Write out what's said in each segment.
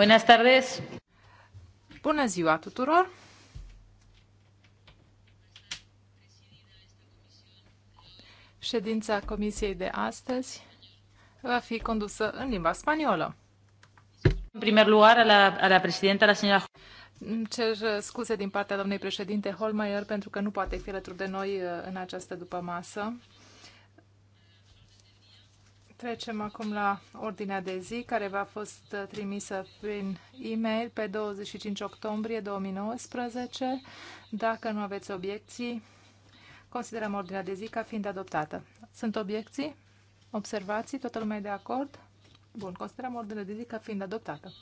Buenas tardes. Bună ziua tuturor. Ședința comisiei de astăzi va fi condusă în limba spaniolă. În primul lugar, a la, a la președinta, la senyora... cer scuze din partea doamnei președinte Holmeier pentru că nu poate fi alături de noi uh, în această după masă. Trecem acum la ordinea de zi care v-a fost trimisă prin e-mail pe 25 octombrie 2019. Dacă nu aveți obiecții, considerăm ordinea de zi ca fiind adoptată. Sunt obiecții? Observații? Toată lumea e de acord? Bun, considerăm ordinea de zi ca fiind adoptată.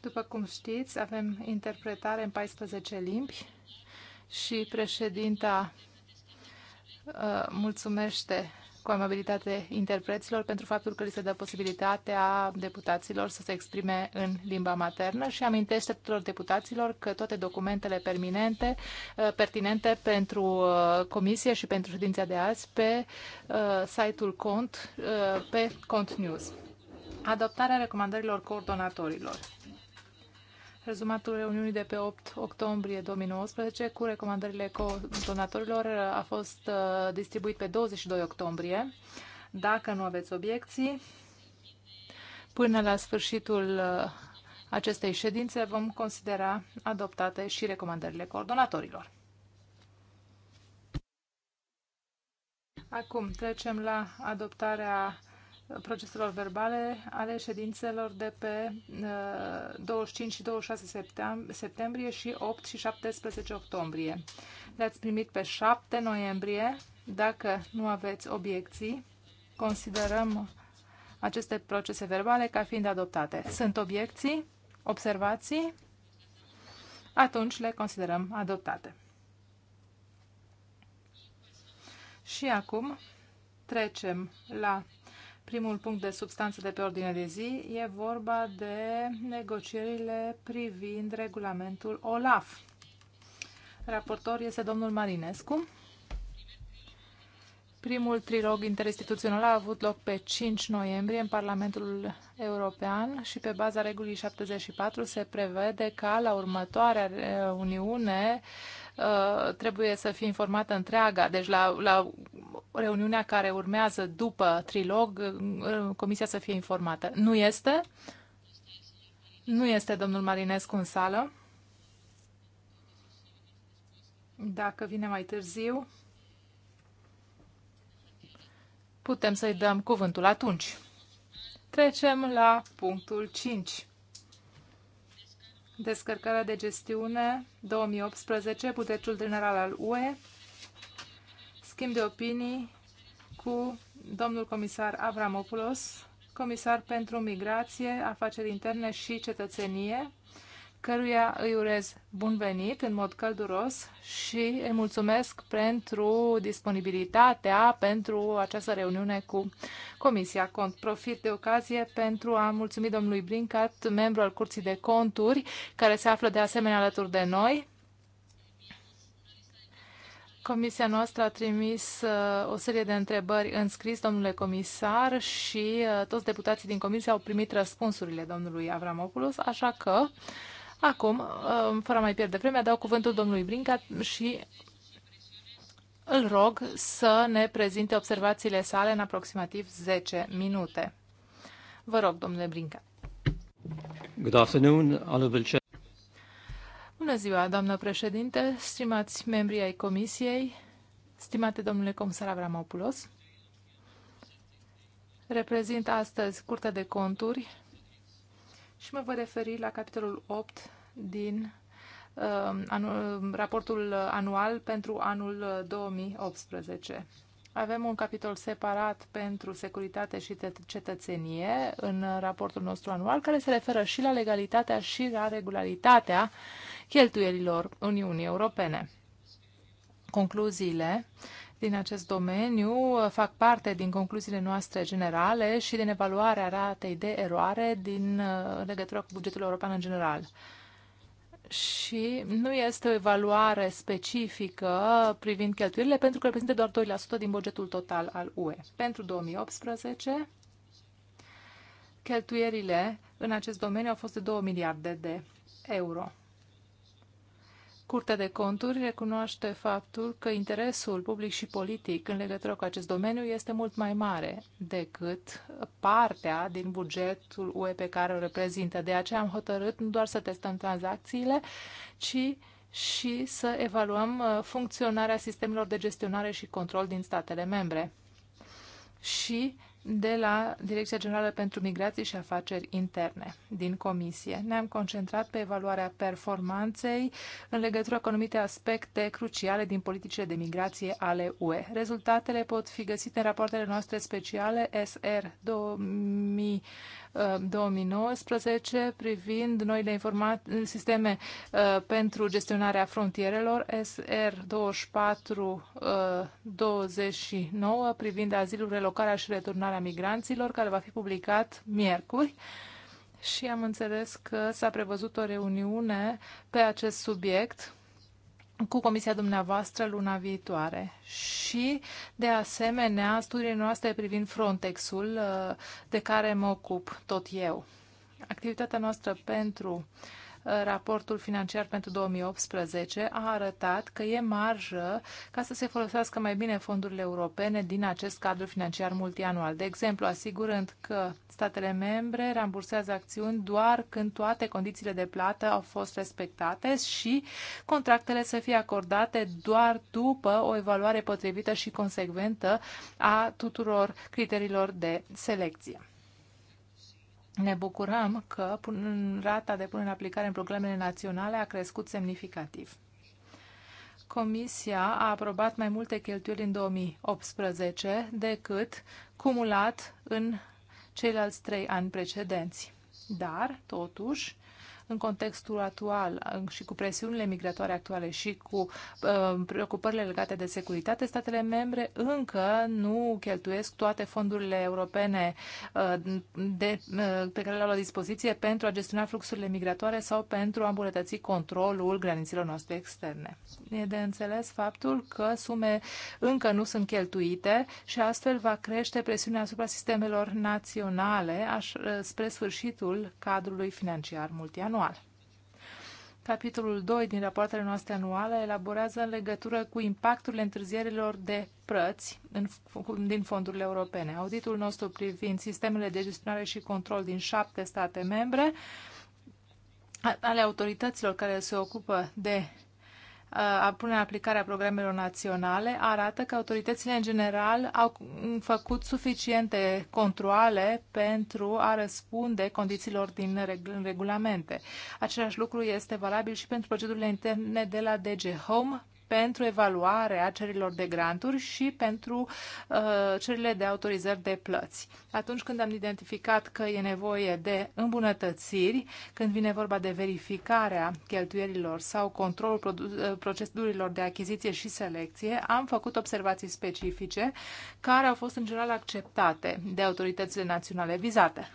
După cum știți, avem interpretare în 14 limbi și președinta uh, mulțumește cu amabilitate interpreților pentru faptul că li se dă posibilitatea deputaților să se exprime în limba maternă și amintește tuturor deputaților că toate documentele permanente, uh, pertinente pentru uh, comisie și pentru ședința de azi pe uh, site-ul cont, pe cont news. Adoptarea recomandărilor coordonatorilor. Rezumatul reuniunii de pe 8 octombrie 2019 cu recomandările coordonatorilor a fost uh, distribuit pe 22 octombrie. Dacă nu aveți obiecții, până la sfârșitul uh, acestei ședințe vom considera adoptate și recomandările coordonatorilor. Acum trecem la adoptarea proceselor verbale ale ședințelor de pe 25 uh, și 26 septembrie și 8 și 17 octombrie. Le-ați primit pe 7 noiembrie. Dacă nu aveți obiecții, considerăm aceste procese verbale ca fiind adoptate. Sunt obiecții, observații, atunci le considerăm adoptate. Și acum trecem la Primul punct de substanță de pe ordine de zi e vorba de negocierile privind regulamentul OLAF. Raportor este domnul Marinescu. Primul trilog interinstituțional a avut loc pe 5 noiembrie în Parlamentul European și pe baza regulii 74 se prevede ca la următoarea Uniune Uh, trebuie să fie informată întreaga. Deci la, la reuniunea care urmează după trilog, uh, comisia să fie informată. Nu este? Nu este domnul Marinescu în sală. Dacă vine mai târziu, putem să-i dăm cuvântul atunci. Trecem la punctul 5 descărcarea de gestiune 2018, bugetul general al UE, schimb de opinii cu domnul comisar Avramopoulos, comisar pentru migrație, afaceri interne și cetățenie, căruia îi urez bun venit în mod călduros și îi mulțumesc pentru disponibilitatea pentru această reuniune cu Comisia Cont. Profit de ocazie pentru a mulțumi domnului Brincat, membru al Curții de Conturi, care se află de asemenea alături de noi. Comisia noastră a trimis uh, o serie de întrebări în scris, domnule comisar, și uh, toți deputații din comisie au primit răspunsurile domnului Avramopoulos, așa că Acum, uh, fără mai pierde vremea, dau cuvântul domnului Brinca și îl rog să ne prezinte observațiile sale în aproximativ 10 minute. Vă rog, domnule Brinca. Good afternoon, honorable chair. Bună ziua, doamnă președinte, stimați membri ai comisiei, stimate domnule comisar Avramopoulos. Reprezint astăzi Curtea de Conturi și mă voi referi la capitolul 8 din uh, um, anul, raportul anual pentru anul 2018. Avem un capitol separat pentru securitate și cetățenie în raportul nostru anual, care se referă și la legalitatea și la regularitatea cheltuielilor Uniunii Europene. Concluziile din acest domeniu uh, fac parte din concluziile noastre generale și din evaluarea ratei de eroare din uh, legătură cu bugetul european în general. Și nu este o evaluare specifică privind cheltuielile, pentru că reprezintă doar 2% din bugetul total al UE. Pentru 2018, cheltuierile în acest domeniu au fost de 2 miliarde de euro. Curtea de conturi recunoaște faptul că interesul public și politic în legătură cu acest domeniu este mult mai mare decât partea din bugetul UE pe care o reprezintă. De aceea am hotărât nu doar să testăm tranzacțiile, ci și să evaluăm uh, funcționarea sistemelor de gestionare și control din statele membre. Și de la Direcția Generală pentru Migrații și Afaceri Interne din Comisie. Ne-am concentrat pe evaluarea performanței în legătură cu anumite aspecte cruciale din politicile de migrație ale UE. Rezultatele pot fi găsite în rapoartele noastre speciale SR 2000 2019 uh, privind noile sisteme uh, pentru gestionarea frontierelor SR2429 uh, privind azilul, relocarea și returnarea migranților, care va fi publicat miercuri și am înțeles că s-a prevăzut o reuniune pe acest subiect cu comisia dumneavoastră luna viitoare. Și, de asemenea, studiile noastre privind Frontexul, uh, de care mă ocup tot eu. Activitatea noastră pentru uh, raportul financiar pentru 2018 a arătat că e marjă ca să se folosească mai bine fondurile europene din acest cadru financiar multianual. De exemplu, asigurând că statele membre rambursează acțiuni doar când toate condițiile de plată au fost respectate și contractele să fie acordate doar după o evaluare potrivită și consecventă a tuturor criteriilor de selecție ne bucurăm că rata de punere în aplicare în programele naționale a crescut semnificativ. Comisia a aprobat mai multe cheltuieli în 2018 decât cumulat în ceilalți trei ani precedenți. Dar, totuși, în contextul actual și cu presiunile migratoare actuale și cu uh, preocupările legate de securitate, statele membre încă nu cheltuiesc toate fondurile europene uh, de, uh, pe care le au la dispoziție pentru a gestiona fluxurile migratoare sau pentru a îmbunătăți controlul granițelor noastre externe. E de înțeles faptul că sume încă nu sunt cheltuite și astfel va crește presiunea asupra sistemelor naționale aș, uh, spre sfârșitul cadrului financiar multianual anual. Capitolul 2 din rapoartele noastre anuale elaborează în legătură cu impactul întârzierilor de prăți în, din fondurile europene. Auditul nostru privind sistemele de gestionare și control din șapte state membre ale autorităților care se ocupă de a pune în aplicare a programelor naționale arată că autoritățile în general au făcut suficiente controle pentru a răspunde condițiilor din regulamente. Același lucru este valabil și pentru procedurile interne de la DG Home pentru evaluarea cererilor de granturi și pentru uh, cererile de autorizări de plăți. Atunci când am identificat că e nevoie de îmbunătățiri, când vine vorba de verificarea cheltuielilor sau controlul uh, procedurilor de achiziție și selecție, am făcut observații specifice care au fost în general acceptate de autoritățile naționale vizate.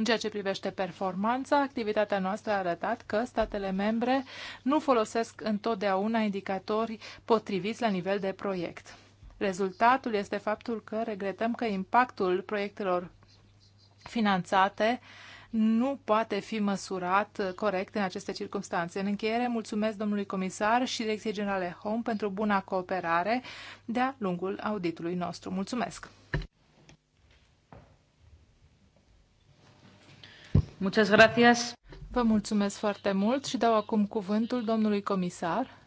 În ceea ce privește performanța, activitatea noastră a arătat că statele membre nu folosesc întotdeauna indicatori potriviți la nivel de proiect. Rezultatul este faptul că regretăm că impactul proiectelor finanțate nu poate fi măsurat corect în aceste circunstanțe. În încheiere, mulțumesc domnului comisar și Direcției Generale Home pentru buna cooperare de-a lungul auditului nostru. Mulțumesc! Muchas gracias. Vă mulțumesc foarte mult și dau acum cuvântul domnului comisar.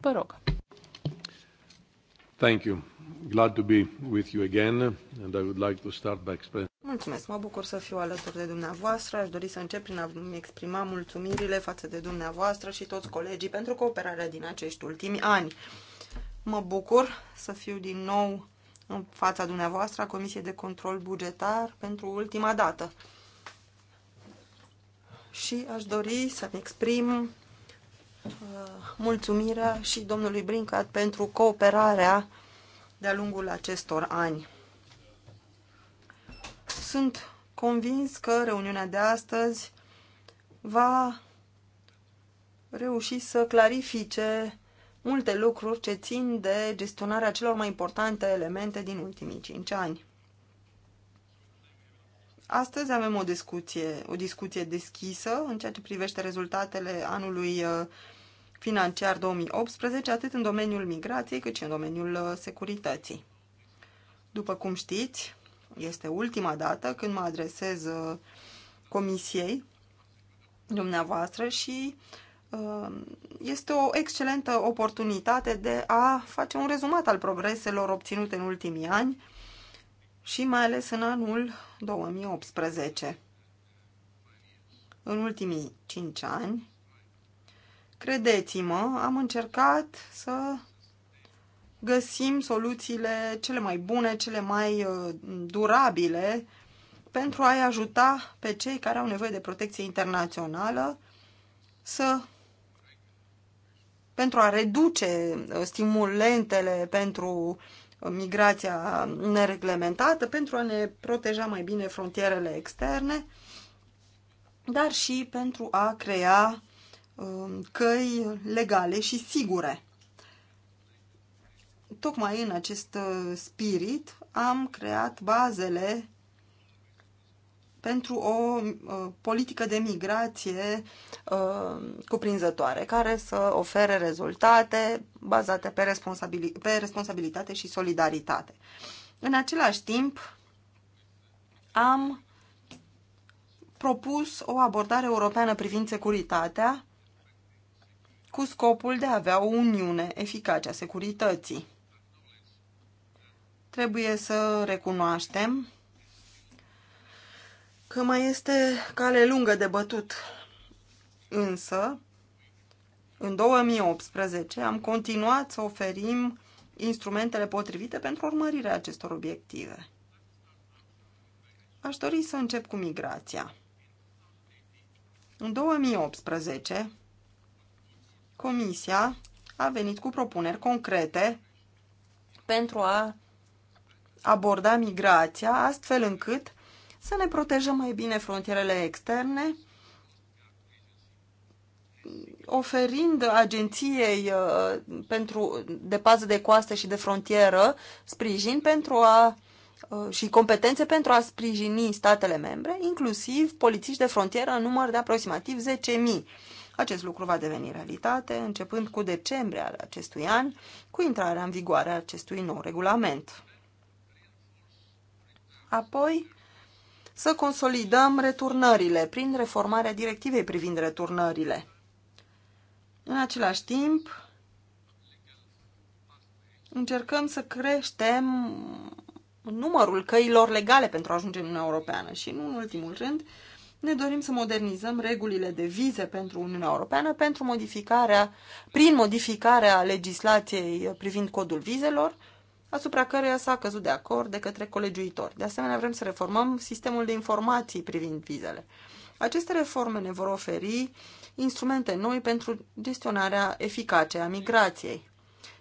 Vă rog. Thank you. Glad to be with you again and I would like to start by expressing Mulțumesc, mă bucur să fiu alături de dumneavoastră. Aș dori să încep prin a-mi exprima mulțumirile față de dumneavoastră și toți colegii pentru cooperarea din acești ultimi ani. Mă bucur să fiu din nou în fața dumneavoastră a Comisiei de Control Bugetar pentru ultima dată. Și aș dori să-mi exprim uh, mulțumirea și domnului Brincat pentru cooperarea de-a lungul acestor ani. Sunt convins că reuniunea de astăzi va reuși să clarifice multe lucruri ce țin de gestionarea celor mai importante elemente din ultimii cinci ani. Astăzi avem o discuție, o discuție deschisă în ceea ce privește rezultatele anului uh, financiar 2018, atât în domeniul migrației, cât și în domeniul uh, securității. După cum știți, este ultima dată când mă adresez uh, comisiei dumneavoastră și Um, este o excelentă oportunitate de a face un rezumat al progreselor obținute în ultimii ani și mai ales în anul 2018. În ultimii cinci ani, credeți-mă, am încercat să găsim soluțiile cele mai bune, cele mai uh, durabile pentru a-i ajuta pe cei care au nevoie de protecție internațională să pentru a reduce uh, stimulentele pentru uh, migrația nereglementată, pentru a ne proteja mai bine frontierele externe, dar și pentru a crea um, căi legale și sigure. Tocmai în acest uh, spirit am creat bazele pentru o uh, politică de migrație uh, cuprinzătoare, care să ofere rezultate bazate pe, responsabili- pe responsabilitate și solidaritate. În același timp, am propus o abordare europeană privind securitatea cu scopul de a avea o uniune eficace a securității. Trebuie să recunoaștem că mai este cale lungă de bătut. Însă, în 2018 am continuat să oferim instrumentele potrivite pentru urmărirea acestor obiective. Aș dori să încep cu migrația. În 2018, Comisia a venit cu propuneri concrete pentru a aborda migrația astfel încât să ne protejăm mai bine frontierele externe, oferind agenției uh, pentru, de pază de coastă și de frontieră sprijin pentru a uh, și competențe pentru a sprijini statele membre, inclusiv polițiști de frontieră în număr de aproximativ 10.000. Acest lucru va deveni realitate începând cu decembrie al acestui an, cu intrarea în vigoare a acestui nou regulament. Apoi, să consolidăm returnările prin reformarea directivei privind returnările. În același timp, încercăm să creștem numărul căilor legale pentru a ajunge în Uniunea Europeană și, nu în ultimul rând, ne dorim să modernizăm regulile de vize pentru Uniunea Europeană pentru modificarea, prin modificarea legislației privind codul vizelor asupra căreia s-a căzut de acord de către colegiuitori. De asemenea, vrem să reformăm sistemul de informații privind vizele. Aceste reforme ne vor oferi instrumente noi pentru gestionarea eficace a migrației.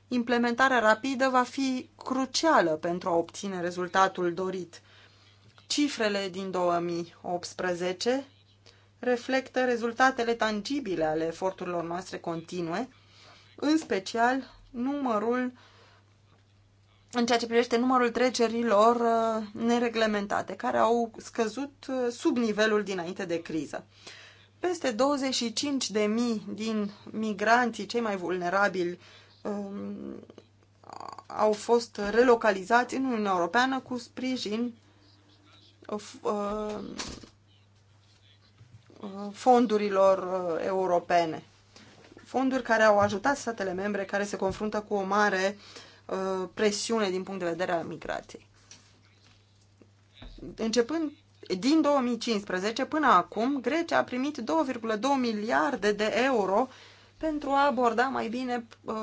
Implementarea rapidă va fi crucială pentru a obține rezultatul dorit. Cifrele din 2018 reflectă rezultatele tangibile ale eforturilor noastre continue, în special numărul în ceea ce privește numărul trecerilor uh, nereglementate, care au scăzut uh, sub nivelul dinainte de criză. Peste 25 de mii din migranții cei mai vulnerabili um, au fost relocalizați în Uniunea Europeană cu sprijin uh, fondurilor europene. Fonduri care au ajutat statele membre care se confruntă cu o mare uh, Uh, presiune din punct de vedere al migrației. Începând din 2015 până acum, Grecia a primit 2,2 miliarde de euro pentru a aborda mai bine uh,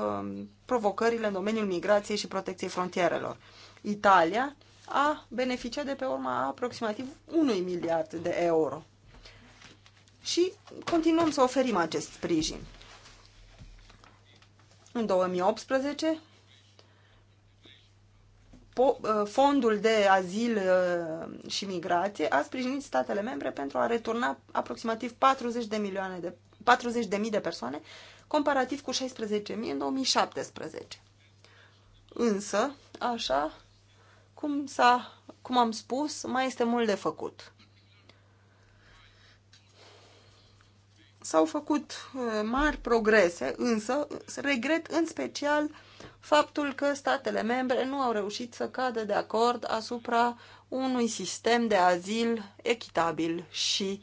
provocările în domeniul migrației și protecției frontierelor. Italia a beneficiat de pe urma aproximativ 1 miliard de euro. Și continuăm să oferim acest sprijin. În 2018, Uh, fondul de azil uh, și migrație a sprijinit statele membre pentru a returna aproximativ 40 de milioane de 40 de mii de persoane, comparativ cu 16.000 în 2017. Însă, așa cum, s-a, cum am spus, mai este mult de făcut. S-au făcut uh, mari progrese, însă regret în special uh, faptul că statele membre nu au reușit să cadă de acord asupra unui sistem de azil echitabil și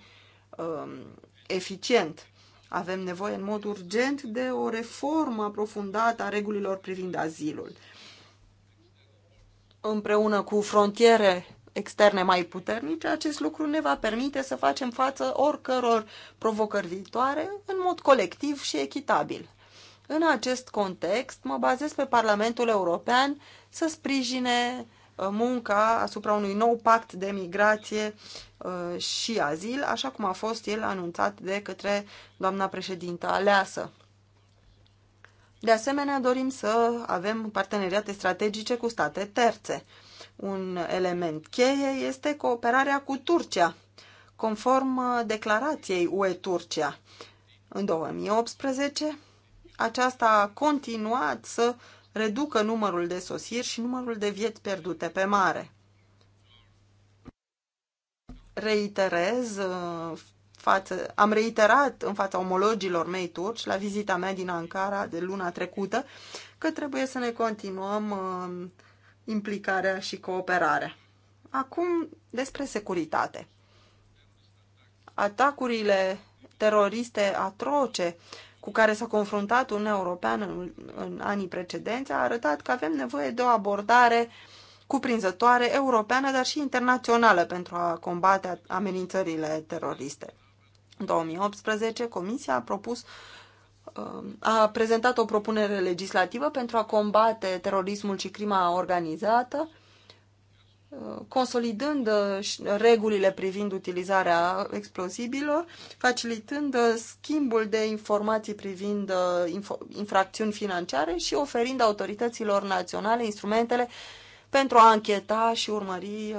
um, eficient. Avem nevoie în mod urgent de o reformă aprofundată a regulilor privind azilul. Împreună cu frontiere externe mai puternice, acest lucru ne va permite să facem față oricăror provocări viitoare în mod colectiv și echitabil. În acest context, mă bazez pe Parlamentul European să sprijine uh, munca asupra unui nou pact de migrație uh, și azil, așa cum a fost el anunțat de către doamna președintă aleasă. De asemenea, dorim să avem parteneriate strategice cu state terțe. Un element cheie este cooperarea cu Turcia, conform uh, declarației UE-Turcia. În 2018, aceasta a continuat să reducă numărul de sosiri și numărul de vieți pierdute pe mare. Reiterez, uh, față, am reiterat în fața omologilor mei turci la vizita mea din Ankara de luna trecută că trebuie să ne continuăm uh, implicarea și cooperarea. Acum despre securitate. Atacurile teroriste atroce cu care s-a confruntat Uniunea Europeană în, în anii precedenți a arătat că avem nevoie de o abordare cuprinzătoare europeană, dar și internațională pentru a combate amenințările teroriste. În 2018, Comisia a propus um, a prezentat o propunere legislativă pentru a combate terorismul și crima organizată, consolidând uh, regulile privind utilizarea explozibilor, facilitând uh, schimbul de informații privind uh, infracțiuni financiare și oferind autorităților naționale instrumentele pentru a încheta și urmări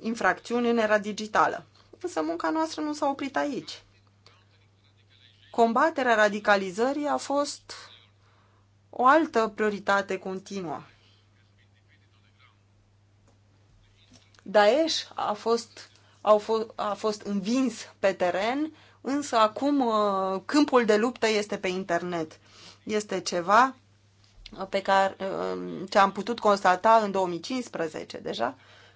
infracțiuni în era digitală. Însă munca noastră nu s-a oprit aici. Combaterea radicalizării a fost o altă prioritate continuă. Daesh a fost, a fost, a fost învins pe teren, însă acum uh, câmpul de luptă este pe internet. Este ceva uh, pe care uh, ce am putut constata în 2015 deja,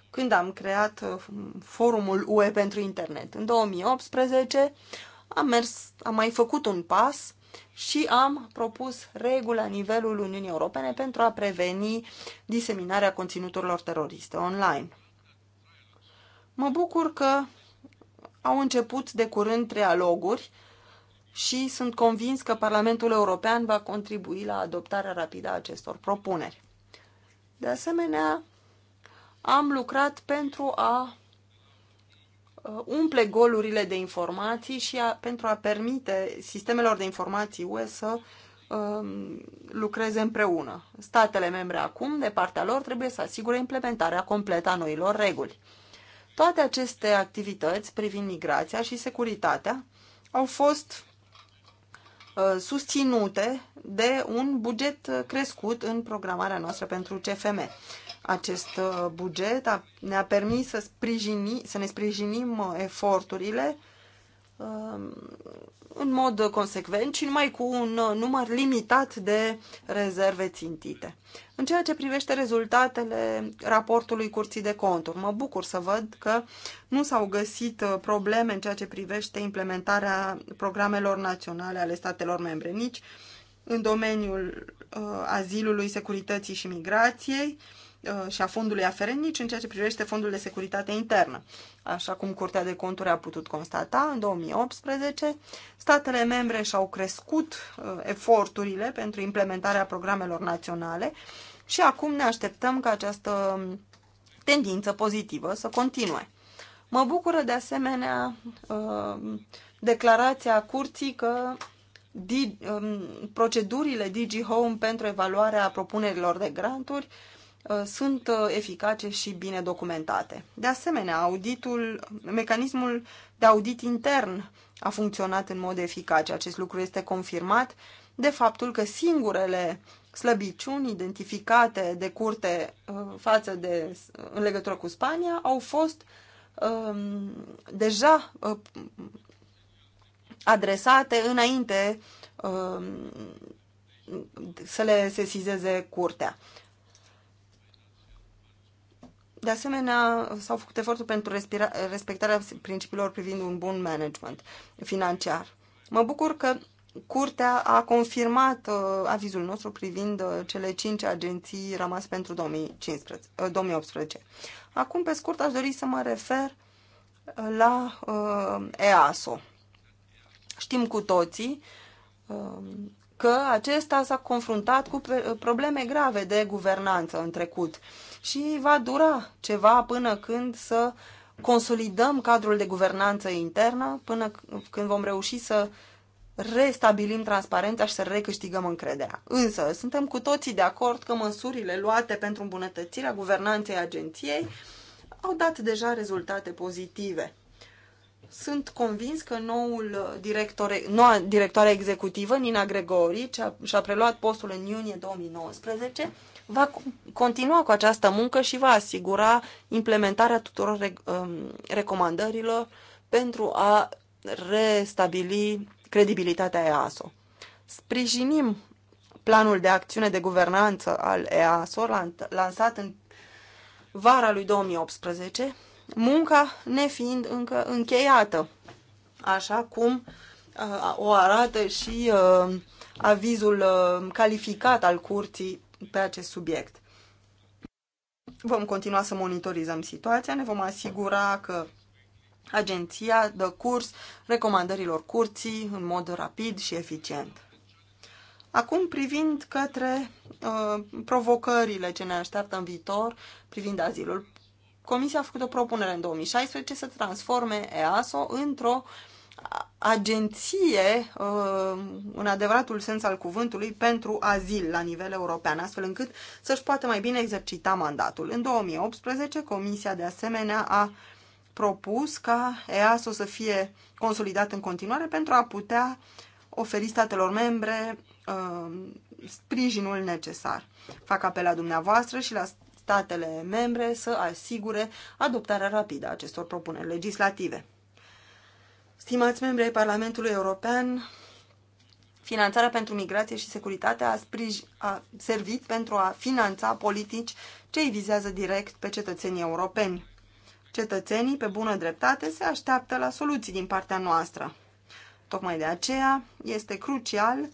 când am creat forumul UE pentru internet. În 2018 am, mers, am mai făcut un pas și am propus reguli la nivelul Uniunii Europene pentru a preveni diseminarea conținuturilor teroriste online. Mă bucur că au început de curând trialoguri și sunt convins că Parlamentul European va contribui la adoptarea rapidă a acestor propuneri. De asemenea, am lucrat pentru a uh, umple golurile de informații și a, pentru a permite sistemelor de informații UE să um, lucreze împreună. Statele membre acum, de partea lor, trebuie să asigure implementarea completă a noilor reguli. Toate aceste activități privind migrația și securitatea au fost uh, susținute de un buget crescut în programarea noastră pentru CFM. Acest uh, buget ne-a permis să, sprijini, să ne sprijinim uh, eforturile Um, în mod consecvent și numai cu un uh, număr limitat de rezerve țintite. În ceea ce privește rezultatele raportului Curții de Conturi, mă bucur să văd că nu s-au găsit uh, probleme în ceea ce privește implementarea programelor naționale ale statelor membre, nici în domeniul uh, azilului, securității și migrației, Uh, și a fondului aferent, nici în ceea ce privește fondul de securitate internă. Așa cum Curtea de Conturi a putut constata, în 2018, statele membre și-au crescut uh, eforturile pentru implementarea programelor naționale și acum ne așteptăm ca această tendință pozitivă să continue. Mă bucură de asemenea uh, declarația curții că um, procedurile DigiHome pentru evaluarea propunerilor de granturi uh, Uh, sunt uh, eficace și bine documentate. De asemenea, auditul, mecanismul de audit intern a funcționat în mod eficace. Acest lucru este confirmat de faptul că singurele slăbiciuni identificate de curte uh, față de, în legătură cu Spania au fost um, deja um, adresate înainte um, să le sesizeze curtea. De asemenea, s-au făcut eforturi pentru respectarea principiilor privind un bun management financiar. Mă bucur că Curtea a confirmat uh, avizul nostru privind uh, cele cinci agenții rămase pentru 2015, uh, 2018. Acum, pe scurt, aș dori să mă refer uh, la uh, EASO. Știm cu toții uh, că acesta s-a confruntat cu probleme grave de guvernanță în trecut. Uh, și va dura ceva până când să consolidăm cadrul de guvernanță internă, până când vom reuși să restabilim transparența și să recâștigăm încrederea. Însă, suntem cu toții de acord că măsurile luate pentru îmbunătățirea guvernanței agenției au dat deja rezultate pozitive. Sunt convins că noul director, noua directoare executivă, Nina Gregori, și-a preluat postul în iunie 2019, va continua cu această muncă și va asigura implementarea tuturor um, recomandărilor pentru a restabili credibilitatea EASO. Sprijinim planul de acțiune de guvernanță al EASO lansat în vara lui 2018, munca nefiind încă încheiată, așa cum uh, o arată și uh, avizul uh, calificat al curții pe acest subiect. Vom continua să monitorizăm situația, ne vom asigura că agenția dă curs recomandărilor curții în mod rapid și eficient. Acum, privind către uh, provocările ce ne așteaptă în viitor, privind azilul, Comisia a făcut o propunere în 2016 să transforme EASO într-o uh, agenție, uh, în adevăratul sens al cuvântului, pentru azil la nivel european, astfel încât să-și poată mai bine exercita mandatul. În 2018, Comisia de asemenea a propus ca EASO să fie consolidat în continuare pentru a putea oferi statelor membre uh, sprijinul necesar. Fac apel la dumneavoastră și la statele membre să asigure adoptarea rapidă a acestor propuneri legislative. Stimați membri ai Parlamentului European, finanțarea pentru migrație și securitate a, sprij, a servit pentru a finanța politici ce îi vizează direct pe cetățenii europeni. Cetățenii, pe bună dreptate, se așteaptă la soluții din partea noastră. Tocmai de aceea este crucial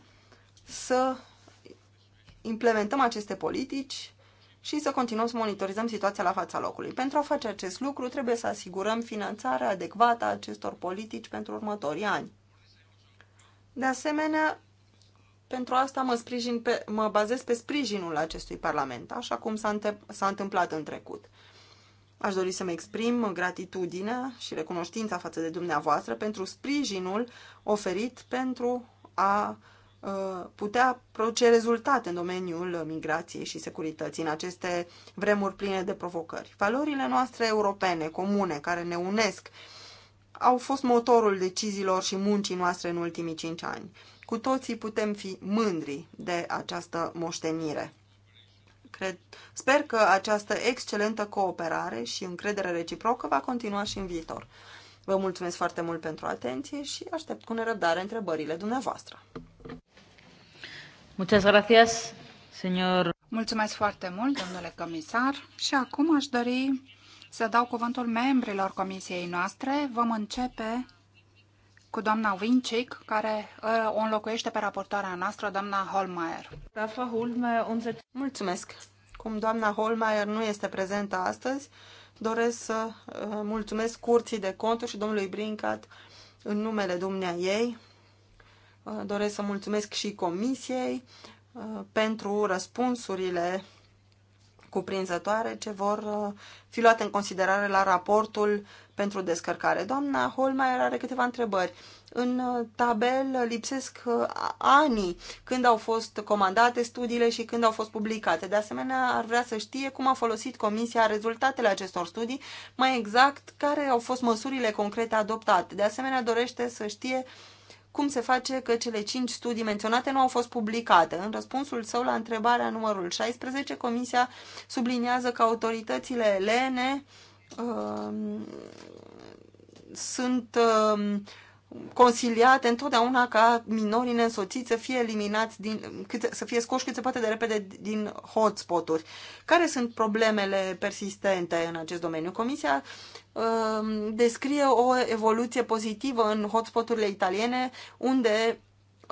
să implementăm aceste politici și să continuăm să monitorizăm situația la fața locului. Pentru a face acest lucru, trebuie să asigurăm finanțarea adecvată a acestor politici pentru următorii ani. De asemenea, pentru asta mă, sprijin pe, mă bazez pe sprijinul acestui Parlament, așa cum s-a întâmplat în trecut. Aș dori să-mi exprim gratitudinea și recunoștința față de dumneavoastră pentru sprijinul oferit pentru a Uh, putea produce rezultate în domeniul migrației și securității în aceste vremuri pline de provocări. Valorile noastre europene, comune, care ne unesc, au fost motorul deciziilor și muncii noastre în ultimii cinci ani. Cu toții putem fi mândri de această moștenire. Cred, sper că această excelentă cooperare și încredere reciprocă va continua și în viitor. Vă mulțumesc foarte mult pentru atenție și aștept cu nerăbdare întrebările dumneavoastră. Muchas gracias, señor. Mulțumesc foarte mult, domnule comisar. Și acum aș dori să dau cuvântul membrilor comisiei noastre. Vom începe cu doamna Vincic, care uh, o înlocuiește pe raportoarea noastră, doamna Holmeier. Mulțumesc! Cum doamna Holmeier nu este prezentă astăzi, doresc să uh, mulțumesc curții de conturi și domnului Brincat în numele dumnea ei Uh, doresc să mulțumesc și comisiei uh, pentru răspunsurile cuprinzătoare ce vor uh, fi luate în considerare la raportul pentru descărcare. Doamna Holmeier are câteva întrebări. În tabel lipsesc anii când au fost comandate studiile și când au fost publicate. De asemenea, ar vrea să știe cum a folosit Comisia rezultatele acestor studii, mai exact care au fost măsurile concrete adoptate. De asemenea, dorește să știe uh, cum se face că cele cinci studii menționate nu au fost publicate. În răspunsul său la întrebarea numărul 16, Comisia subliniază că autoritățile elene uh, sunt uh, consiliate întotdeauna ca minorii nensoțiți să fie eliminați, din, cât, să fie scoși cât se poate de repede din hotspot-uri. Care sunt problemele persistente în acest domeniu? Comisia Um, descrie o evoluție pozitivă în hotspoturile italiene, unde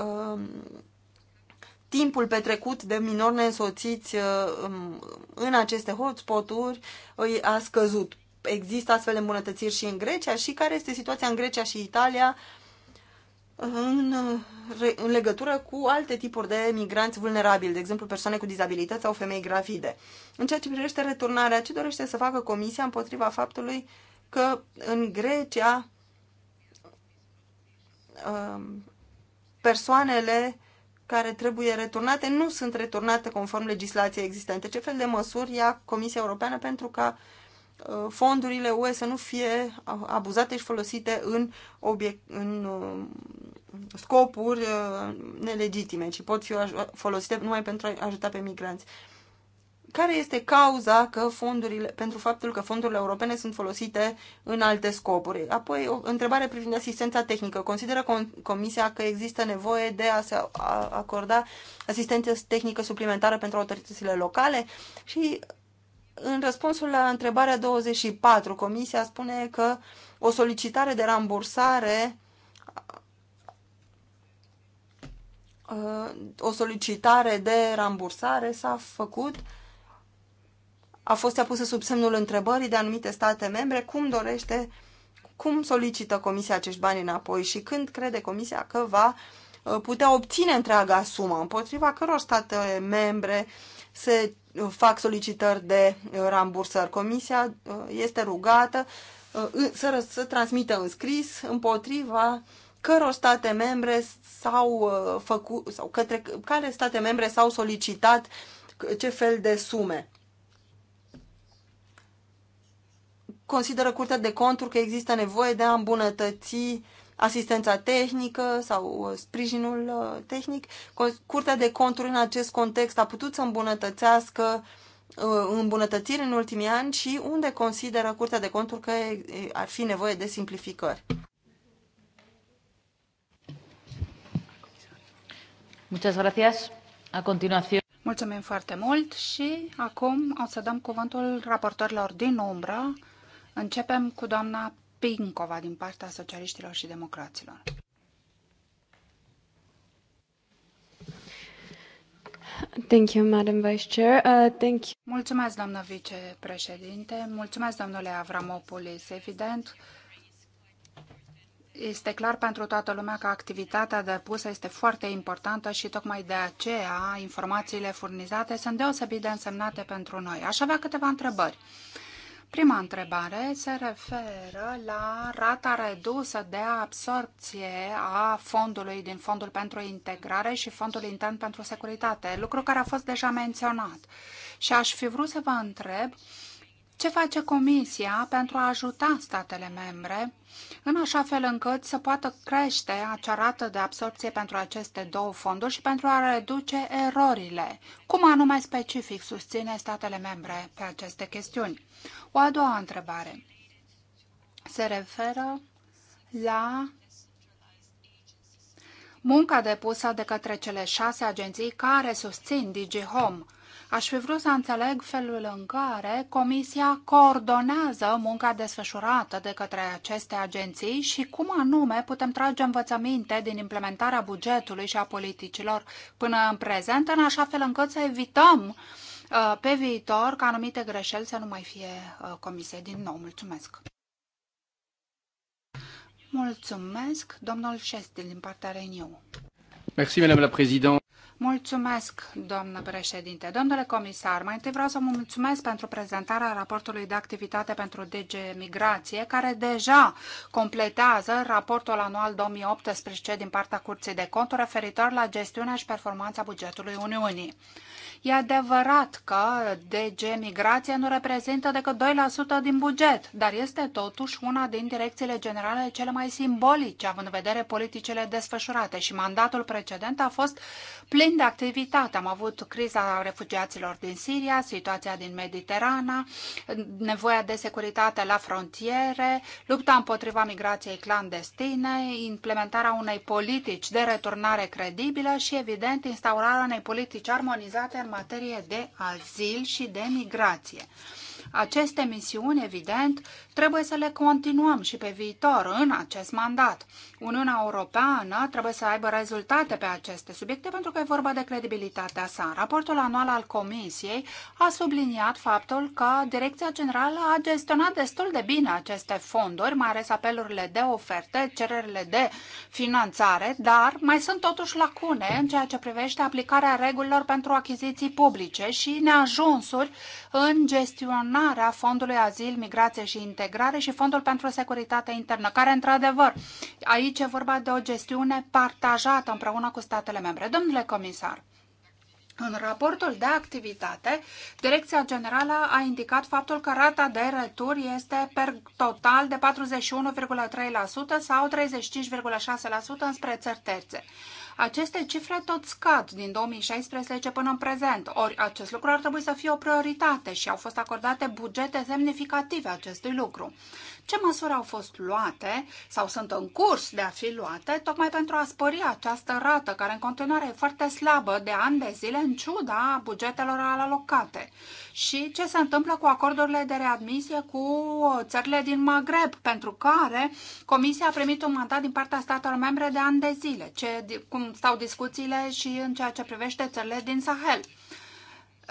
um, timpul petrecut de minori neînsoțiți uh, um, în aceste hotspoturi a scăzut. Există astfel de îmbunătățiri și în Grecia și care este situația în Grecia și Italia în, în legătură cu alte tipuri de migranți vulnerabili, de exemplu persoane cu dizabilități sau femei gravide. În ceea ce privește returnarea, ce dorește să facă Comisia împotriva faptului că în Grecia um, persoanele care trebuie returnate nu sunt returnate conform legislației existente. Ce fel de măsuri ia Comisia Europeană pentru ca Uh, fondurile UE să nu fie abuzate și folosite în, obiect, în uh, scopuri uh, nelegitime, ci pot fi folosite numai pentru a ajuta pe migranți. Care este cauza că fondurile, pentru faptul că fondurile europene sunt folosite în alte scopuri? Apoi, o întrebare privind asistența tehnică. Consideră Comisia că există nevoie de a se acorda asistență tehnică suplimentară pentru autoritățile locale? Și în răspunsul la întrebarea 24, Comisia spune că o solicitare de rambursare uh, o solicitare de rambursare s-a făcut a fost apusă sub semnul întrebării de anumite state membre cum dorește, cum solicită Comisia acești bani înapoi și când crede Comisia că va uh, putea obține întreaga sumă, împotriva căror state membre se fac solicitări de uh, rambursări. Comisia uh, este rugată uh, să, să transmită în scris împotriva căror state membre s-au făcut sau către care state membre s-au solicitat ce fel de sume. Consideră Curtea de Conturi că există nevoie de a îmbunătăți asistența tehnică sau uh, sprijinul uh, tehnic. Curtea de conturi în acest context a putut să îmbunătățească uh, îmbunătățiri în ultimii ani și unde consideră Curtea de Conturi că ar fi nevoie de simplificări. Muchas gracias. A continuación. Mulțumim foarte mult și acum o să dăm cuvântul raportorilor din umbra. Începem cu doamna Pinkova din partea socialiștilor și democraților. Thank you, Madam Vice Chair. Uh, thank you. Mulțumesc, doamnă vicepreședinte. Mulțumesc, domnule Avramopoulos. Evident, este clar pentru toată lumea că activitatea depusă este foarte importantă și tocmai de aceea informațiile furnizate sunt deosebit de însemnate pentru noi. Aș avea câteva întrebări. Prima întrebare se referă la rata redusă de absorpție a fondului din Fondul pentru Integrare și Fondul Intern pentru Securitate, lucru care a fost deja menționat. Și aș fi vrut să vă întreb ce face Comisia pentru a ajuta statele membre în așa fel încât să poată crește acea rată de absorpție pentru aceste două fonduri și pentru a reduce erorile? Cum anume specific susține statele membre pe aceste chestiuni? O a doua întrebare se referă la munca depusă de către cele șase agenții care susțin DigiHome Aș fi vrut să înțeleg felul în care Comisia coordonează munca desfășurată de către aceste agenții și cum anume putem trage învățăminte din implementarea bugetului și a politicilor până în prezent, în așa fel încât să evităm uh, pe viitor ca anumite greșeli să nu mai fie uh, comise din nou. Mulțumesc! Mulțumesc, domnul Șestil, din partea Renew. Merci, madame la présidente. Mulțumesc, doamnă președinte. Domnule comisar, mai întâi vreau să vă mulțumesc pentru prezentarea raportului de activitate pentru DG Migrație, care deja completează raportul anual 2018 din partea Curții de Conturi referitor la gestiunea și performanța bugetului Uniunii. E adevărat că DG Migrație nu reprezintă decât 2% din buget, dar este totuși una din direcțiile generale cele mai simbolice, având în vedere politicile desfășurate și mandatul precedent a fost plin de activitate. Am avut criza refugiaților din Siria, situația din Mediterana, nevoia de securitate la frontiere, lupta împotriva migrației clandestine, implementarea unei politici de returnare credibilă și, evident, instaurarea unei politici armonizate în în materie de azil și de migrație. Aceste misiuni, evident, trebuie să le continuăm și pe viitor în acest mandat. Uniunea Europeană trebuie să aibă rezultate pe aceste subiecte pentru că e vorba de credibilitatea sa. Raportul anual al Comisiei a subliniat faptul că Direcția Generală a gestionat destul de bine aceste fonduri, mai ales apelurile de oferte, cererile de finanțare, dar mai sunt totuși lacune în ceea ce privește aplicarea regulilor pentru achiziții publice și neajunsuri în gestionarea Fondului Azil, Migrație și Integrare integrare și Fondul pentru Securitate Internă, care, într-adevăr, aici e vorba de o gestiune partajată împreună cu statele membre. Domnule comisar, în raportul de activitate, Direcția Generală a indicat faptul că rata de returi este per total de 41,3% sau 35,6% înspre țări terțe. Aceste cifre tot scad din 2016 până în prezent, ori acest lucru ar trebui să fie o prioritate și au fost acordate bugete semnificative acestui lucru. Ce măsuri au fost luate sau sunt în curs de a fi luate tocmai pentru a spări această rată care în continuare e foarte slabă de ani de zile în ciuda bugetelor alocate? Și ce se întâmplă cu acordurile de readmisie cu țările din Maghreb pentru care Comisia a primit un mandat din partea statelor membre de ani de zile? Ce, cum stau discuțiile și în ceea ce privește țările din Sahel?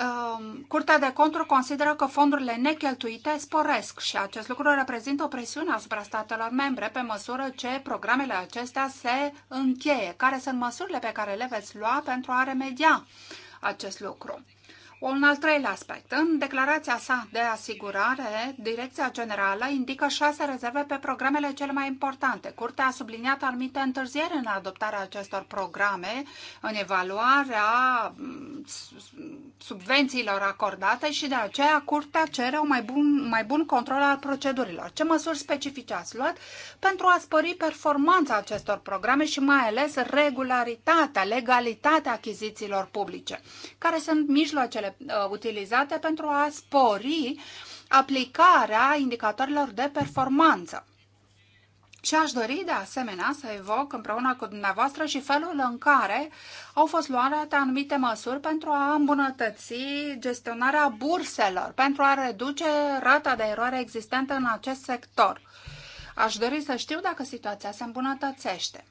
Um, Curtea de Conturi consideră că fondurile necheltuite sporesc și acest lucru reprezintă o presiune asupra statelor membre pe măsură ce programele acestea se încheie. Care sunt măsurile pe care le veți lua pentru a remedia acest lucru? Un al treilea aspect. În declarația sa de asigurare, Direcția Generală indică șase rezerve pe programele cele mai importante. Curtea a subliniat anumite întârzieri în adoptarea acestor programe, în evaluarea mm, subvențiilor acordate și de aceea Curtea cere un mai bun, mai bun control al procedurilor. Ce măsuri specifice ați luat pentru a spări performanța acestor programe și mai ales regularitatea, legalitatea achizițiilor publice, care sunt mijloacele uh, utilizate pentru a spori aplicarea indicatorilor de performanță. Și aș dori de asemenea să evoc împreună cu dumneavoastră și felul în care au fost luate anumite măsuri pentru a îmbunătăți gestionarea burselor, pentru a reduce rata de eroare existentă în acest sector. Aș dori să știu dacă situația se îmbunătățește.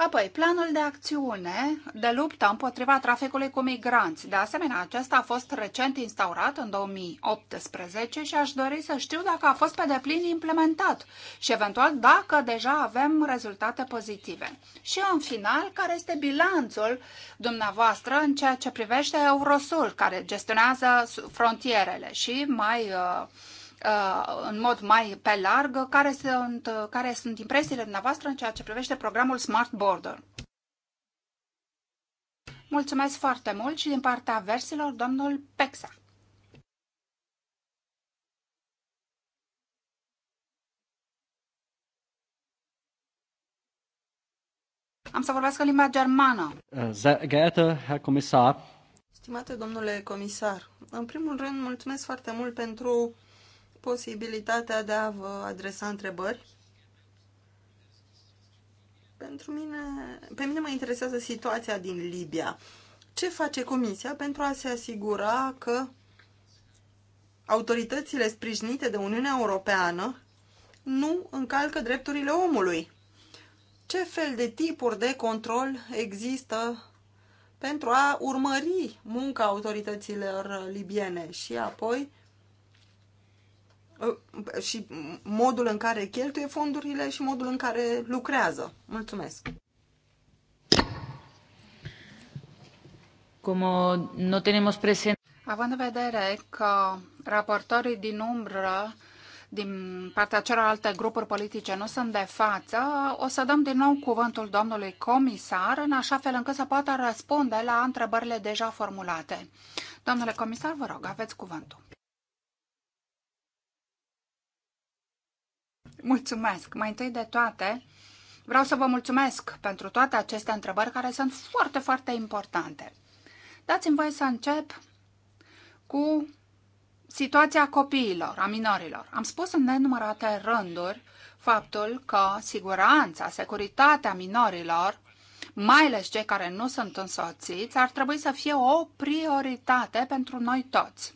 Apoi, planul de acțiune de luptă împotriva traficului cu migranți. De asemenea, acesta a fost recent instaurat în 2018 și aș dori să știu dacă a fost pe deplin implementat și eventual dacă deja avem rezultate pozitive. Și în final, care este bilanțul dumneavoastră în ceea ce privește Eurosul, care gestionează frontierele și mai uh, Uh, în mod mai pe larg care sunt, care sunt impresiile dumneavoastră în ceea ce privește programul Smart Border. Mulțumesc foarte mult și din partea versilor, domnul Pexa. Am să vorbesc în limba germană. Eh, geehrter Herr Comisar. Stimate domnule comisar, în primul rând mulțumesc foarte mult pentru posibilitatea de a vă adresa întrebări. Pentru mine, pe mine mă interesează situația din Libia. Ce face Comisia pentru a se asigura că autoritățile sprijinite de Uniunea Europeană nu încalcă drepturile omului? Ce fel de tipuri de control există pentru a urmări munca autorităților libiene și apoi Ă, și modul în care cheltuie fondurile și modul în care lucrează. Mulțumesc! Como no tenemos presente... Având în vedere că raportorii din umbră din partea celorlalte grupuri politice nu sunt de față, o să dăm din nou cuvântul domnului comisar, în așa fel încât să poată răspunde la întrebările deja formulate. Domnule comisar, vă rog, aveți cuvântul. Mulțumesc! Mai întâi de toate, vreau să vă mulțumesc pentru toate aceste întrebări care sunt foarte, foarte importante. Dați-mi voie să încep cu situația copiilor, a minorilor. Am spus în nenumărate rânduri faptul că siguranța, securitatea minorilor, mai ales cei care nu sunt însoțiți, ar trebui să fie o prioritate pentru noi toți.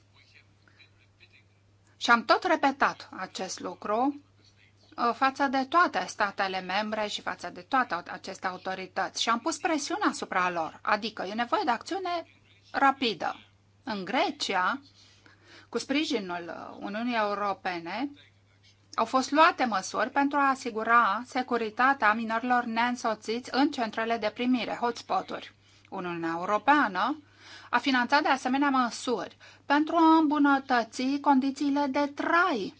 Și am tot repetat acest lucru Uh, față de toate statele membre și față de toate aceste autorități și am pus presiune asupra lor, adică e nevoie de acțiune rapidă. În Grecia, cu sprijinul uh, Uniunii Europene, au fost luate măsuri pentru a asigura securitatea minorilor neînsoțiți în centrele de primire, hotspot-uri. Uniunea Europeană a finanțat de asemenea măsuri pentru a îmbunătăți condițiile de trai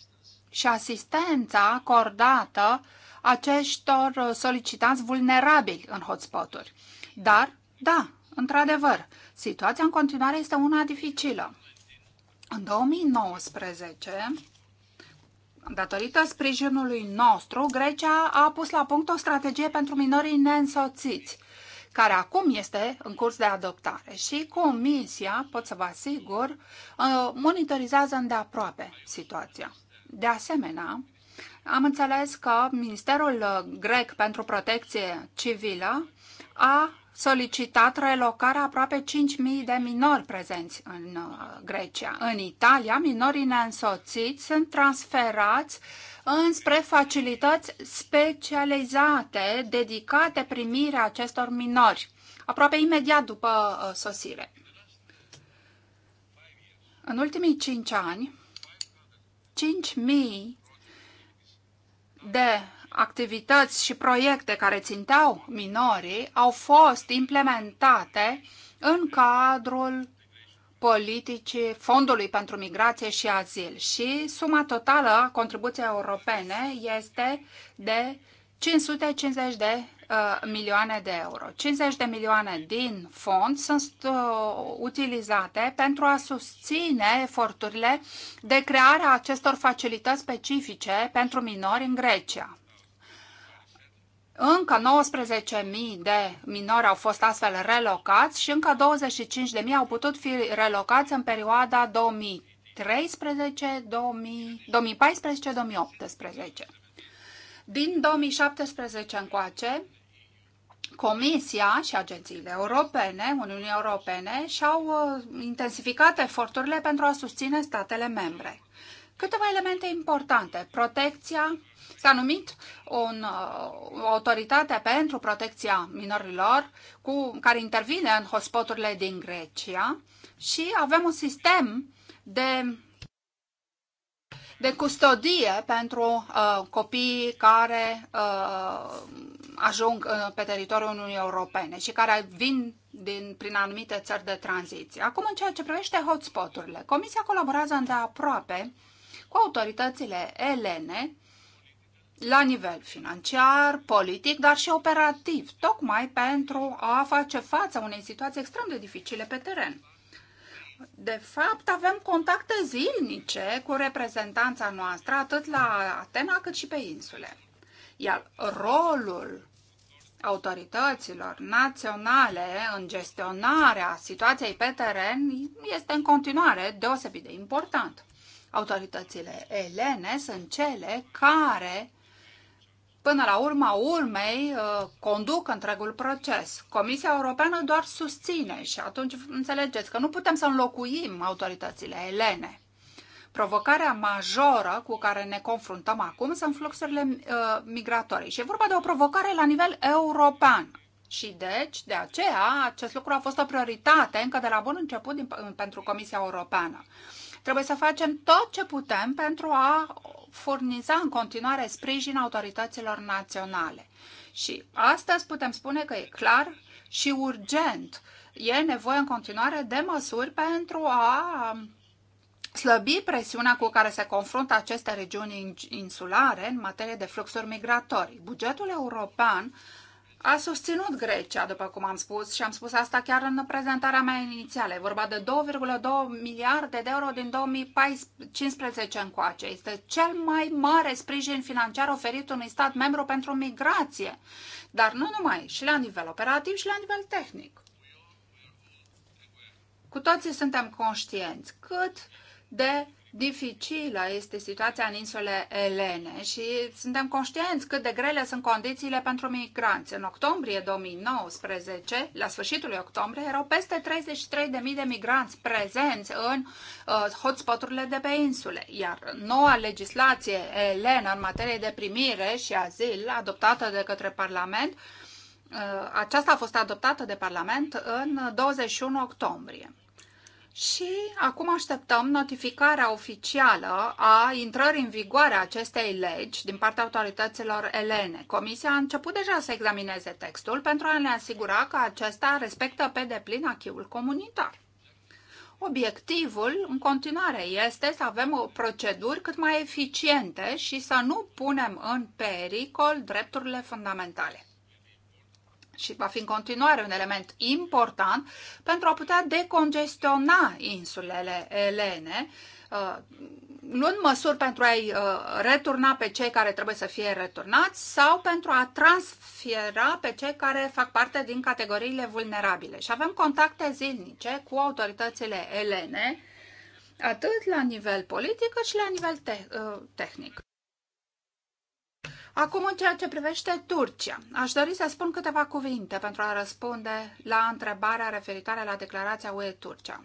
și asistența acordată aceștor solicitanți vulnerabili în hotspoturi. Dar, da, într-adevăr, situația în continuare este una dificilă. În 2019, datorită sprijinului nostru, Grecia a pus la punct o strategie pentru minorii neînsoțiți, care acum este în curs de adoptare și Comisia, pot să vă asigur, uh, monitorizează îndeaproape situația. De asemenea, am înțeles că Ministerul uh, Grec pentru Protecție Civilă a solicitat relocarea aproape 5.000 de minori prezenți în uh, Grecia. În Italia, minorii neînsoțiți sunt transferați înspre facilități specializate dedicate primirea acestor minori, aproape imediat după uh, sosire. În ultimii 5 ani, 5.000 de activități și proiecte care ținteau minorii au fost implementate în cadrul politicii Fondului pentru Migrație și Azil și suma totală a contribuției europene este de 550 de uh, milioane de euro. 50 de milioane din fond sunt uh, utilizate pentru a susține eforturile de creare a acestor facilități specifice pentru minori în Grecia. Încă 19.000 de minori au fost astfel relocați și încă 25.000 au putut fi relocați în perioada 2013-2014-2018. Din 2017 încoace, Comisia și agențiile europene, Uniunii Europene, și-au uh, intensificat eforturile pentru a susține statele membre. Câteva elemente importante. Protecția S-a numit un, uh, o autoritate pentru protecția minorilor cu, care intervine în hotspoturile din Grecia și avem un sistem de de custodie pentru uh, copiii care uh, ajung uh, pe teritoriul Uniunii Europene și care vin din, prin anumite țări de tranziție. Acum, în ceea ce privește hotspoturile, Comisia colaborează îndeaproape cu autoritățile elene la nivel financiar, politic, dar și operativ, tocmai pentru a face față unei situații extrem de dificile pe teren de fapt, avem contacte zilnice cu reprezentanța noastră, atât la Atena cât și pe insule. Iar rolul autorităților naționale în gestionarea situației pe teren este în continuare deosebit de important. Autoritățile elene sunt cele care până la urma urmei uh, conduc întregul proces. Comisia Europeană doar susține și atunci înțelegeți că nu putem să înlocuim autoritățile elene. Provocarea majoră cu care ne confruntăm acum sunt fluxurile uh, migratorii și e vorba de o provocare la nivel european. Și deci, de aceea, acest lucru a fost o prioritate încă de la bun început din, pentru Comisia Europeană. Trebuie să facem tot ce putem pentru a furniza în continuare sprijin autorităților naționale. Și astăzi putem spune că e clar și urgent. E nevoie în continuare de măsuri pentru a slăbi presiunea cu care se confruntă aceste regiuni insulare în materie de fluxuri migratorii. Bugetul european a susținut Grecia, după cum am spus, și am spus asta chiar în prezentarea mea inițială. E vorba de 2,2 miliarde de euro din 2015 încoace. Este cel mai mare sprijin financiar oferit unui stat membru pentru migrație, dar nu numai, și la nivel operativ și la nivel tehnic. Cu toții suntem conștienți cât de dificilă este situația în insule Elene și suntem conștienți cât de grele sunt condițiile pentru migranți. În octombrie 2019, la sfârșitul octombrie, erau peste 33.000 de migranți prezenți în uh, hotspoturile de pe insule, iar noua legislație Elena în materie de primire și azil, adoptată de către Parlament, uh, aceasta a fost adoptată de Parlament în 21 octombrie. Și acum așteptăm notificarea oficială a intrării în vigoare a acestei legi din partea autorităților elene. Comisia a început deja să examineze textul pentru a ne asigura că acesta respectă pe deplin achiul comunitar. Obiectivul în continuare este să avem o proceduri cât mai eficiente și să nu punem în pericol drepturile fundamentale și va fi în continuare un element important pentru a putea decongestiona insulele elene, uh, luând măsuri pentru a-i uh, returna pe cei care trebuie să fie returnați sau pentru a transfera pe cei care fac parte din categoriile vulnerabile. Și avem contacte zilnice cu autoritățile elene, atât la nivel politic cât și la nivel te- uh, tehnic. Acum, în ceea ce privește Turcia, aș dori să spun câteva cuvinte pentru a răspunde la întrebarea referitoare la declarația UE-Turcia.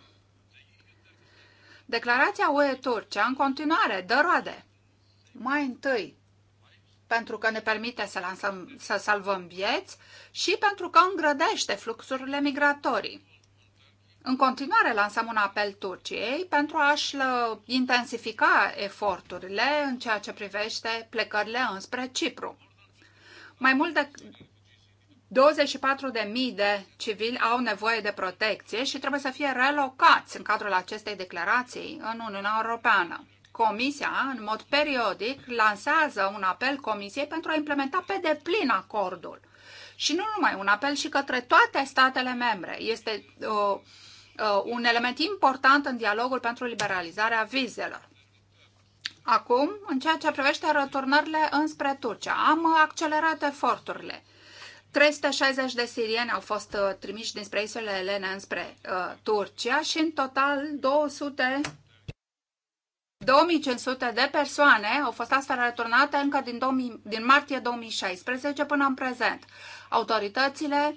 Declarația UE-Turcia în continuare dă roade. Mai întâi, pentru că ne permite să, lansăm, să salvăm vieți și pentru că îngrădește fluxurile migratorii. În continuare lansăm un apel Turciei pentru a-și intensifica eforturile în ceea ce privește plecările înspre Cipru. Mai mult de 24.000 de civili au nevoie de protecție și trebuie să fie relocați în cadrul acestei declarații în Uniunea Europeană. Comisia, în mod periodic, lansează un apel Comisiei pentru a implementa pe deplin acordul. Și nu numai un apel, și către toate statele membre. Este uh, uh, un element important în dialogul pentru liberalizarea vizelor. Acum, în ceea ce privește returnările înspre Turcia, am accelerat eforturile. 360 de sirieni au fost uh, trimiși dinspre insulele Elene înspre uh, Turcia și în total 200 2500 de persoane au fost astfel returnate încă din, 2000, din martie 2016 până în prezent. Autoritățile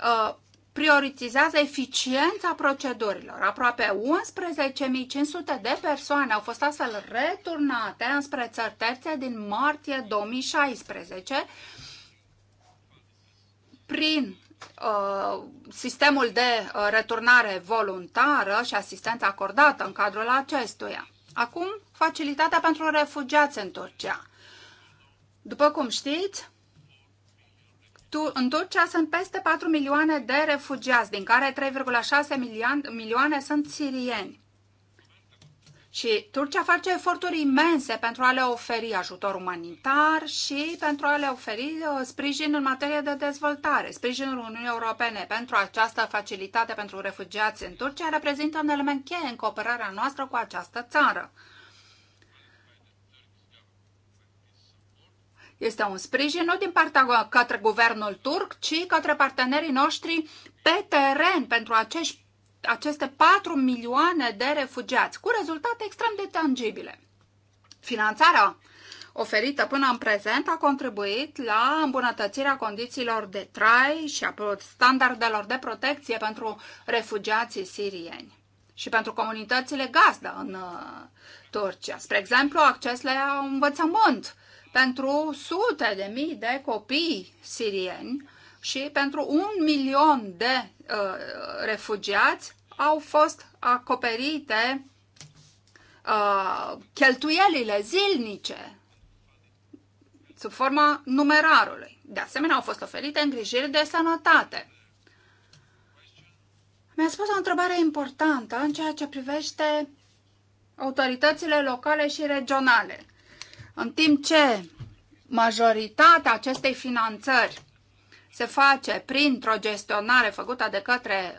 uh, prioritizează eficiența procedurilor. Aproape 11.500 de persoane au fost astfel returnate înspre țări terțe din martie 2016 prin uh, sistemul de uh, returnare voluntară și asistență acordată în cadrul acestuia. Acum, facilitatea pentru refugiați în Turcia. După cum știți, în Turcia sunt peste 4 milioane de refugiați, din care 3,6 milioane sunt sirieni. Și Turcia face eforturi imense pentru a le oferi ajutor umanitar și pentru a le oferi uh, sprijin în materie de dezvoltare. Sprijinul Uniunii Europene pentru această facilitate pentru refugiați în Turcia reprezintă un element cheie în cooperarea noastră cu această țară. Este un sprijin nu din partea către guvernul turc, ci către partenerii noștri pe teren pentru acești, aceste 4 milioane de refugiați, cu rezultate extrem de tangibile. Finanțarea oferită până în prezent a contribuit la îmbunătățirea condițiilor de trai și a standardelor de protecție pentru refugiații sirieni și pentru comunitățile gazdă în uh, Turcia. Spre exemplu, acces la învățământ, pentru sute de mii de copii sirieni și pentru un milion de uh, refugiați au fost acoperite uh, cheltuielile zilnice sub forma numerarului. De asemenea, au fost oferite îngrijiri de sănătate. Mi-a spus o întrebare importantă în ceea ce privește autoritățile locale și regionale. În timp ce majoritatea acestei finanțări se face printr-o gestionare făcută de către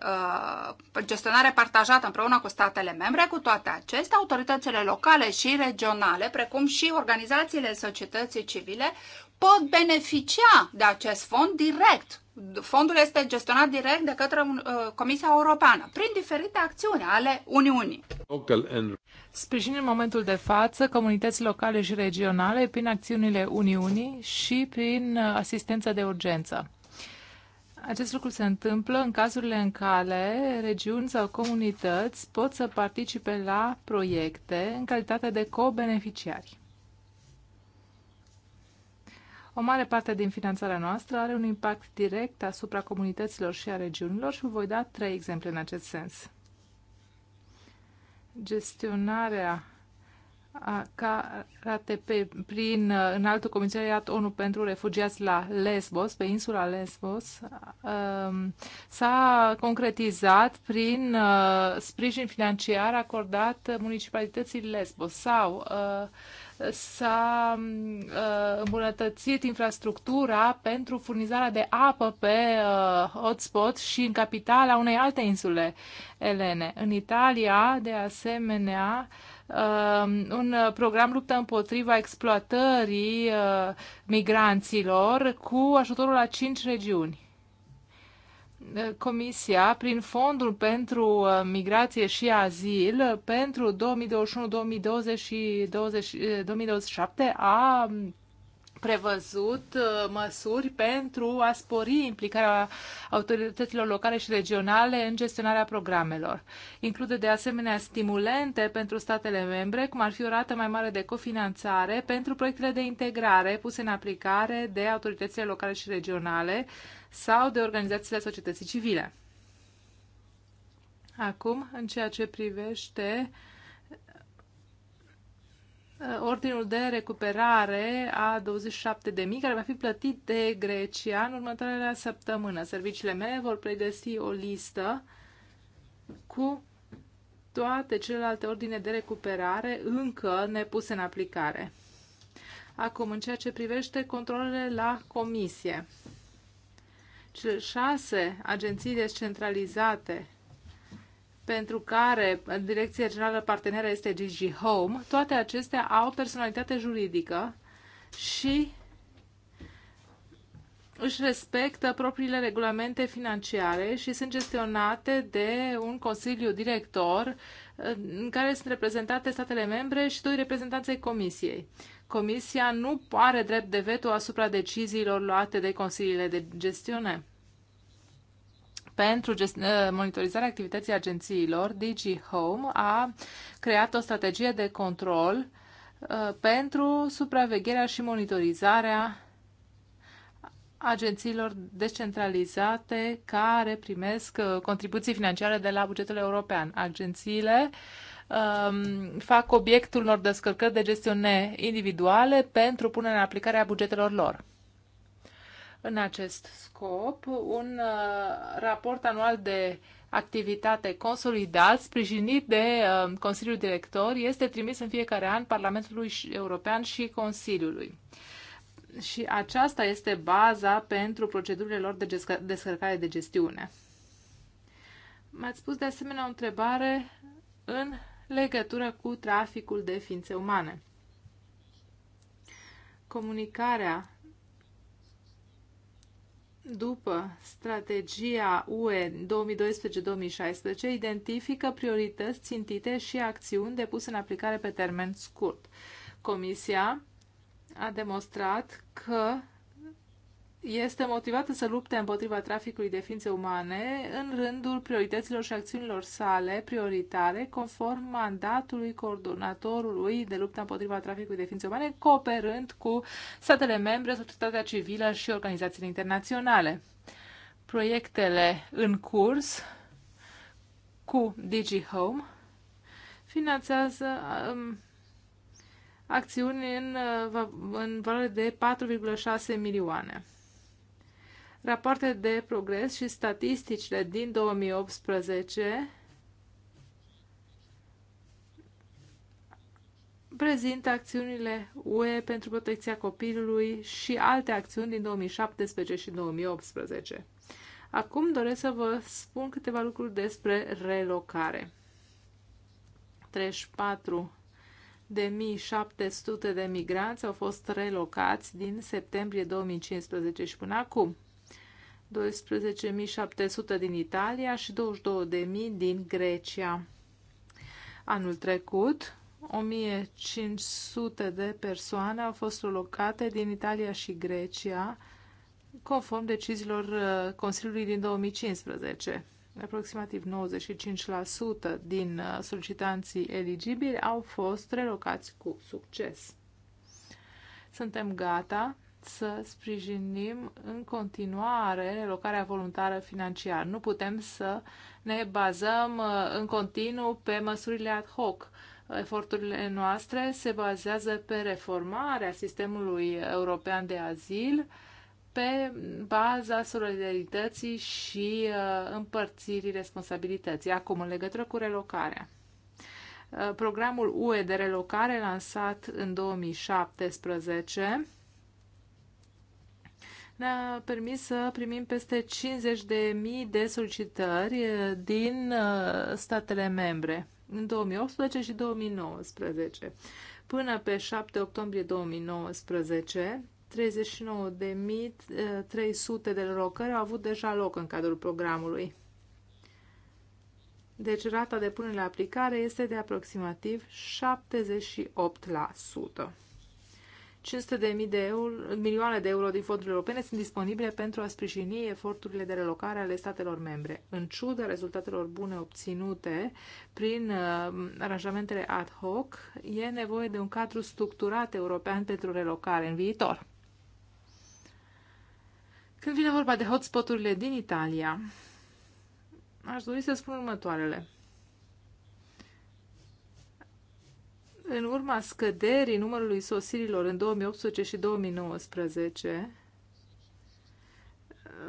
uh, gestionare partajată împreună cu statele membre, cu toate acestea, autoritățile locale și regionale, precum și organizațiile societății civile, pot beneficia de acest fond direct. Fondul este gestionat direct de către uh, Comisia Europeană, prin diferite acțiuni ale Uniunii. Sprijin în momentul de față comunități locale și regionale prin acțiunile Uniunii și prin uh, asistență de urgență. Acest lucru se întâmplă în cazurile în care regiuni sau comunități pot să participe la proiecte în calitate de co-beneficiari. O mare parte din finanțarea noastră are un impact direct asupra comunităților și a regiunilor și vă voi da trei exemple în acest sens. Gestionarea a KRTP prin uh, înaltul comisariat ONU pentru refugiați la Lesbos, pe insula Lesbos, um, s-a concretizat prin uh, sprijin financiar acordat municipalității Lesbos sau uh, s-a uh, îmbunătățit infrastructura pentru furnizarea de apă pe uh, hotspot și în capitala unei alte insule elene. În Italia, de asemenea, uh, un program luptă împotriva exploatării migranților cu ajutorul a cinci regiuni. Comisia, prin Fondul pentru uh, Migrație și Azil, pentru 2021, 2027 eh, a prevăzut uh, măsuri pentru a spori implicarea autorităților locale și regionale în gestionarea programelor. Include de asemenea stimulente pentru statele membre, cum ar fi o rată mai mare de cofinanțare pentru proiectele de integrare puse în aplicare de autoritățile locale și regionale sau de organizațiile societății civile. Acum, în ceea ce privește uh, Uh, ordinul de recuperare a 27.000 care va fi plătit de Grecia în următoarea săptămână. Serviciile mele vor pregăsi o listă cu toate celelalte ordine de recuperare încă nepuse în aplicare. Acum, în ceea ce privește controlele la comisie, cele șase agenții descentralizate pentru care Direcția Generală Parteneră este DG Home, toate acestea au personalitate juridică și își respectă propriile regulamente financiare și sunt gestionate de un consiliu director în care sunt reprezentate statele membre și doi reprezentanți ai Comisiei. Comisia nu are drept de veto asupra deciziilor luate de consiliile de gestiune pentru uh, monitorizarea activității agențiilor, DG Home a creat o strategie de control uh, pentru supravegherea și monitorizarea agențiilor descentralizate care primesc uh, contribuții financiare de la bugetul european. Agențiile um, fac obiectul unor descărcări de gestiune individuale pentru punerea în aplicare a bugetelor lor în acest scop un uh, raport anual de activitate consolidat, sprijinit de uh, Consiliul Director, este trimis în fiecare an Parlamentului European și Consiliului. Și aceasta este baza pentru procedurile lor de descărcare de gestiune. M-ați spus de asemenea o întrebare în legătură cu traficul de ființe umane. Comunicarea după strategia UE 2012-2016 identifică priorități țintite și acțiuni depuse în aplicare pe termen scurt. Comisia a demonstrat că este motivată să lupte împotriva traficului de ființe umane în rândul priorităților și acțiunilor sale prioritare, conform mandatului coordonatorului de luptă împotriva traficului de ființe umane, cooperând cu statele membre, societatea civilă și organizațiile internaționale. Proiectele în curs cu DigiHome finanțează um, acțiuni în, uh, în valoare de 4,6 milioane. Rapoarte de progres și statisticile din 2018 prezintă acțiunile UE pentru protecția copilului și alte acțiuni din 2017 și 2018. Acum doresc să vă spun câteva lucruri despre relocare. 34 de 1700 de migranți au fost relocați din septembrie 2015 și până acum. 12.700 din Italia și 22.000 din Grecia. Anul trecut, 1500 de persoane au fost relocate din Italia și Grecia, conform deciziilor uh, Consiliului din 2015. Aproximativ 95% din uh, solicitanții eligibili au fost relocați cu succes. Suntem gata să sprijinim în continuare relocarea voluntară financiară. Nu putem să ne bazăm uh, în continuu pe măsurile ad hoc. Eforturile noastre se bazează pe reformarea sistemului european de azil, pe baza solidarității și uh, împărțirii responsabilității. Acum, în legătură cu relocarea. Uh, programul UE de relocare lansat în 2017 ne-a permis să primim peste 50.000 de solicitări eh, din eh, statele membre în 2018 și 2019. Până pe 7 octombrie 2019, 39.300 eh, de relocări au avut deja loc în cadrul programului. Deci rata de punere la aplicare este de aproximativ 78%. 500 de, mii de euro, milioane de euro din fondurile europene sunt disponibile pentru a sprijini eforturile de relocare ale statelor membre. În ciuda rezultatelor bune obținute prin uh, aranjamentele ad hoc, e nevoie de un cadru structurat european pentru relocare în viitor. Când vine vorba de hotspoturile din Italia, aș dori să spun următoarele. în urma scăderii numărului sosirilor în 2018 și 2019,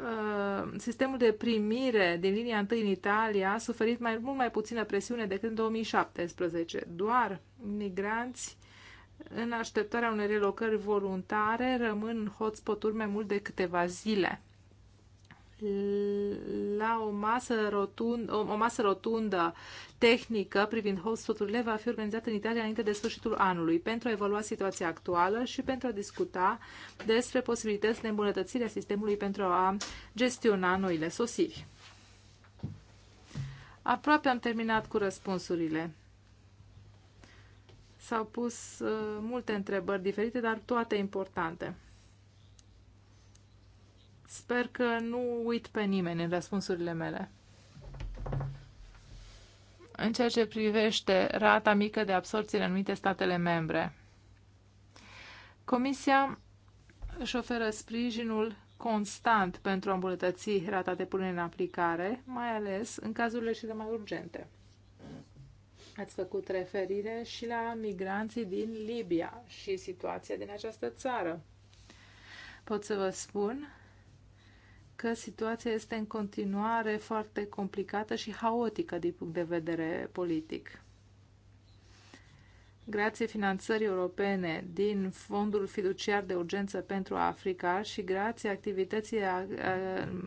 uh, sistemul de primire din linia 1 în Italia a suferit mai, mult mai puțină presiune decât în 2017. Doar migranți în așteptarea unei relocări voluntare rămân în hotspot-uri mai mult de câteva zile la o masă, rotund, o, o masă rotundă tehnică privind hosturile va fi organizată în Italia înainte de sfârșitul anului pentru a evalua situația actuală și pentru a discuta despre posibilități de îmbunătățire a sistemului pentru a gestiona noile sosiri. Aproape am terminat cu răspunsurile. S-au pus uh, multe întrebări diferite, dar toate importante. Sper că nu uit pe nimeni în răspunsurile mele. În ceea ce privește rata mică de absorție în anumite statele membre, Comisia își oferă sprijinul constant pentru a îmbunătăți rata de punere în aplicare, mai ales în cazurile cele mai urgente. Ați făcut referire și la migranții din Libia și situația din această țară. Pot să vă spun că situația este în continuare foarte complicată și haotică din punct de vedere politic. Grație finanțării europene din Fondul Fiduciar de Urgență pentru Africa și grație activității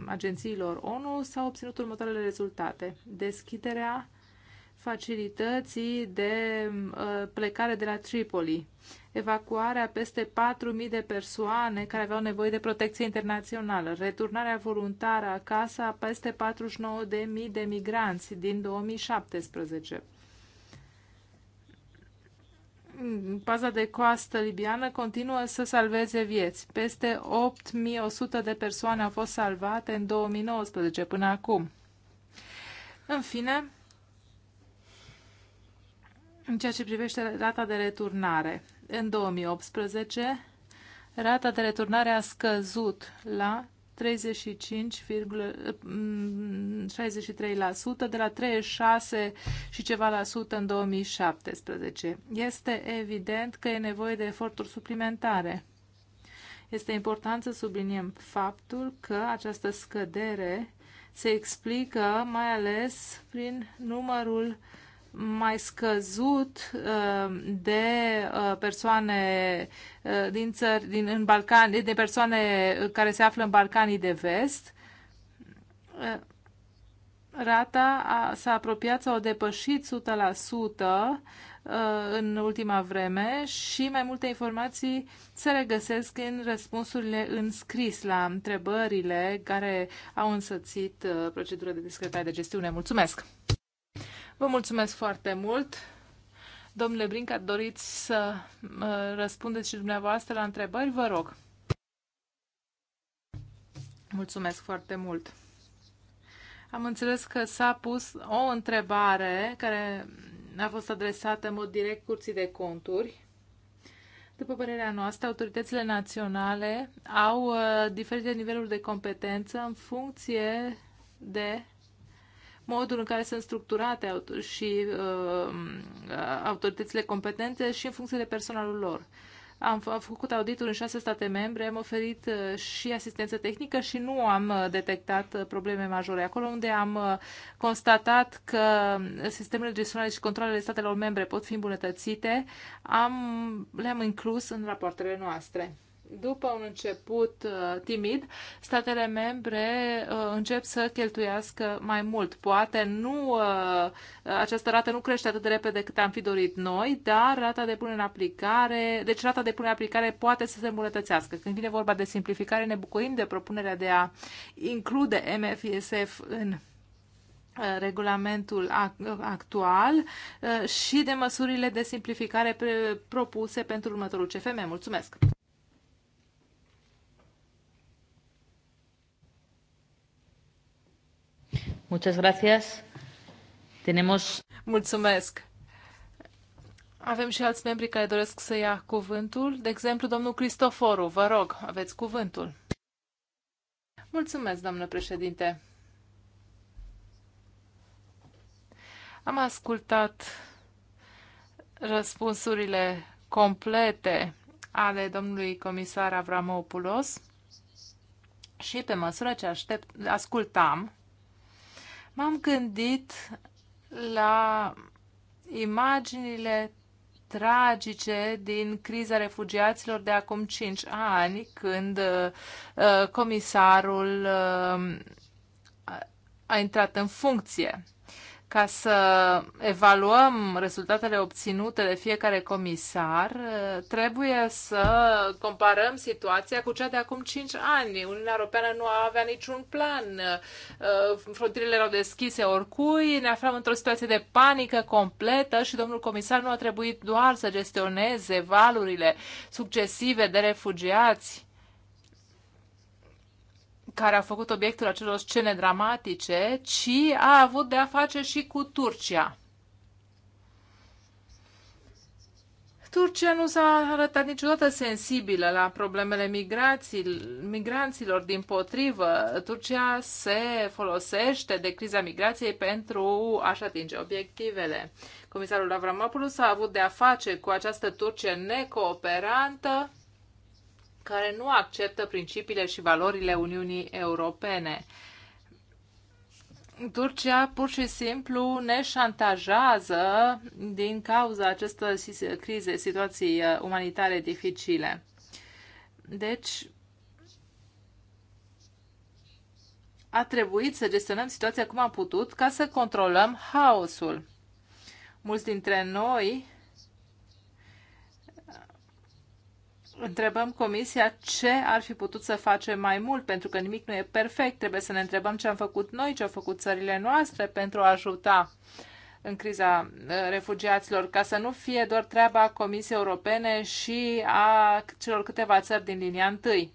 agențiilor ONU s-au obținut următoarele rezultate. Deschiderea facilității de uh, plecare de la Tripoli evacuarea peste 4.000 de persoane care aveau nevoie de protecție internațională, returnarea voluntară acasă a peste 49.000 de migranți din 2017. Paza de coastă libiană continuă să salveze vieți. Peste 8.100 de persoane au fost salvate în 2019 până acum. În fine, în ceea ce privește data de returnare în 2018 rata de returnare a scăzut la 35,63% mm, de la 36 și ceva la sută în 2017. Este evident că e nevoie de eforturi suplimentare. Este important să subliniem faptul că această scădere se explică mai ales prin numărul uh, mai scăzut uh, de uh, persoane uh, din țări, din, în Balcani, de persoane care se află în Balcanii de vest. Rata s-a apropiat sau depășit 100% în ultima vreme și mai multe informații se regăsesc în răspunsurile în scris la întrebările care au însățit procedura de discretare de gestiune. Mulțumesc! Vă mulțumesc foarte mult. Domnule Brinca, doriți să răspundeți și dumneavoastră la întrebări? Vă rog. Mulțumesc foarte mult. Am înțeles că s-a pus o întrebare care a fost adresată în mod direct curții de conturi. După părerea noastră, autoritățile naționale au uh, diferite niveluri de competență în funcție de modul în care sunt structurate și uh, autoritățile competente și în funcție de personalul lor. Am, am făcut auditul în șase state membre, am oferit uh, și asistență tehnică și nu am uh, detectat uh, probleme majore. Acolo unde am constatat că sistemele gestionale și controlele statelor membre pot fi îmbunătățite, am, le-am inclus în rapoartele noastre după un început uh, timid, statele membre uh, încep să cheltuiască mai mult. Poate nu, uh, această rată nu crește atât de repede cât am fi dorit noi, dar rata de punere în aplicare, deci rata de punere în aplicare poate să se îmbunătățească. Când vine vorba de simplificare, ne bucurim de propunerea de a include MFSF în regulamentul actual și de măsurile de simplificare propuse pentru următorul CFM. Mulțumesc! Muchas gracias. Tenemos... Mulțumesc. Avem și alți membri care doresc să ia cuvântul. De exemplu, domnul Cristoforu, vă rog, aveți cuvântul. Mulțumesc, domnule președinte. Am ascultat răspunsurile complete ale domnului comisar Avramopoulos și pe măsură ce aștept, ascultam, M-am gândit la imaginile tragice din criza refugiaților de acum 5 ani, când uh, comisarul uh, a intrat în funcție ca să evaluăm rezultatele obținute de fiecare comisar, trebuie să comparăm situația cu cea de acum 5 ani. Uniunea Europeană nu avea niciun plan, frontierele erau deschise oricui, ne aflam într-o situație de panică completă și domnul comisar nu a trebuit doar să gestioneze valurile succesive de refugiați, care a făcut obiectul acelor scene dramatice, ci a avut de a face și cu Turcia. Turcia nu s-a arătat niciodată sensibilă la problemele migranților. Din potrivă, Turcia se folosește de criza migrației pentru a-și atinge obiectivele. Comisarul Avramopoulos a avut de a face cu această Turcie necooperantă care nu acceptă principiile și valorile Uniunii Europene. Turcia pur și simplu ne șantajează din cauza acestor crize, situații uh, umanitare dificile. Deci, a trebuit să gestionăm situația cum am putut ca să controlăm haosul. Mulți dintre noi întrebăm Comisia ce ar fi putut să facem mai mult, pentru că nimic nu e perfect. Trebuie să ne întrebăm ce am făcut noi, ce au făcut țările noastre pentru a ajuta în criza uh, refugiaților, ca să nu fie doar treaba Comisiei Europene și a celor câteva țări din linia întâi.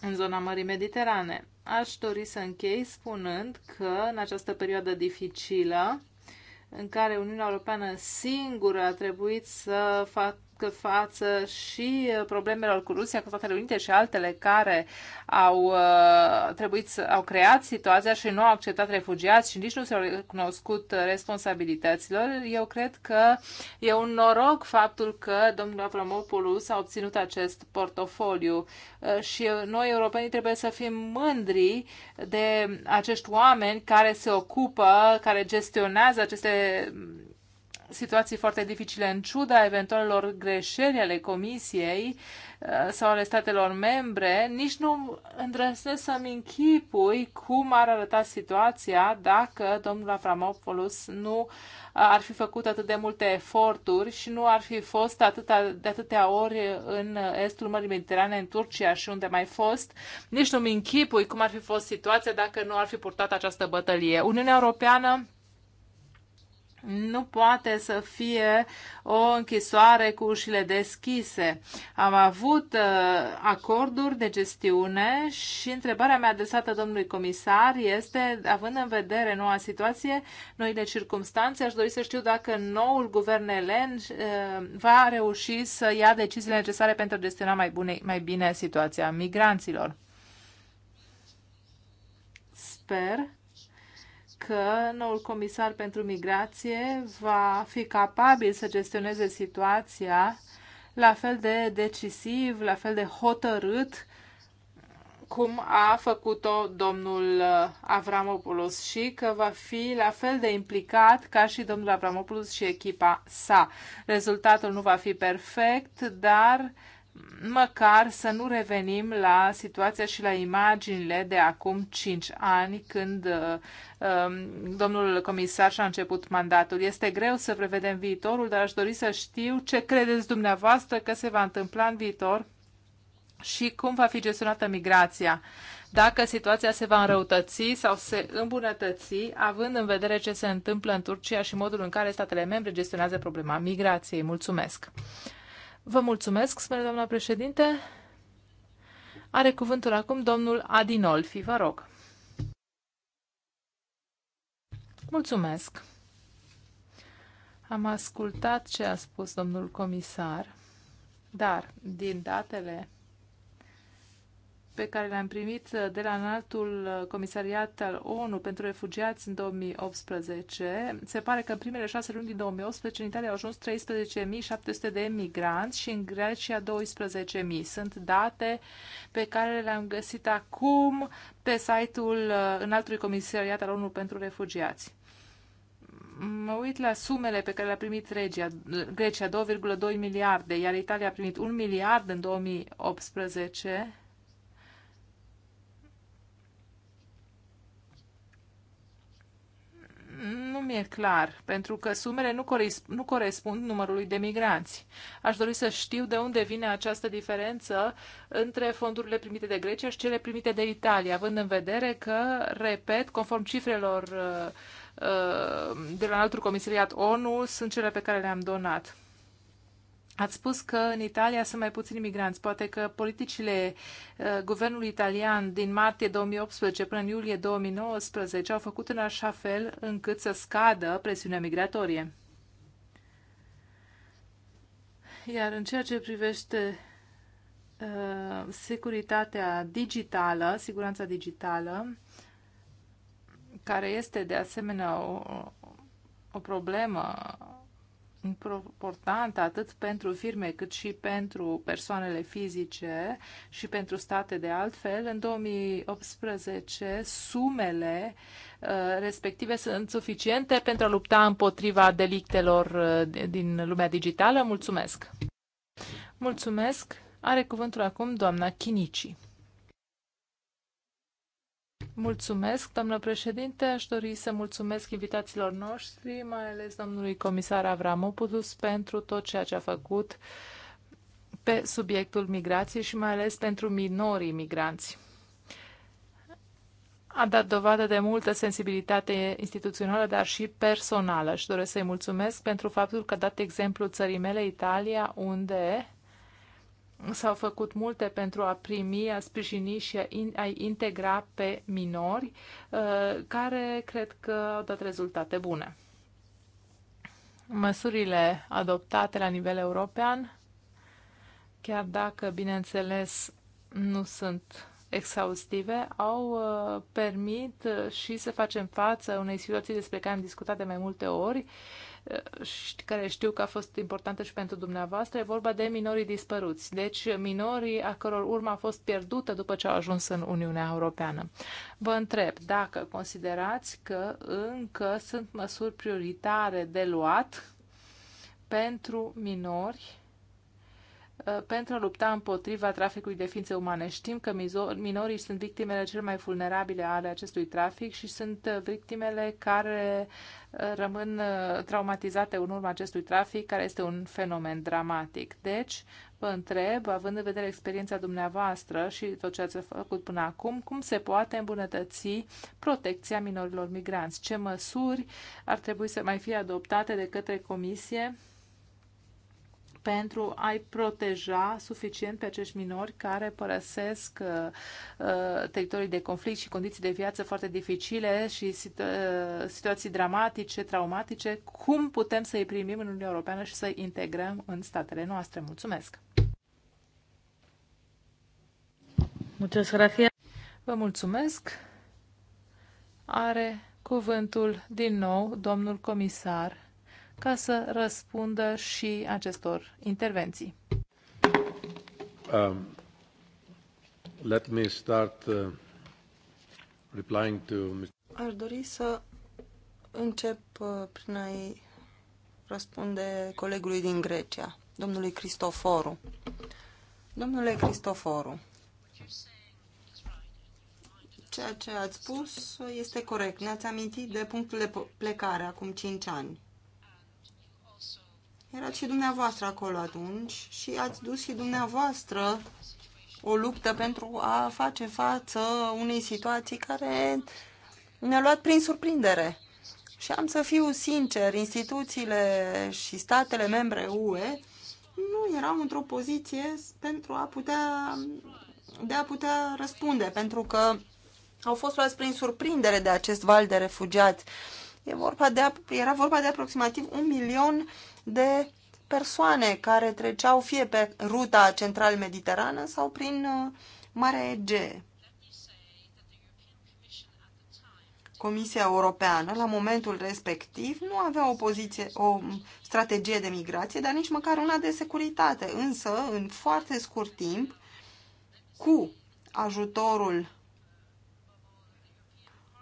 în zona Mării Mediterane. Aș dori să închei spunând că în această perioadă dificilă în care Uniunea Europeană singură a trebuit să facă față și uh, problemelor cu Rusia, cu Statele Unite și altele care au uh, trebuit să au creat situația și nu au acceptat refugiați și nici nu s-au recunoscut responsabilităților. Eu cred că e un noroc faptul că domnul Avramopoulos a obținut acest portofoliu uh, și noi europenii trebuie să fim mândri de acești oameni care se ocupă, care gestionează aceste situații foarte dificile în ciuda eventualelor greșeli ale Comisiei uh, sau ale statelor membre, nici nu îndrăznesc să-mi închipui cum ar arăta situația dacă domnul Aframopoulos nu uh, ar fi făcut atât de multe eforturi și nu ar fi fost atâta, de atâtea ori în estul Mării Mediterane, în Turcia și unde mai fost. Nici nu-mi închipui cum ar fi fost situația dacă nu ar fi purtat această bătălie. Uniunea Europeană nu poate să fie o închisoare cu ușile deschise. Am avut uh, acorduri de gestiune și întrebarea mea adresată domnului comisar este, având în vedere noua situație, noile circunstanțe, aș dori să știu dacă noul guvern elen uh, va reuși să ia deciziile necesare pentru a gestiona mai, bune, mai bine situația migranților. Sper că noul comisar pentru migrație va fi capabil să gestioneze situația la fel de decisiv, la fel de hotărât cum a făcut-o domnul uh, Avramopoulos și că va fi la fel de implicat ca și domnul Avramopoulos și echipa sa. Rezultatul nu va fi perfect, dar uh, măcar să nu revenim la situația și la imaginile de acum 5 ani, când um, domnul comisar și-a început mandatul. Este greu să prevedem viitorul, dar aș dori să știu ce credeți dumneavoastră că se va întâmpla în viitor și cum va fi gestionată migrația. Dacă situația se va înrăutăți sau se îmbunătăți, având în vedere ce se întâmplă în Turcia și modul în care statele membre gestionează problema migrației. Mulțumesc! Vă mulțumesc, spune doamna președinte. Are cuvântul acum domnul Adinolfi, vă rog. Mulțumesc. Am ascultat ce a spus domnul comisar, dar din datele pe care le-am primit uh, de la înaltul uh, comisariat al ONU pentru refugiați în 2018, se pare că în primele șase luni din 2018 în Italia au ajuns 13.700 de migranți și în Grecia 12.000. Sunt date pe care le-am găsit acum pe site-ul uh, înaltului comisariat al ONU pentru refugiați mă uit la sumele pe care le-a primit regia, Grecia, 2,2 miliarde, iar Italia a primit 1 miliard în 2018. nu mi-e clar, pentru că sumele nu, coresp- nu corespund numărului de migranți. Aș dori să știu de unde vine această diferență între fondurile primite de Grecia și cele primite de Italia, având în vedere că, repet, conform cifrelor uh, uh, de la altul comisariat ONU, sunt cele pe care le-am donat. Ați spus că în Italia sunt mai puțini migranți. Poate că politicile uh, guvernului italian din martie 2018 până în iulie 2019 au făcut în așa fel încât să scadă presiunea migratorie. Iar în ceea ce privește uh, securitatea digitală, siguranța digitală, care este de asemenea o, o problemă importantă atât pentru firme cât și pentru persoanele fizice și pentru state de altfel. În 2018 sumele uh, respective sunt suficiente pentru a lupta împotriva delictelor uh, din lumea digitală. Mulțumesc! Mulțumesc! Are cuvântul acum doamna Chinici. Mulțumesc, doamnă președinte. Aș dori să mulțumesc invitațiilor noștri, mai ales domnului comisar Avramopoulos, pentru tot ceea ce a făcut pe subiectul migrației și mai ales pentru minorii migranți. A dat dovadă de multă sensibilitate instituțională, dar și personală. Și doresc să-i mulțumesc pentru faptul că a dat exemplu țării mele, Italia, unde s-au făcut multe pentru a primi, a sprijini și a, integra pe minori, uh, care cred că au dat rezultate bune. Măsurile adoptate la nivel european, chiar dacă, bineînțeles, nu sunt exhaustive, au uh, permit și să facem față unei situații despre care am discutat de mai multe ori, care știu că a fost importantă și pentru dumneavoastră, e vorba de minorii dispăruți, deci minorii a căror urma a fost pierdută după ce au ajuns în Uniunea Europeană. Vă întreb dacă considerați că încă sunt măsuri prioritare de luat pentru minori Uh, pentru a lupta împotriva traficului de ființe umane. Știm că minorii sunt victimele cel mai vulnerabile ale acestui trafic și sunt uh, victimele care uh, rămân traumatizate în urma acestui trafic, care este un fenomen dramatic. Deci, vă întreb, având în vedere experiența dumneavoastră și tot ce ați făcut până acum, cum se poate îmbunătăți protecția minorilor migranți? Ce măsuri ar trebui să mai fie adoptate de către Comisie pentru a-i proteja suficient pe acești minori care părăsesc uh, uh, teritorii de conflict și condiții de viață foarte dificile și uh, situații dramatice, traumatice, cum putem să i primim în Uniunea Europeană și să i integrăm în statele noastre. Mulțumesc! Mulțumesc! Vă mulțumesc! Are cuvântul din nou domnul comisar ca să răspundă și acestor intervenții. Um, let me start uh, replying to... Aș dori să încep uh, prin a-i răspunde colegului din Grecia, domnului Cristoforu. Domnule Cristoforu, ceea ce ați spus este corect. Ne-ați amintit de punctul de plecare acum 5 ani. Erați și dumneavoastră acolo atunci și ați dus și dumneavoastră o luptă pentru a face față unei situații care ne-a luat prin surprindere. Și am să fiu sincer, instituțiile și statele membre UE nu erau într-o poziție pentru a putea, de a putea răspunde, pentru că au fost luați prin surprindere de acest val de refugiați. E vorba de, era vorba de aproximativ un milion de persoane care treceau fie pe ruta central-mediterană sau prin uh, Marea Egee. Comisia Europeană, la momentul respectiv, nu avea o, poziție, o strategie de migrație, dar nici măcar una de securitate. Însă, în foarte scurt timp, cu ajutorul,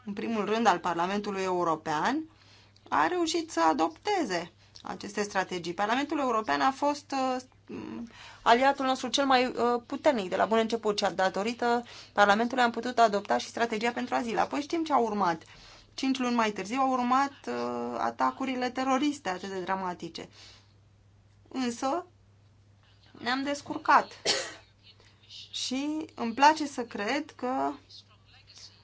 în primul rând, al Parlamentului European, a reușit să adopteze aceste strategii. Parlamentul European a fost uh, aliatul nostru cel mai uh, puternic de la bun început și datorită Parlamentului am putut adopta și strategia pentru azil. Apoi știm ce a urmat. Cinci luni mai târziu au urmat uh, atacurile teroriste atât de dramatice. Însă ne-am descurcat. și îmi place să cred că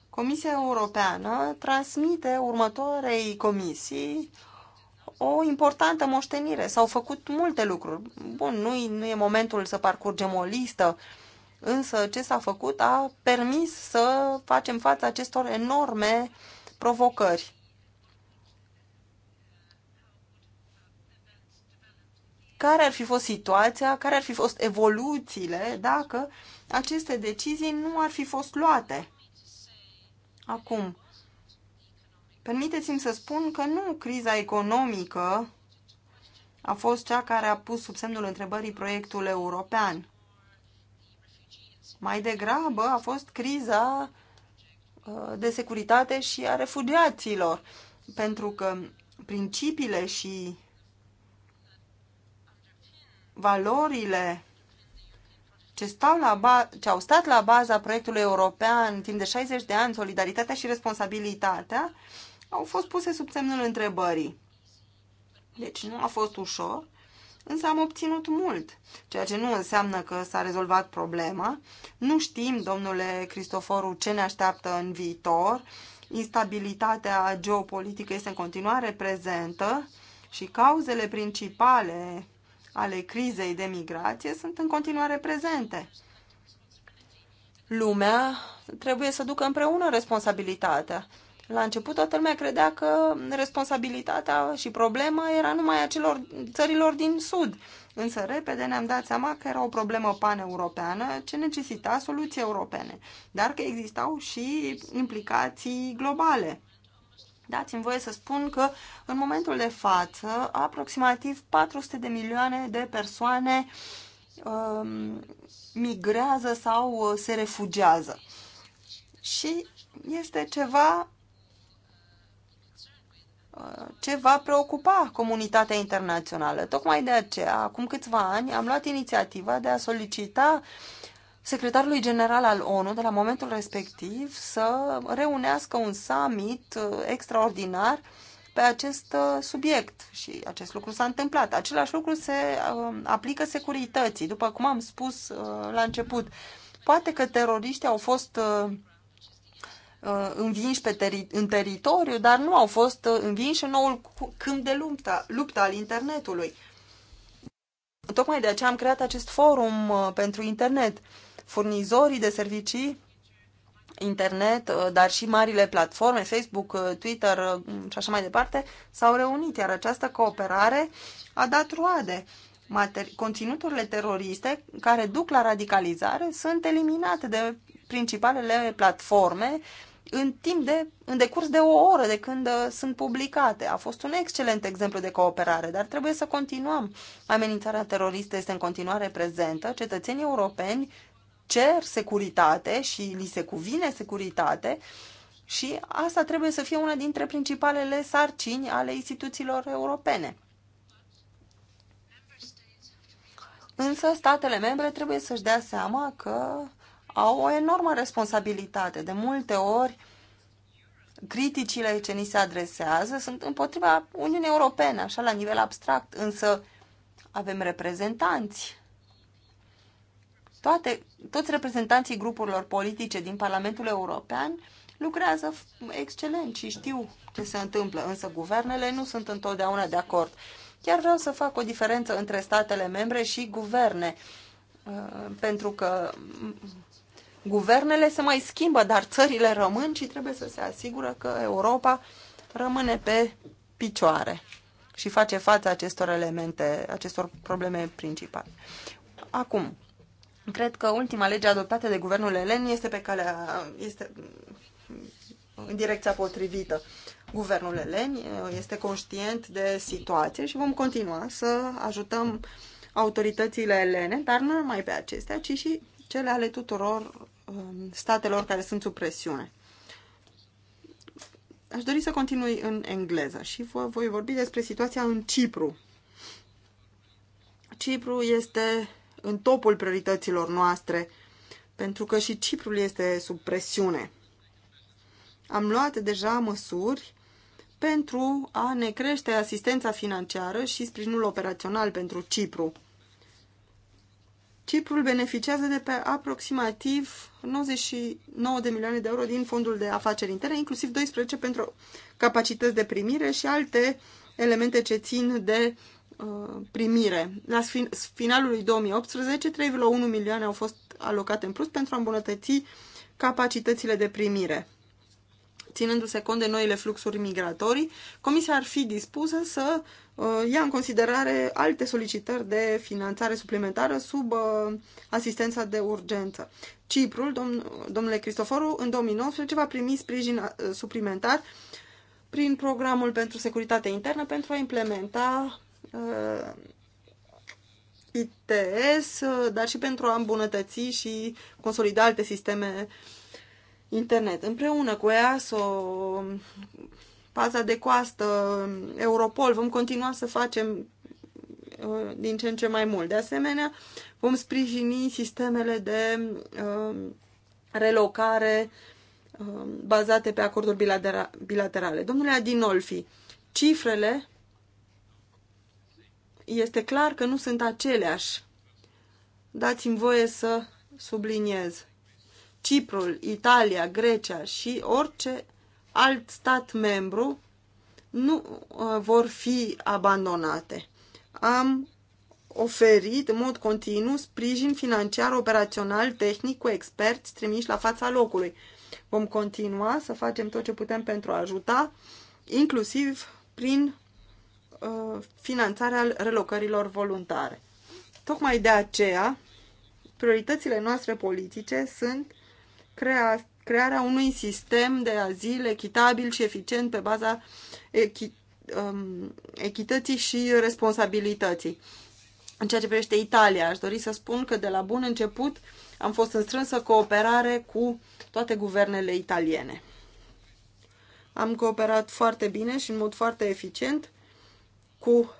Comisia Europeană transmite următoarei comisii o importantă moștenire. S-au făcut multe lucruri. Bun, nu, nu e momentul să parcurgem o listă, însă ce s-a făcut a permis să facem față acestor enorme provocări. Care ar fi fost situația, care ar fi fost evoluțiile dacă aceste decizii nu ar fi fost luate? Acum, Permiteți-mi să spun că nu criza economică a fost cea care a pus sub semnul întrebării proiectul european. Mai degrabă a fost criza uh, de securitate și a refugiaților, pentru că principiile și valorile ce, stau la ce au stat la baza proiectului european timp de 60 de ani, solidaritatea și responsabilitatea, au fost puse sub semnul întrebării. Deci nu a fost ușor, însă am obținut mult, ceea ce nu înseamnă că s-a rezolvat problema. Nu știm, domnule Cristoforu, ce ne așteaptă în viitor. Instabilitatea geopolitică este în continuare prezentă și cauzele principale ale crizei de migrație sunt în continuare prezente. Lumea trebuie să ducă împreună responsabilitatea. La început toată lumea credea că responsabilitatea și problema era numai a celor țărilor din Sud. Însă repede ne-am dat seama că era o problemă paneuropeană ce necesita soluții europene, dar că existau și implicații globale. Dați-mi voie să spun că în momentul de față aproximativ 400 de milioane de persoane um, migrează sau uh, se refugiază. Și este ceva ce va preocupa comunitatea internațională. Tocmai de aceea, acum câțiva ani, am luat inițiativa de a solicita secretarului general al ONU de la momentul respectiv să reunească un summit uh, extraordinar pe acest uh, subiect și acest lucru s-a întâmplat. Același lucru se um, aplică securității, după cum am spus uh, la început. Poate că teroriștii au fost uh, Uh, învinși pe teri- în teritoriu, dar nu au fost uh, învinși în noul câmp de luptă, luptă al internetului. Tocmai de aceea am creat acest forum uh, pentru internet. Furnizorii de servicii internet, dar și marile platforme, Facebook, Twitter și așa mai departe, s-au reunit, iar această cooperare a dat roade. Mater- conținuturile teroriste care duc la radicalizare sunt eliminate de principalele platforme în timp de, în decurs de o oră de când uh, sunt publicate. A fost un excelent exemplu de cooperare, dar trebuie să continuăm. Amenințarea teroristă este în continuare prezentă. Cetățenii europeni cer securitate și li se cuvine securitate și asta trebuie să fie una dintre principalele sarcini ale instituțiilor europene. Însă statele membre trebuie să-și dea seama că au o enormă responsabilitate. De multe ori, criticile ce ni se adresează sunt împotriva Uniunii Europene, așa la nivel abstract, însă avem reprezentanți. Toate, toți reprezentanții grupurilor politice din Parlamentul European lucrează excelent și știu ce se întâmplă, însă guvernele nu sunt întotdeauna de acord. Chiar vreau să fac o diferență între statele membre și guverne, uh, pentru că Guvernele se mai schimbă, dar țările rămân și trebuie să se asigură că Europa rămâne pe picioare și face față acestor elemente, acestor probleme principale. Acum, cred că ultima lege adoptată de guvernul elen este pe calea, este în direcția potrivită. Guvernul elen uh, este conștient de situație și vom continua să ajutăm autoritățile elene, dar nu numai pe acestea, ci și cele ale tuturor Um, statelor care sunt sub presiune. Aș dori să continui în engleză și vă voi vorbi despre situația în Cipru. Cipru este în topul priorităților noastre, pentru că și Ciprul este sub presiune. Am luat deja măsuri pentru a ne crește asistența financiară și sprijinul operațional pentru Cipru. Ciprul beneficiază de pe aproximativ 99 de milioane de euro din fondul de afaceri interne, inclusiv 12 pentru capacități de primire și alte elemente ce țin de uh, primire. La finalul lui 2018, 3,1 milioane au fost alocate în plus pentru a îmbunătăți capacitățile de primire ținându-se cont de noile fluxuri migratorii, Comisia ar fi dispusă să uh, ia în considerare alte solicitări de finanțare suplimentară sub uh, asistența de urgență. Ciprul, dom- domnule Cristoforu, în 2019 va primi sprijin uh, suplimentar prin programul pentru securitate internă pentru a implementa uh, ITS, dar și pentru a îmbunătăți și consolida alte sisteme uh, internet. Împreună cu EASO, paza de coastă, Europol, vom continua să facem uh, din ce în ce mai mult. De asemenea, vom sprijini sistemele de uh, relocare uh, bazate pe acorduri bilaterale. Domnule Adinolfi, cifrele este clar că nu sunt aceleași. Dați-mi voie să subliniez. Ciprul, Italia, Grecia și orice alt stat membru nu uh, vor fi abandonate. Am oferit în mod continuu sprijin financiar, operațional, tehnic cu experți trimiși la fața locului. Vom continua să facem tot ce putem pentru a ajuta, inclusiv prin uh, finanțarea relocărilor voluntare. Tocmai de aceea, prioritățile noastre politice sunt crea, crearea unui sistem de azil echitabil și eficient pe baza echi, um, echității și responsabilității. În ceea ce privește Italia, aș dori să spun că de la bun început am fost în strânsă cooperare cu toate guvernele italiene. Am cooperat foarte bine și în mod foarte eficient cu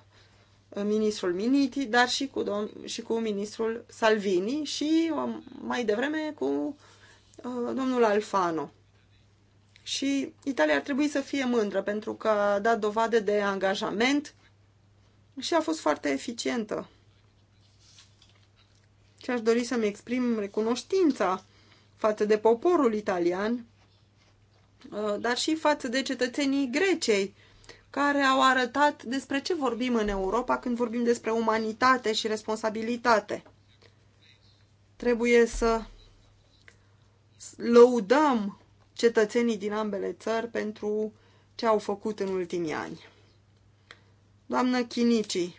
ministrul Miniti, dar și cu, dom- și cu ministrul Salvini și um, mai devreme cu Uh, domnul Alfano. Și Italia ar trebui să fie mândră pentru că a dat dovadă de angajament și a fost foarte eficientă. Și aș dori să-mi exprim recunoștința față de poporul italian, uh, dar și față de cetățenii Greciei, care au arătat despre ce vorbim în Europa când vorbim despre umanitate și responsabilitate. Trebuie să lăudăm cetățenii din ambele țări pentru ce au făcut în ultimii ani. Doamnă Chinicii,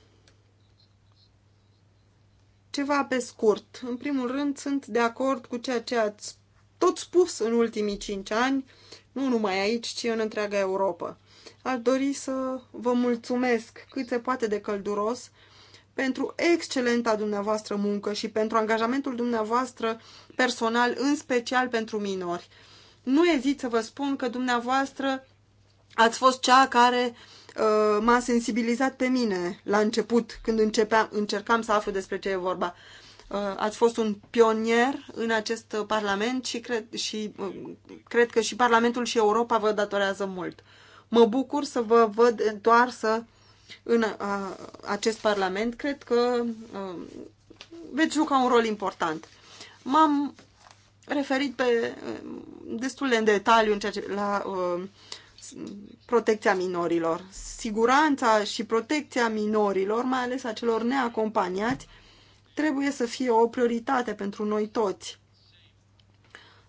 ceva pe scurt. În primul rând, sunt de acord cu ceea ce ați tot spus în ultimii cinci ani, nu numai aici, ci în întreaga Europa. Aș dori să vă mulțumesc cât se poate de călduros pentru excelenta dumneavoastră muncă și pentru angajamentul dumneavoastră personal, în special pentru minori. Nu ezit să vă spun că dumneavoastră ați fost cea care uh, m-a sensibilizat pe mine la început, când începeam, încercam să aflu despre ce e vorba. Uh, ați fost un pionier în acest Parlament și, cred, și uh, cred că și Parlamentul și Europa vă datorează mult. Mă bucur să vă văd întoarsă. să uh, în acest Parlament, cred că veți juca un rol important. M-am referit pe destul de în detaliu în ceea ce, la uh, protecția minorilor. Siguranța și protecția minorilor, mai ales a celor neacompaniați, trebuie să fie o prioritate pentru noi toți.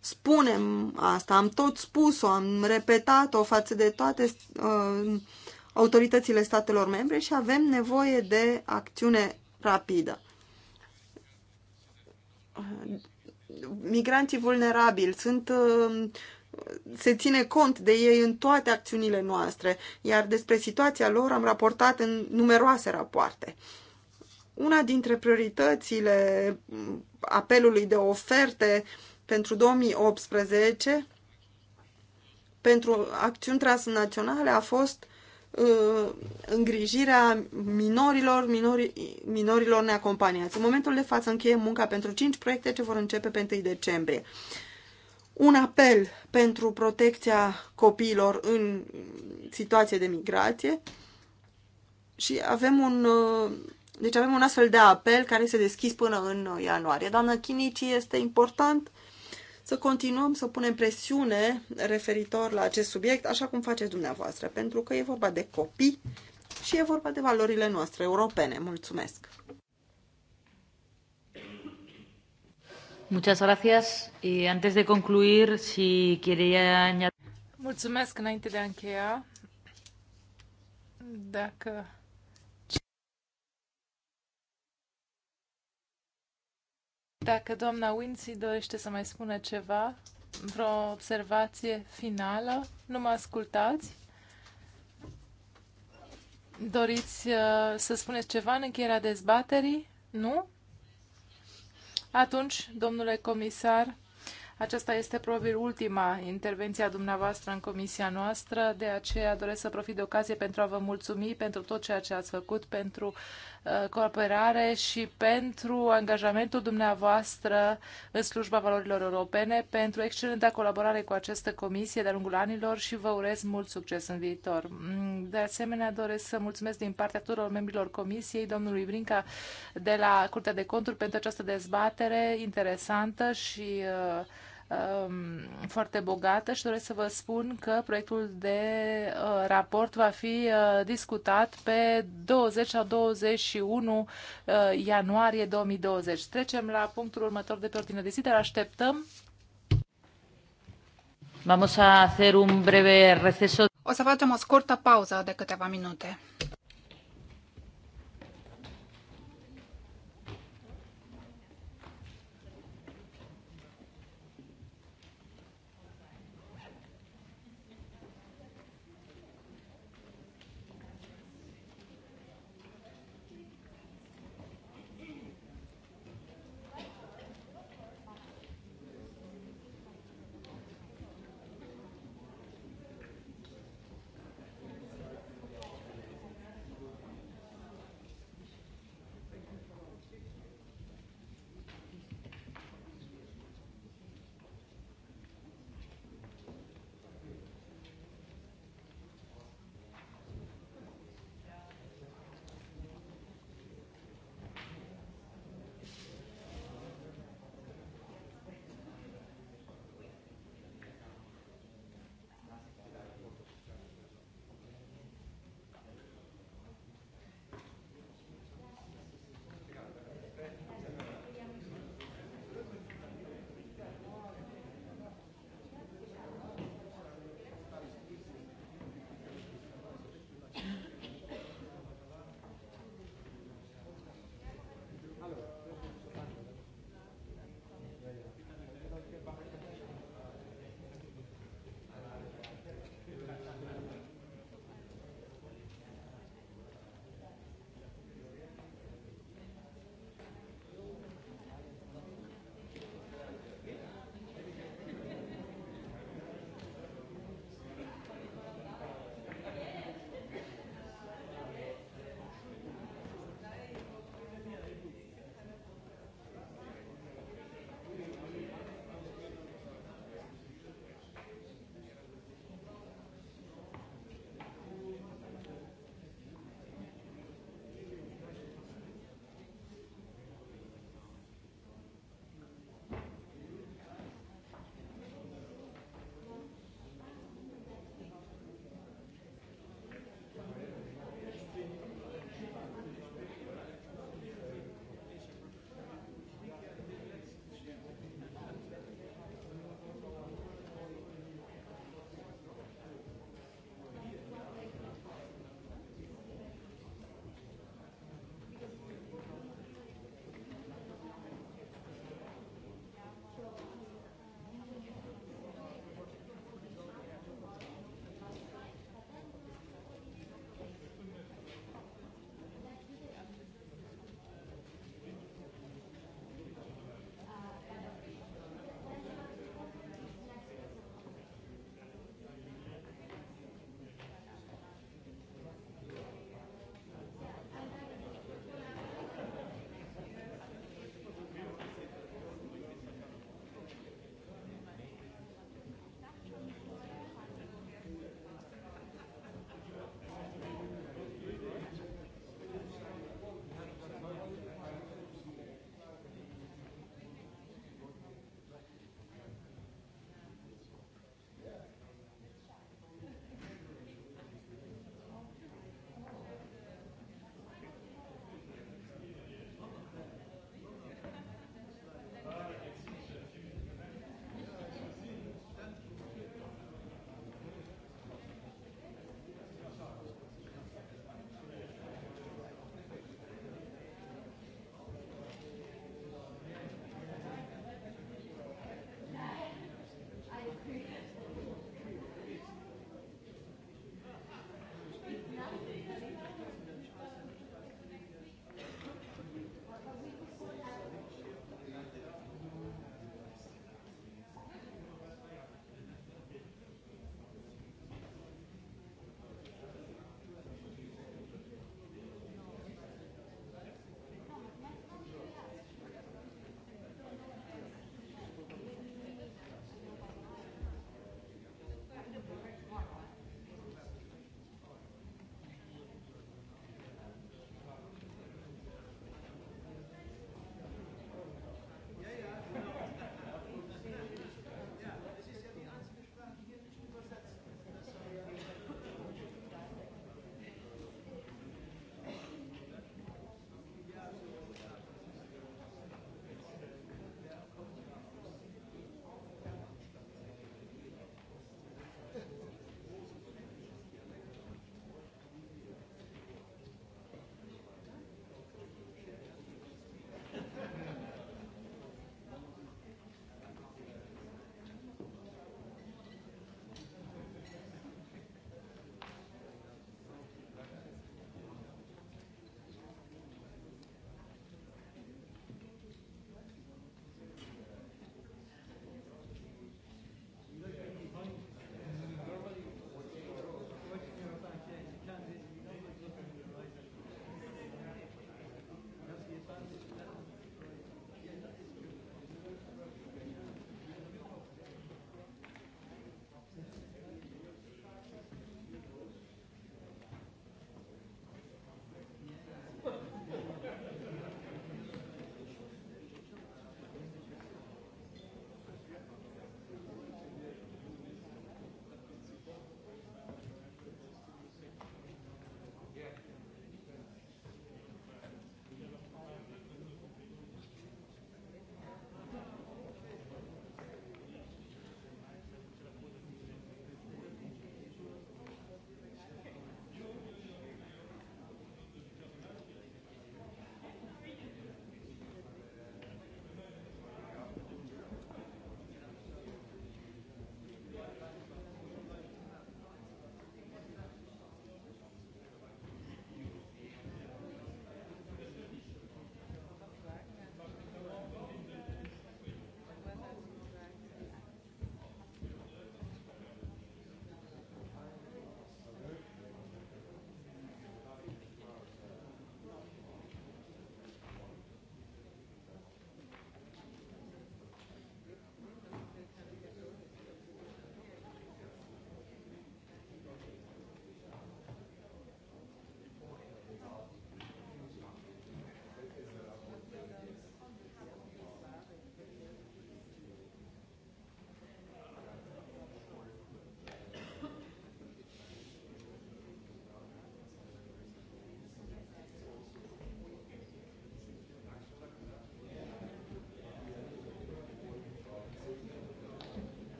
Spunem asta, am tot spus-o, am repetat-o față de toate uh, autoritățile statelor membre și avem nevoie de acțiune rapidă. Migranții vulnerabili sunt uh, se ține cont de ei în toate acțiunile noastre, iar despre situația lor am raportat în numeroase rapoarte. Una dintre prioritățile apelului de oferte pentru 2018 pentru acțiuni transnaționale a fost Uh, îngrijirea minorilor, minori, minorilor neacompaniați. În momentul de față încheie munca pentru 5 proiecte ce vor începe pe 1 decembrie. Un apel pentru protecția copiilor în situație de migrație și avem un, uh, deci avem un astfel de apel care se deschis până în ianuarie. Doamna Chinici, este important să continuăm să punem presiune referitor la acest subiect, așa cum faceți dumneavoastră, pentru că e vorba de copii și e vorba de valorile noastre europene. Mulțumesc! Muchas gracias. Y antes de concluir, si quería añadir... Mulțumesc înainte de a încheia. Dacă Dacă doamna Wincy dorește să mai spună ceva, vreo observație finală, nu mă ascultați? Doriți uh, să spuneți ceva în încheierea dezbaterii? Nu? Atunci, domnule comisar, aceasta este probabil ultima intervenție a dumneavoastră în comisia noastră, de aceea doresc să profit de ocazie pentru a vă mulțumi pentru tot ceea ce ați făcut pentru Uh, cooperare și pentru angajamentul dumneavoastră în slujba valorilor europene, pentru excelenta colaborare cu această comisie de-a lungul anilor și vă urez mult succes în viitor. Mm, de asemenea, doresc să mulțumesc din partea tuturor membrilor comisiei, domnului Brinca de la Curtea de Conturi pentru această dezbatere interesantă și uh, Um, foarte bogată și doresc să vă spun că proiectul de uh, raport va fi uh, discutat pe 20 sau 21 uh, ianuarie 2020. Trecem la punctul următor de pe ordine de zi, dar așteptăm. Vamos a hacer un breve receso. O să facem o scurtă pauză de câteva minute.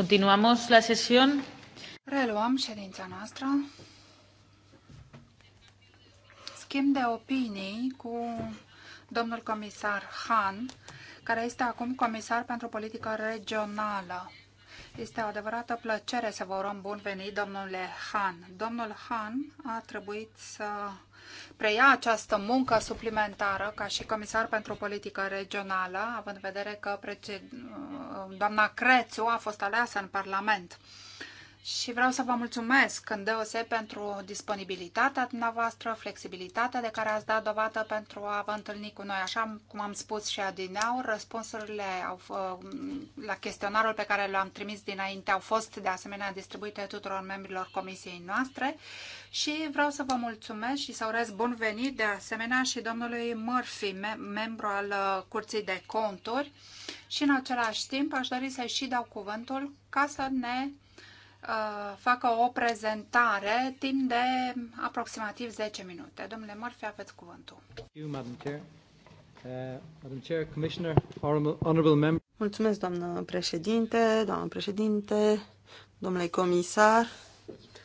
Continuamos la sesión. Reluăm ședința noastră. Schimb de opinii cu domnul comisar Han, care este acum comisar pentru politică regională. Este o adevărată plăcere să vă urăm bun venit, domnule Han. Domnul Han a trebuit să preia această muncă suplimentară ca și comisar pentru politică regională, având în vedere că doamna Crețu a fost aleasă în Parlament. Și vreau să vă mulțumesc deoseb pentru disponibilitatea dumneavoastră, flexibilitatea de care ați dat dovadă pentru a vă întâlni cu noi. Așa cum am spus și adineau, răspunsurile au, la chestionarul pe care l-am trimis dinainte au fost de asemenea distribuite tuturor membrilor comisiei noastre și vreau să vă mulțumesc și să urez bun venit de asemenea și domnului Murphy, mem membru al uh, Curții de Conturi și în același timp aș dori să și dau cuvântul ca să ne uh, facă o prezentare timp de aproximativ 10 minute. Domnule Murphy, aveți cuvântul. Uh, Mulțumesc, doamnă președinte, doamnă președinte, domnule comisar,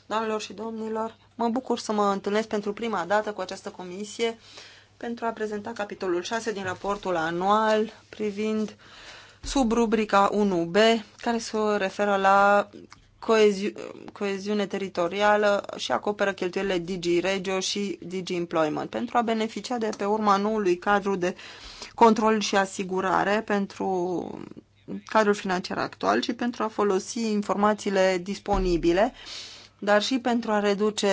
doamnelor și domnilor. Mă bucur să mă întâlnesc pentru prima dată cu această comisie pentru a prezenta capitolul 6 din raportul anual privind sub rubrica 1b, care se referă la coeziu coeziune teritorială și acoperă cheltuielile Digi Regio și Digi Employment pentru a beneficia de pe urma noului cadru de control și asigurare pentru cadrul financiar actual și pentru a folosi informațiile disponibile uh, dar și pentru a reduce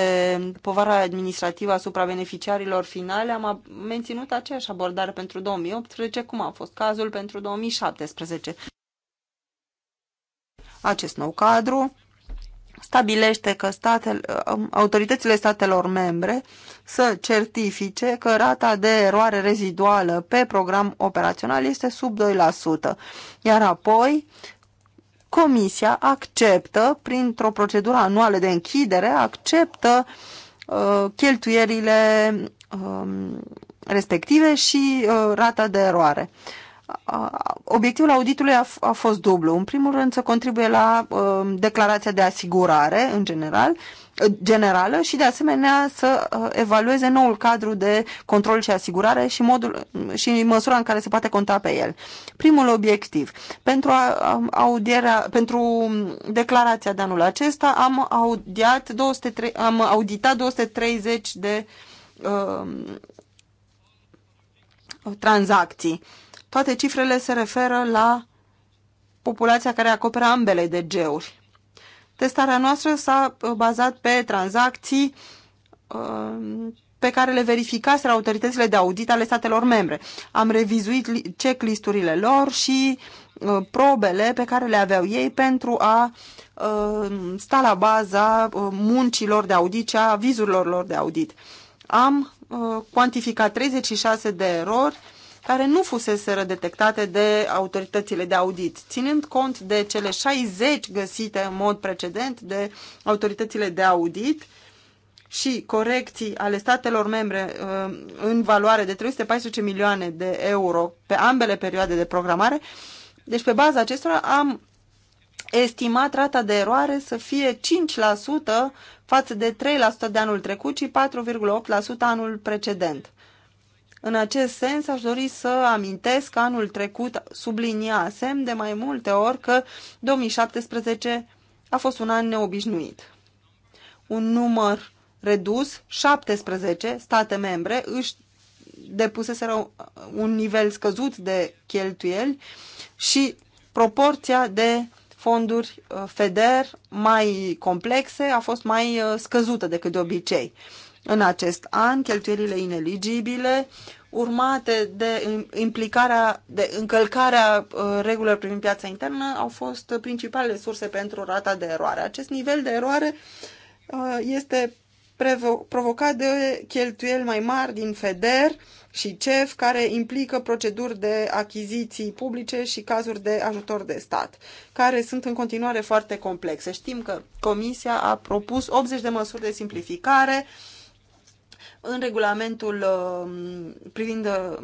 povara administrativă asupra beneficiarilor finale, am menținut aceeași abordare pentru 2018, cum a fost cazul pentru 2017. Acest nou cadru stabilește că statele, um, autoritățile statelor membre să certifice că rata de eroare reziduală pe program operațional este sub 2%, iar apoi Comisia acceptă, printr-o procedură anuală de închidere, acceptă uh, cheltuierile uh, respective și uh, rata de eroare. obiectivul auditului a, a fost dublu. În primul rând să contribuie la uh, declarația de asigurare în general, uh, generală și de asemenea să uh, evalueze noul cadru de control și asigurare și, modul, și măsura în care se poate conta pe el primul obiectiv. Pentru, audierea, pentru declarația de anul acesta am, audiat 203, am auditat 230 de uh, tranzacții. Toate cifrele se referă la populația care acoperă ambele DG-uri. Testarea noastră s-a bazat pe tranzacții uh, pe care le verificaseră autoritățile de audit ale statelor membre. Am revizuit checklisturile lor și uh, probele pe care le aveau ei pentru a uh, sta la baza uh, muncilor de audit și a vizurilor lor de audit. Am cuantificat 36 de erori care nu fuseseră detectate de autoritățile de audit, ținând cont de cele 60 găsite în mod precedent de autoritățile de audit, și corecții ale statelor membre uh, în valoare de 314 milioane de euro pe ambele perioade de programare. Deci pe baza acestora am estimat rata de eroare să fie 5% față de 3% de anul trecut și 4,8% anul precedent. În acest sens, aș dori să amintesc că anul trecut subliniasem de mai multe ori că 2017 a fost un an neobișnuit. Un număr redus, 17 state membre își depuseseră un nivel scăzut de cheltuieli și proporția de fonduri uh, FEDER mai complexe a fost mai uh, scăzută decât de obicei. În acest an, cheltuielile ineligibile urmate de implicarea, de încălcarea uh, regulilor privind piața internă au fost principalele surse pentru rata de eroare. Acest nivel de eroare este provocat de cheltuieli mai mari din FEDER și CEF, care implică proceduri de achiziții publice și cazuri de ajutor de stat, care sunt în continuare foarte complexe. Știm că Comisia a propus 80 de măsuri de simplificare în regulamentul uh, privind uh,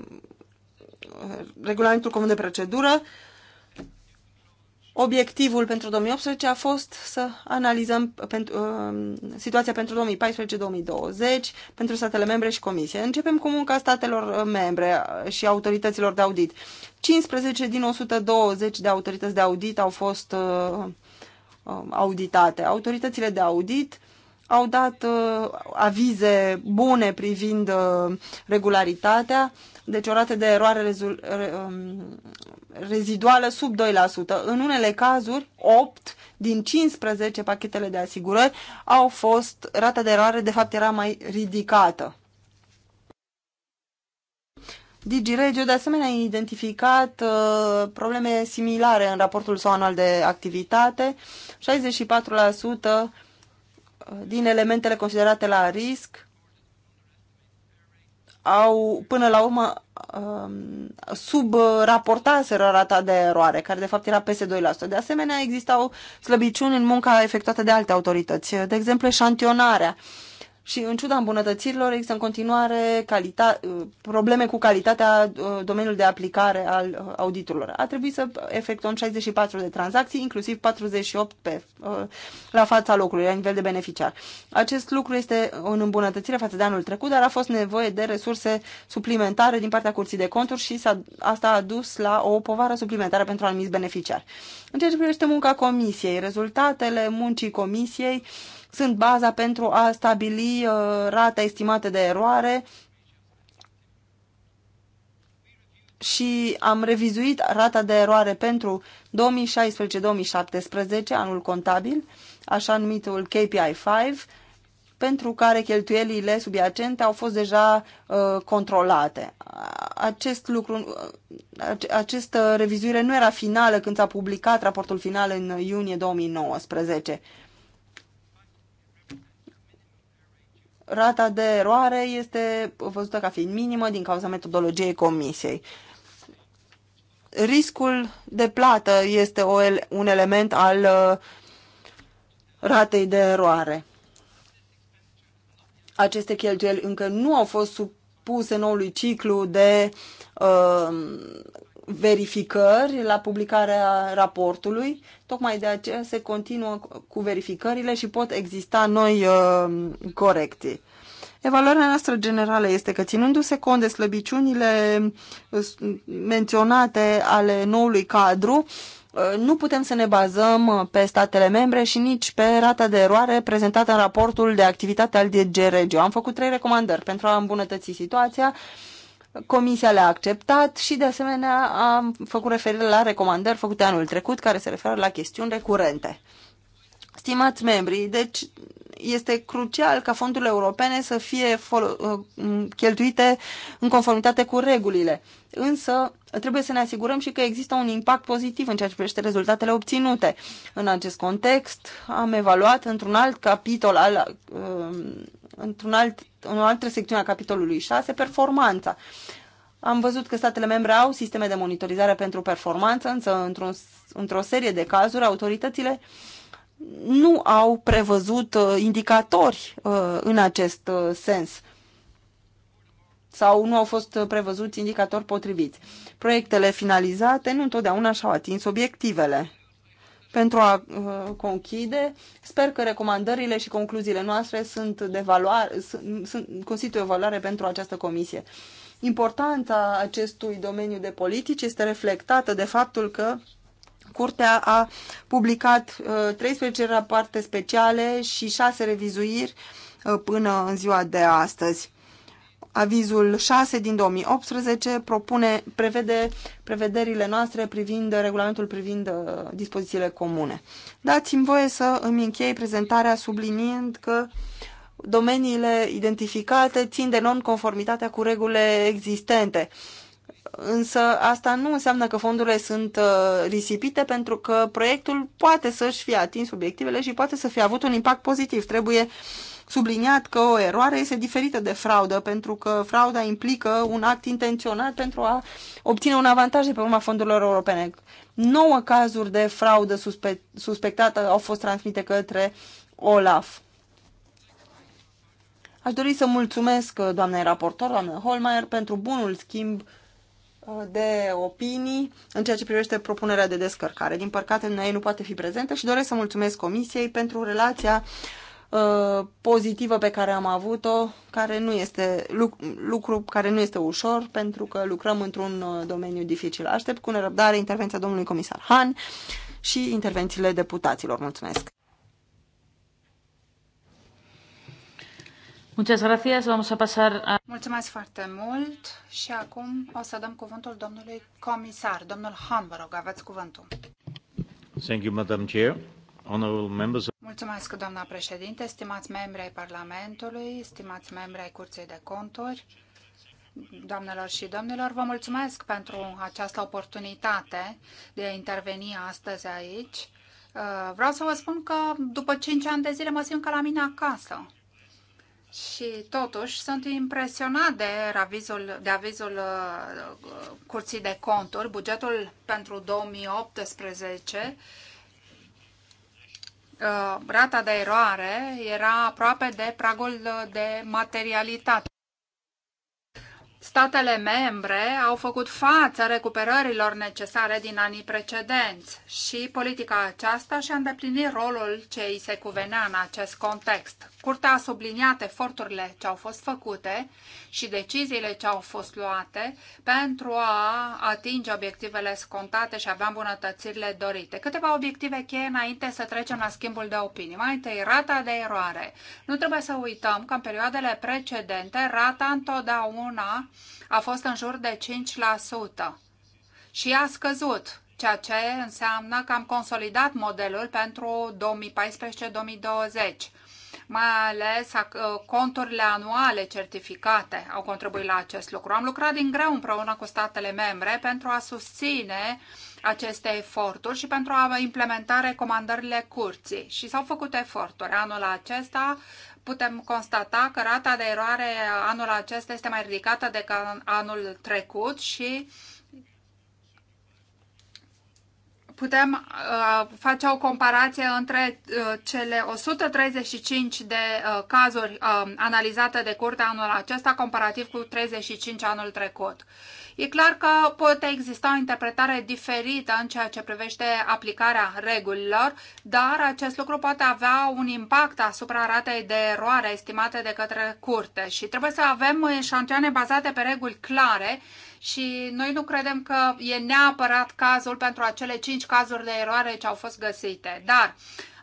regulamentul comun de procedură, Obiectivul pentru 2018 a fost să analizăm pentru, uh, situația pentru 2014-2020 pentru statele membre și comisie. Începem cu munca statelor uh, membre și autorităților de audit. 15 din 120 de autorități de audit au fost uh, uh, auditate. Autoritățile de audit au dat uh, avize bune privind uh, regularitatea, deci o rată de eroare rezul, re, um, reziduală sub 2%. În unele cazuri, 8 din 15 pachetele de asigurări au fost, rata de eroare de fapt era mai ridicată. DigiRegio de asemenea a identificat uh, probleme similare în raportul său anual de activitate. 64% uh, din elementele considerate la risc au, până la urmă, um, subraportaseră rata de eroare, care de fapt era peste 2%. De asemenea, existau slăbiciuni în munca efectuată de alte autorități, de exemplu, șantionarea și în ciuda îmbunătățirilor există în continuare probleme cu calitatea uh, domeniului de aplicare al uh, auditurilor. A trebuit să efectuăm 64 de tranzacții, inclusiv 48 pe, uh, la fața locului, la nivel de beneficiar. Acest lucru este o îmbunătățire față de anul trecut, dar a fost nevoie de resurse suplimentare din partea curții de conturi și a asta a dus la o povară suplimentară pentru anumiți beneficiari. În ceea ce privește munca comisiei, rezultatele muncii comisiei uh, sunt baza pentru a stabili uh, rata estimată de eroare și am revizuit rata de eroare pentru 2016-2017, anul contabil, așa numitul KPI 5, pentru care cheltuielile subiacente au fost deja uh, controlate. Acest lucru, ace uh, această uh, revizuire nu era finală când s-a publicat raportul final în iunie 2019. rata de eroare este văzută ca fiind minimă din cauza metodologiei comisiei. Riscul de plată este o, un element al uh, ratei de eroare. Aceste cheltuieli încă nu au fost supuse noului ciclu de uh, verificări la publicarea raportului. Tocmai de aceea se continuă cu verificările și pot exista noi uh, corecții. Evaluarea noastră generală este că, ținându-se cont de slăbiciunile uh, menționate ale noului cadru, uh, nu putem să ne bazăm pe statele membre și nici pe rata de eroare prezentată în raportul de activitate al DG Regio. Am făcut trei recomandări pentru a îmbunătăți situația Comisia le-a acceptat și, de asemenea, am făcut referire la recomandări făcute anul trecut, care se referă la chestiuni recurente. Stimați membrii, deci este crucial ca fondurile europene să fie uh, cheltuite în conformitate cu regulile. Însă trebuie să ne asigurăm și că există un impact pozitiv în ceea ce privește rezultatele obținute. În acest context am evaluat într-un alt capitol al uh, într-un alt în o altă secțiune a capitolului 6, performanța. Am văzut că statele membre au sisteme de monitorizare pentru performanță, însă într-o, într-o serie de cazuri autoritățile nu au prevăzut uh, indicatori uh, în acest uh, sens sau nu au fost prevăzuți indicatori potriviți. Proiectele finalizate nu întotdeauna și-au atins obiectivele pentru a uh, conchide, sper că recomandările și concluziile noastre sunt de valoare, sunt, sunt, constituie o valoare pentru această comisie. Importanța acestui domeniu de politici este reflectată de faptul că Curtea a publicat 13 uh, rapoarte speciale și 6 revizuiri uh, până în ziua de astăzi. Avizul 6 din 2018 propune, prevede prevederile noastre privind regulamentul privind uh, dispozițiile comune. Dați-mi voie să îmi închei prezentarea subliniind că domeniile identificate țin de nonconformitatea cu regulile existente. Însă asta nu înseamnă că fondurile sunt uh, risipite pentru că proiectul poate să-și fie atins obiectivele și poate să fie avut un impact pozitiv. Trebuie subliniat că o eroare este diferită de fraudă, pentru că frauda implică un act intenționat pentru a obține un avantaj de pe urma fondurilor europene. 9 cazuri de fraudă suspe suspectată au fost transmite către OLAF. Aș dori să mulțumesc doamnei raportor, doamnă Holmeier, pentru bunul schimb uh, de opinii în ceea ce privește propunerea de descărcare. Din păcate, ei nu poate fi prezentă și doresc să mulțumesc Comisiei pentru relația Uh, pozitivă pe care am avut-o, care nu este lucru care nu este ușor pentru că lucrăm într-un uh, domeniu dificil. Aștept cu nerăbdare intervenția domnului comisar Han și intervențiile deputaților. Mulțumesc! Muchas gracias. Vamos a pasar a... Mulțumesc foarte mult și acum o să dăm cuvântul domnului comisar. Domnul Han, vă rog, aveți cuvântul. Thank you, Madam Chair. Mulțumesc, doamna președinte, stimați membri ai Parlamentului, stimați membri ai Curții de Conturi, doamnelor și domnilor, vă mulțumesc pentru această oportunitate de a interveni astăzi aici. Uh, vreau să vă spun că după 5 ani de zile mă simt ca la mine acasă. Și totuși sunt impresionat de avizul, de avizul uh, Curții de Conturi, bugetul pentru 2018 Uh, rata de eroare era aproape de pragul de materialitate statele membre au făcut față recuperărilor necesare din anii precedenți și politica aceasta și-a îndeplinit rolul ce îi se cuvenea în acest context. Curtea a subliniat eforturile ce au fost făcute și deciziile ce au fost luate pentru a atinge obiectivele scontate și avea îmbunătățirile dorite. Câteva obiective cheie înainte să trecem la schimbul de opinii. Mai întâi, rata de eroare. Nu trebuie să uităm că în perioadele precedente rata întotdeauna a fost în jur de 5% și a scăzut, ceea ce înseamnă că am consolidat modelul pentru 2014-2020 mai ales uh, conturile anuale certificate au contribuit la acest lucru. Am lucrat din greu împreună cu statele membre pentru a susține aceste eforturi și pentru a implementa recomandările curții. Și s-au făcut eforturi. Anul acesta putem constata că rata de eroare anul acesta este mai ridicată decât anul trecut și putem uh, face o comparație între uh, cele 135 de uh, cazuri analizate de curte anul acesta comparativ cu 35 anul trecut. E clar că poate exista o interpretare diferită în ceea ce privește aplicarea regulilor, dar acest lucru poate avea un impact asupra ratei de eroare estimate de către curte și trebuie să avem eșantioane bazate pe reguli clare și noi nu credem că e neapărat cazul pentru acele 5 cazuri de eroare ce au fost găsite, dar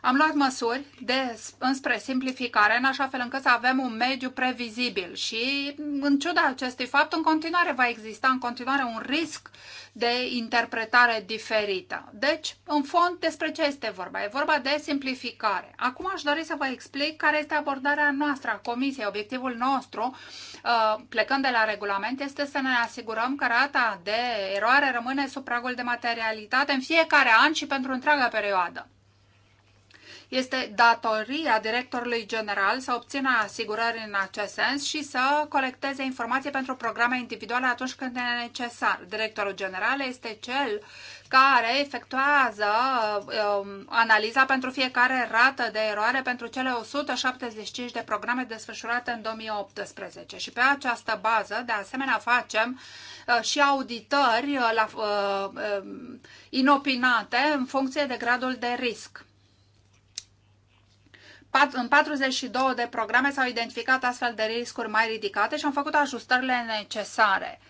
am luat măsuri de, înspre simplificare, în așa fel încât să avem un mediu previzibil și, în ciuda acestui fapt, în continuare va exista în continuare un risc de interpretare diferită. Deci, în fond, despre ce este vorba? E vorba de simplificare. Acum aș dori să vă explic care este abordarea noastră a Comisiei. Obiectivul nostru, uh, plecând de la regulament, este să ne asigurăm că rata de eroare rămâne sub pragul de materialitate în fiecare an și pentru întreaga perioadă. Este datoria directorului general să obțină asigurări în acest sens și să colecteze informații pentru programe individuale atunci când e necesar. Directorul general este cel care efectuează um, analiza pentru fiecare rată de eroare pentru cele 175 de programe desfășurate în 2018 și pe această bază, de asemenea, facem uh, și auditări uh, la, uh, um, inopinate în funcție de gradul de risc în 42 de programe s-au identificat astfel de riscuri mai ridicate și am făcut ajustările necesare.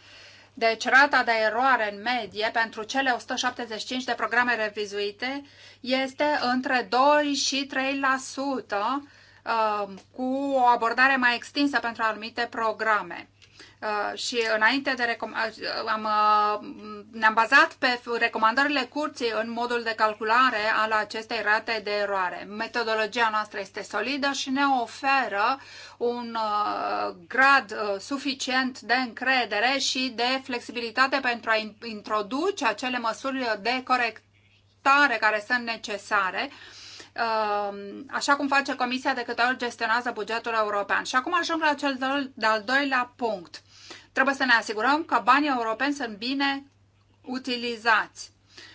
Deci rata de eroare în medie pentru cele 175 de programe revizuite este între 2 și 3% uh, cu o abordare mai extinsă pentru anumite programe. Uh, și înainte de uh, am, uh, ne-am bazat pe recomandările curții în modul de calculare al acestei rate de eroare. Metodologia noastră este solidă și ne oferă un grad suficient de încredere și de flexibilitate pentru a introduce acele măsuri de corectare care sunt necesare așa cum face Comisia de câte ori gestionează bugetul european. Și acum ajung la cel de-al doilea punct Trebuie să ne asigurăm că banii europeni sunt bine utilizați.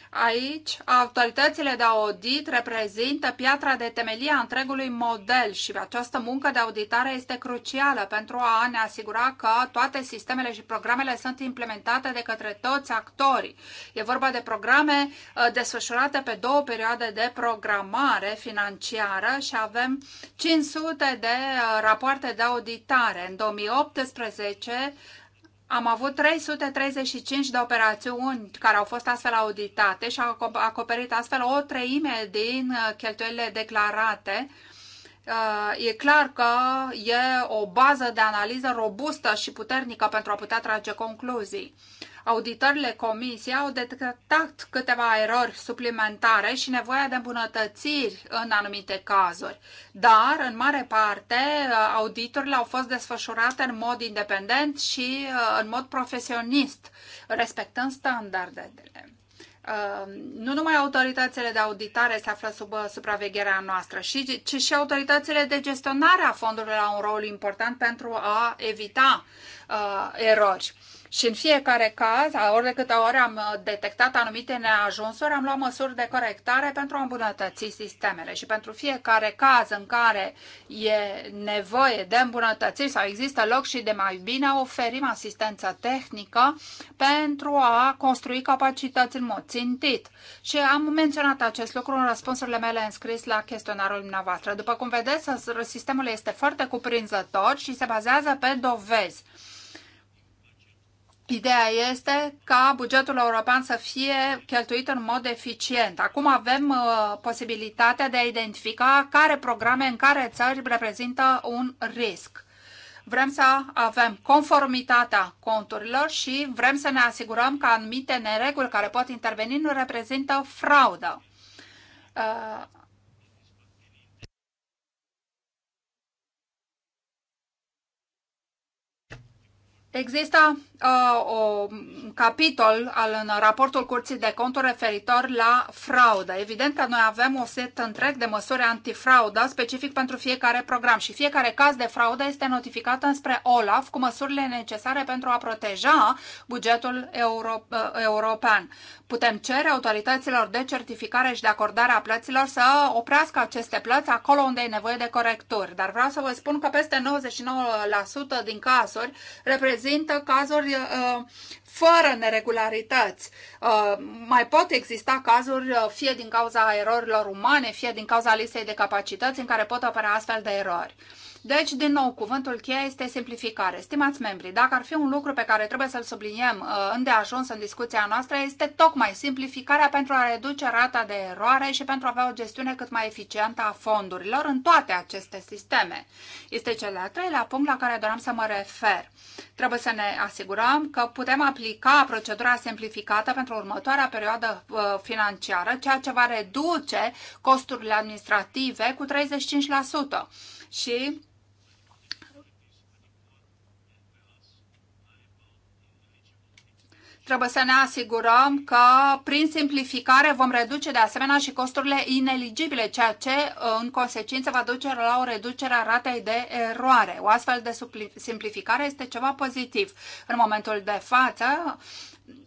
Aici, autoritățile de audit reprezintă piatra de temelie a întregului model și această muncă de auditare este crucială pentru a ne asigura că toate sistemele și programele sunt implementate de către toți actorii. E vorba de programe uh, desfășurate pe două perioade de programare financiară și avem 500 de uh, rapoarte de auditare. În 2018 am avut 335 de operațiuni care au fost astfel auditate și au acoperit astfel o treime din uh, cheltuielile declarate. Uh, e clar că e o bază de analiză robustă și puternică pentru a putea trage concluzii auditările comisiei au detectat câteva erori suplimentare și nevoia de îmbunătățiri în anumite cazuri. Dar, în mare parte, uh, auditurile au fost desfășurate în mod independent și uh, în mod profesionist, respectând standardele uh, nu numai autoritățile de auditare se află sub supravegherea noastră, ci și autoritățile de gestionare a fondurilor au un rol important pentru a evita erori. Și în fiecare caz, ori de câte ori am uh, detectat anumite neajunsuri, am luat măsuri de corectare pentru a îmbunătăți sistemele. Și pentru fiecare caz în care e nevoie de îmbunătățiri sau există loc și de mai bine, oferim asistență tehnică pentru a construi capacități în mod țintit. Și am menționat acest lucru în răspunsurile mele înscris la chestionarul dumneavoastră. După cum vedeți, sistemul este foarte cuprinzător și se bazează pe dovezi. Ideea este ca bugetul european să fie cheltuit în mod eficient. Acum avem uh, posibilitatea de a identifica care programe în care țări reprezintă un risc. Vrem să avem conformitatea conturilor și vrem să ne asigurăm că anumite nereguli care pot interveni nu reprezintă fraudă. Uh, există uh, o, un capitol al, în raportul Curții de Conturi referitor la fraudă. Evident că noi avem o set întreg de măsuri antifraudă specific pentru fiecare program și fiecare caz de fraudă este notificat înspre OLAF cu măsurile necesare pentru a proteja bugetul euro, uh, eh, european. Putem cere autorităților de certificare și de acordare a plăților să oprească aceste plăți acolo unde e nevoie de corecturi. Dar vreau să vă spun că peste 99% din cazuri reprezintă cazuri cazuri uh, fără neregularități. Uh, mai pot exista cazuri uh, fie din cauza erorilor umane, fie din cauza listei de capacități în care pot apărea astfel de erori. Deci, din nou, cuvântul cheie este simplificare. Stimați membri, dacă ar fi un lucru pe care trebuie să-l subliniem uh, îndeajuns în discuția noastră, este tocmai simplificarea pentru a reduce rata de eroare și pentru a avea o gestiune cât mai eficientă a fondurilor în toate aceste sisteme. Este cel de-al treilea punct la care doream să mă refer. Trebuie să ne asigurăm că putem aplica procedura simplificată pentru următoarea perioadă uh, financiară, ceea ce va reduce costurile administrative cu 35%. Și Trebuie să ne asigurăm că prin simplificare vom reduce de asemenea și costurile ineligibile, ceea ce în consecință va duce la o reducere a ratei de eroare. O astfel de simplificare este ceva pozitiv. În momentul de față,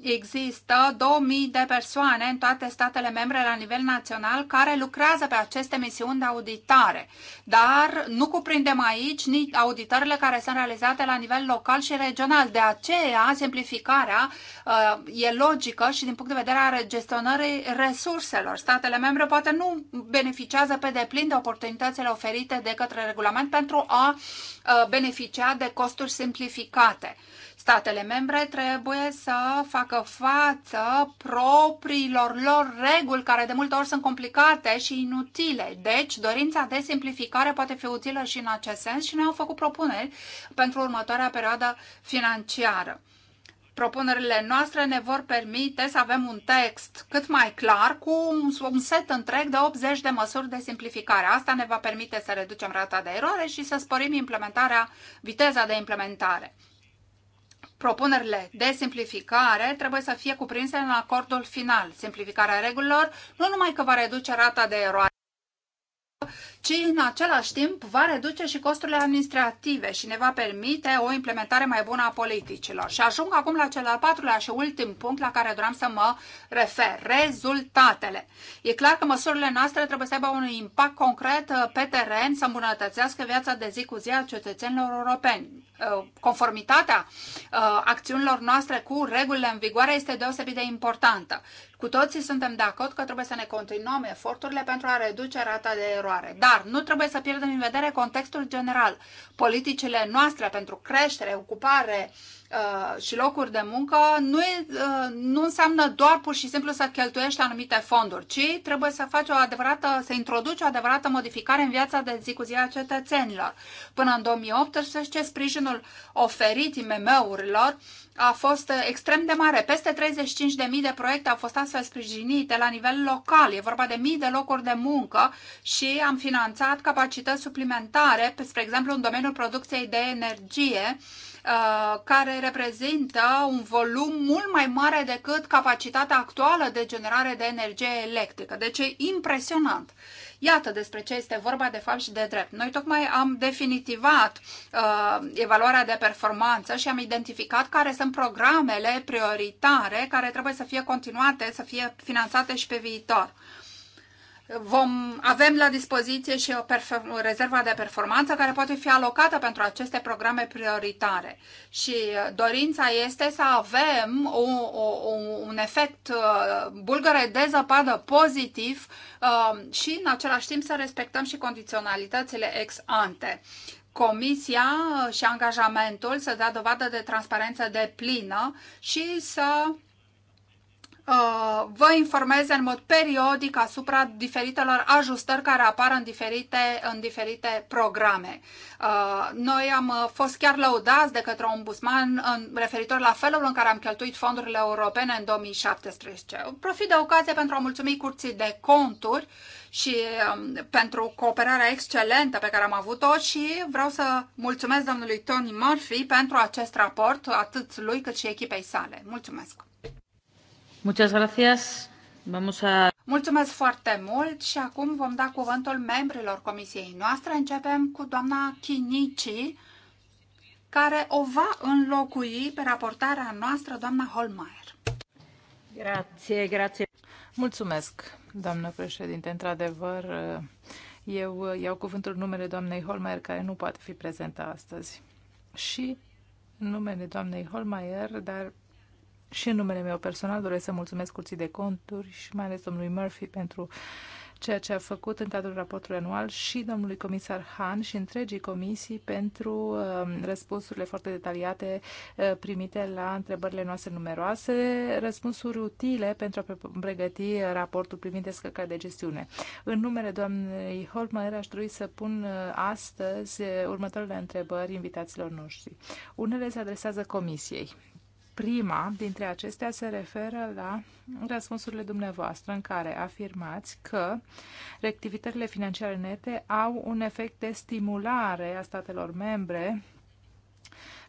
există 2000 de persoane în toate statele membre la nivel național care lucrează pe aceste misiuni de auditare, dar nu cuprindem aici nici auditările care sunt realizate la nivel local și regional. De aceea, simplificarea uh, e logică și din punct de vedere a gestionării resurselor. Statele membre poate nu beneficiază pe deplin de oportunitățile oferite de către regulament pentru a uh, beneficia de costuri simplificate. Uh, Statele membre trebuie să facă față propriilor lor reguli, care de multe ori sunt complicate și inutile. Deci, dorința de simplificare poate fi utilă și în acest sens și noi am făcut propuneri pentru următoarea perioadă financiară. Propunerile noastre ne vor permite să avem un text cât mai clar cu un set întreg de 80 de măsuri de simplificare. Asta ne va permite să reducem rata de eroare și să sporim implementarea, viteza de implementare propunerile de simplificare trebuie să fie cuprinse în acordul final. Simplificarea regulilor nu numai că va reduce rata de eroare, ci în același timp va reduce și costurile administrative și ne va permite o implementare mai bună a politicilor. Și ajung acum la cel al patrulea și ultim punct la care doream să mă refer, rezultatele. E clar că măsurile noastre trebuie să aibă un impact concret uh, pe teren, să îmbunătățească viața de zi cu zi a cetățenilor europeni. Uh, conformitatea uh, acțiunilor noastre cu regulile în vigoare este deosebit de importantă. Cu toții suntem de acord că trebuie să ne continuăm eforturile pentru a reduce rata de eroare. Dar dar nu trebuie să pierdem în vedere contextul general. Politicile noastre pentru creștere, ocupare, Uh, și locuri de muncă nu, e, uh, nu înseamnă doar pur și simplu să cheltuiești anumite fonduri, ci trebuie să faci o adevărată, să introduci o adevărată modificare în viața de zi cu zi a cetățenilor. Până în 2018, sprijinul oferit IMM-urilor a fost extrem de mare. Peste 35.000 de proiecte au fost astfel sprijinite la nivel local. E vorba de mii de locuri de muncă și am finanțat capacități suplimentare, spre exemplu în domeniul producției de energie, Uh, care reprezintă un volum mult mai mare decât capacitatea actuală de generare de energie electrică. Deci e impresionant. Iată despre ce este vorba de fapt și de drept. Noi tocmai am definitivat uh, evaluarea de performanță și am identificat care sunt programele prioritare care trebuie să fie continuate, să fie finanțate și pe viitor. Uh, vom, avem la dispoziție și o, o rezervă de performanță care poate fi alocată pentru aceste programe prioritare. Și uh, dorința este să avem o, o, un efect uh, bulgăre de zăpadă pozitiv uh, și în același timp să respectăm și condiționalitățile ex ante. Comisia și angajamentul să dea dovadă de transparență de plină și să Uh, vă informeze în mod periodic asupra diferitelor ajustări care apar în diferite, în diferite programe. Uh, noi am uh, fost chiar lăudați de către ombudsman în, referitor la felul în care am cheltuit fondurile europene în 2017. Profit de ocazie pentru a mulțumi curții de conturi și um, pentru cooperarea excelentă pe care am avut-o și vreau să mulțumesc domnului Tony Murphy pentru acest raport, atât lui cât și echipei sale. Mulțumesc! Muchas gracias. Vamos a... Mulțumesc foarte mult și acum vom da cuvântul membrilor comisiei noastre. Începem cu doamna Chinici, care o va înlocui pe raportarea noastră, doamna Holmeier. Grație, grație. Mulțumesc, doamnă președinte. Într-adevăr, eu iau cuvântul numele doamnei Holmeier, care nu poate fi prezentă astăzi. Și numele doamnei Holmeier, dar și în numele meu personal doresc să mulțumesc curții de conturi și mai ales domnului Murphy pentru ceea ce a făcut în cadrul raportului anual și domnului comisar Han și întregii comisii pentru uh, răspunsurile foarte detaliate uh, primite la întrebările noastre numeroase, răspunsuri utile pentru a pregăti raportul privind descărcarea de gestiune. În numele doamnei Holmer aș dori să pun uh, astăzi uh, următoarele întrebări invitaților noștri. Unele se adresează comisiei Prima dintre acestea se referă la răspunsurile dumneavoastră în care afirmați că reactivitățile financiare nete au un efect de stimulare a statelor membre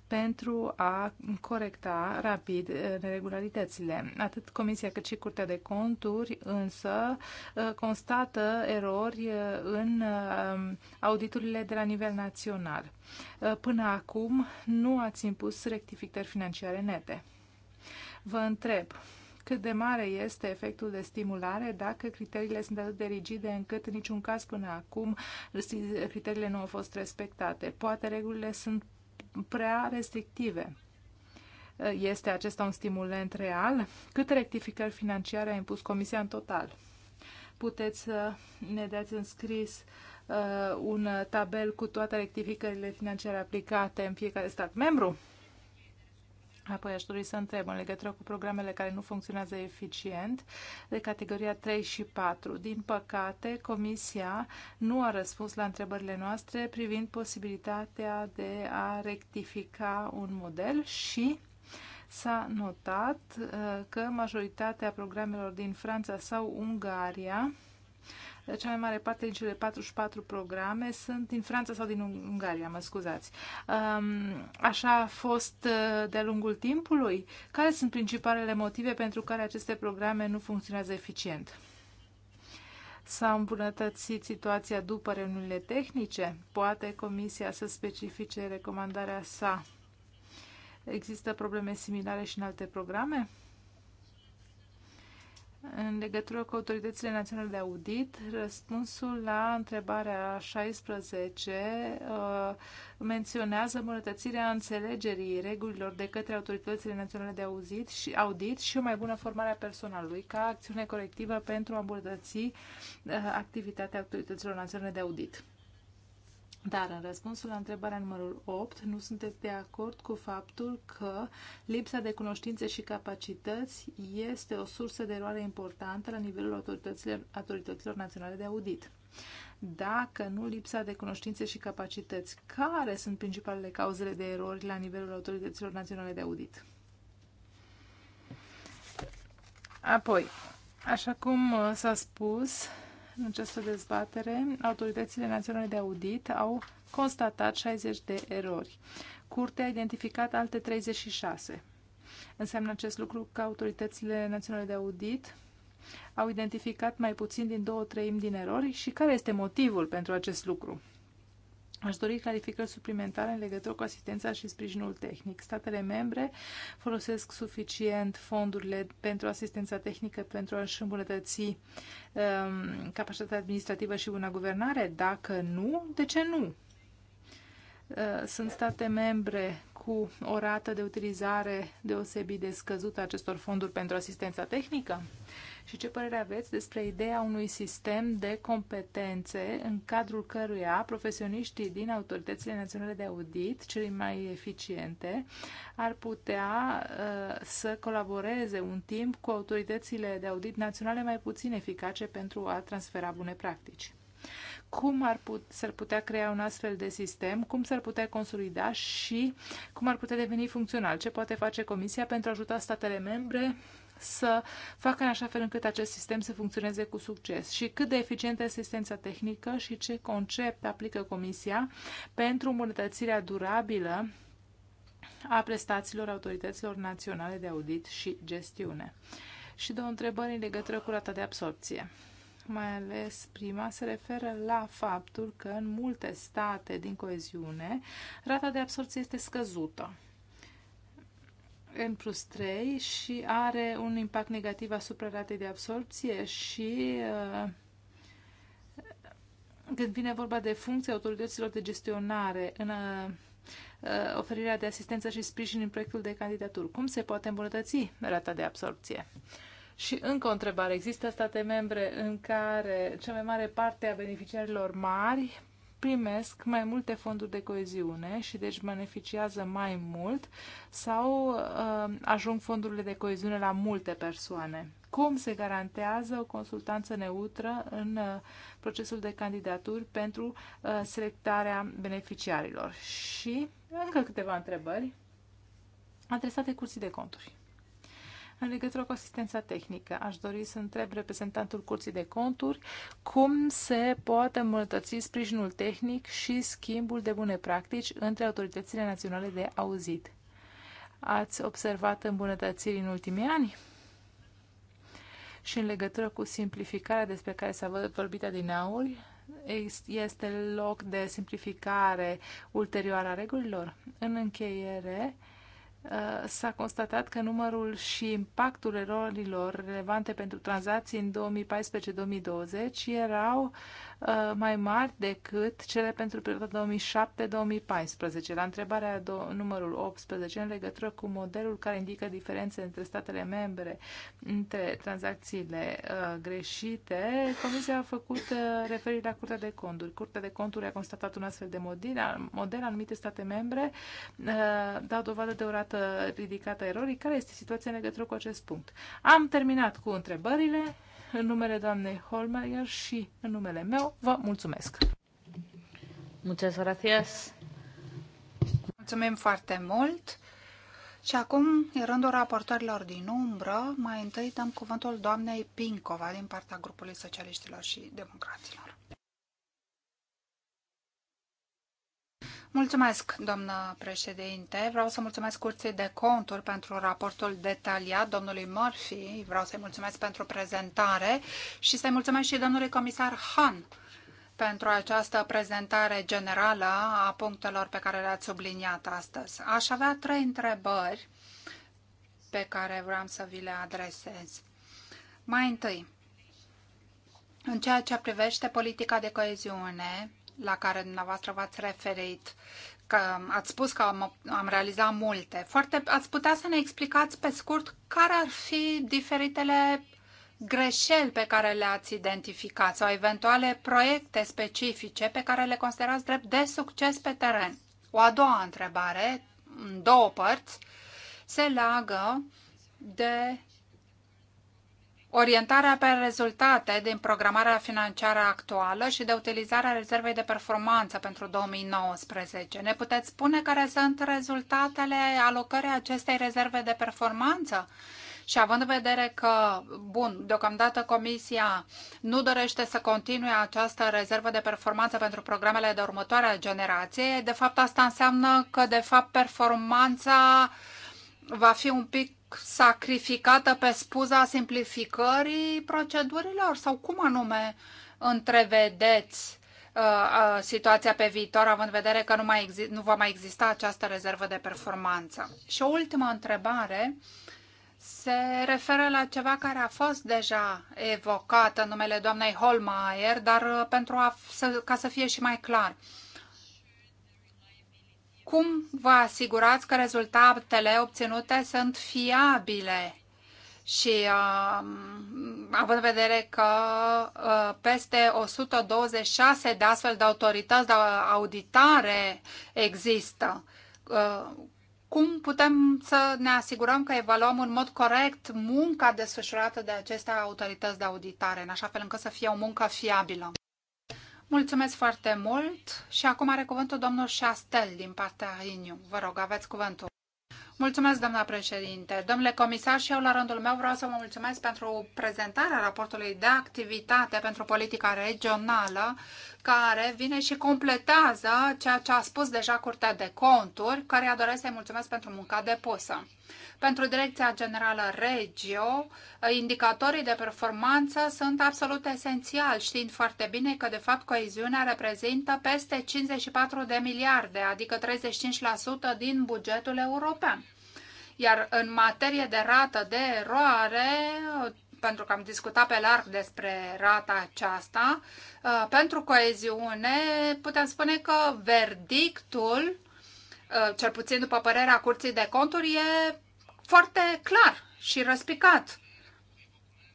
pentru a corecta rapid eh, neregularitățile. Atât Comisia cât și Curtea de Conturi însă eh, constată erori eh, în auditurile de la nivel național. Până acum nu ați impus rectificări financiare nete. Vă întreb, cât de mare este efectul de stimulare dacă criteriile sunt atât de rigide încât în niciun caz până acum criteriile nu au fost respectate. Poate regulile sunt prea restrictive. Este acesta un stimulent real? Câte rectificări financiare a impus Comisia în total? Puteți să ne dați în scris uh, un tabel cu toate rectificările financiare aplicate în fiecare stat membru? Apoi aș dori să întreb în legătură cu programele care nu funcționează eficient de categoria 3 și 4. Din păcate, Comisia nu a răspuns la întrebările noastre privind posibilitatea de a rectifica un model și s-a notat uh, că majoritatea programelor din Franța sau Ungaria deci, cea mai mare parte din cele 44 programe sunt din Franța sau din Ungaria, mă scuzați. Um, așa a fost uh, de-a lungul timpului? Care sunt principalele motive pentru care aceste programe nu funcționează eficient? S-a îmbunătățit situația după reuniunile tehnice? Poate Comisia să specifice recomandarea sa? Există probleme similare și în alte programe? în legătură cu autoritățile naționale de audit, răspunsul la întrebarea 16 uh, menționează îmbunătățirea înțelegerii regulilor de către autoritățile naționale de audit și, audit și o mai bună formare a personalului ca acțiune colectivă pentru a îmbunătăți uh, activitatea autorităților naționale de audit. Dar în răspunsul la întrebarea numărul 8, nu sunteți de acord cu faptul că lipsa de cunoștințe și capacități este o sursă de eroare importantă la nivelul autorităților, autorităților naționale de audit. Dacă nu lipsa de cunoștințe și capacități, care sunt principalele cauzele de erori la nivelul autorităților naționale de audit? Apoi, așa cum uh, s-a spus, în această dezbatere, autoritățile naționale de audit au constatat 60 de erori. Curtea a identificat alte 36. Înseamnă acest lucru că autoritățile naționale de audit au identificat mai puțin din două treimi din erori și care este motivul pentru acest lucru? Aș dori clarificări suplimentare în legătură cu asistența și sprijinul tehnic. Statele membre folosesc suficient fondurile pentru asistența tehnică pentru a-și îmbunătăți um, capacitatea administrativă și bună guvernare? Dacă nu, de ce nu? Uh, sunt state membre cu o rată de utilizare deosebit de scăzută acestor fonduri pentru asistența tehnică? Uh, și ce părere aveți despre ideea unui sistem de competențe în cadrul căruia profesioniștii din autoritățile naționale de audit, cele mai eficiente, ar putea uh, să colaboreze un timp cu autoritățile de audit naționale mai puțin eficace pentru a transfera bune practici cum ar put, s-ar putea crea un astfel de sistem, cum s-ar putea consolida și cum ar putea deveni funcțional, ce poate face Comisia pentru a ajuta statele membre să facă în așa fel încât acest sistem să funcționeze cu succes și cât de eficientă este asistența tehnică și ce concept aplică Comisia pentru îmbunătățirea durabilă a prestațiilor autorităților naționale de audit și gestiune. Și două întrebări în legătură cu rata de absorpție mai ales prima, se referă la faptul că în multe state din coeziune rata de absorpție este scăzută. N plus 3 și are un impact negativ asupra ratei de absorpție și uh, când vine vorba de funcția autorităților de gestionare în uh, oferirea de asistență și sprijin în proiectul de candidatură, Cum se poate îmbunătăți rata de absorpție? Și încă o întrebare. Există state membre în care cea mai mare parte a beneficiarilor mari primesc mai multe fonduri de coeziune și deci beneficiază mai mult sau uh, ajung fondurile de coeziune la multe persoane? Cum se garantează o consultanță neutră în uh, procesul de candidaturi pentru uh, selectarea beneficiarilor? Și încă câteva întrebări adresate curții de conturi. În legătură cu asistența tehnică, aș dori să întreb reprezentantul Curții de Conturi cum se poate îmbunătăți sprijinul tehnic și schimbul de bune practici între autoritățile naționale de auzit. Ați observat îmbunătățiri în ultimii ani? Și în legătură cu simplificarea despre care s-a vorbit adineauri, este loc de simplificare ulterioară a regulilor? În încheiere, Uh, s-a constatat că numărul și impactul erorilor relevante pentru tranzacții în 2014-2020 erau Uh, mai mari decât cele pentru perioada 2007-2014. La întrebarea numărul 18 în legătură cu modelul care indică diferențe între statele membre, între tranzacțiile uh, greșite, Comisia a făcut uh, referire la Curtea de Conturi. Curtea de Conturi a constatat un astfel de model, model anumite state membre uh, dau dovadă de o rată ridicată a erorii. Care este situația în legătură cu acest punct? Am terminat cu întrebările în numele doamnei Holmeier și în numele meu, vă mulțumesc! Muchas gracias! Mulțumim foarte mult! Și acum, în rândul raportorilor din umbră, mai întâi dăm cuvântul doamnei Pincova din partea grupului socialiștilor și democraților. Mulțumesc, doamnă președinte. Vreau să mulțumesc Curții de Conturi pentru raportul detaliat domnului Murphy. Vreau să-i mulțumesc pentru prezentare și să-i mulțumesc și domnului comisar Han pentru această prezentare generală a punctelor pe care le-ați subliniat astăzi. Aș avea trei întrebări pe care vreau să vi le adresez. Mai întâi, în ceea ce privește politica de coeziune, la care dumneavoastră v-ați referit, că ați spus că am, am realizat multe. Foarte, ați putea să ne explicați pe scurt care ar fi diferitele greșeli pe care le-ați identificat sau eventuale proiecte specifice pe care le considerați drept de succes pe teren. O a doua întrebare, în două părți, se leagă de orientarea pe rezultate din programarea financiară actuală și de utilizarea rezervei de performanță pentru 2019. Ne puteți spune care sunt rezultatele alocării acestei rezerve de performanță? Și având în vedere că, bun, deocamdată Comisia nu dorește să continue această rezervă de performanță pentru programele de următoare generație, de fapt asta înseamnă că, de fapt, performanța va fi un pic sacrificată pe spuza simplificării procedurilor? Sau cum anume întrevedeți uh, uh situația pe viitor, având în vedere că nu, mai nu va mai exista această rezervă de performanță? Și o ultimă întrebare se referă la ceva care a fost deja evocat în numele doamnei Holmeier, dar uh, pentru a, ca să fie și mai clar. Uh, cum vă asigurați că rezultatele obținute sunt fiabile? Și uh, având în vedere că uh, peste 126 de astfel de autorități de auditare există, uh, cum putem să ne asigurăm că evaluăm în mod corect munca desfășurată de aceste autorități de auditare, în așa fel încât să fie o muncă fiabilă? Mulțumesc foarte mult și acum are cuvântul domnul Șastel din partea Riniu. Vă rog, aveți cuvântul. Mulțumesc, doamna președinte. Domnule comisar, și eu la rândul meu vreau să vă mulțumesc pentru prezentarea raportului de activitate pentru politica regională, care vine și completează ceea ce a spus deja Curtea de Conturi, care doresc să-i mulțumesc pentru munca depusă. Pentru Direcția Generală Regio, indicatorii de performanță sunt absolut esențiali, știind foarte bine că, de fapt, coeziunea reprezintă peste 54 de miliarde, adică 35% din bugetul european. Iar în materie de rată de eroare, pentru că am discutat pe larg despre rata aceasta, pentru coeziune putem spune că verdictul Uh, cel puțin după părerea Curții de Conturi, e foarte clar și răspicat.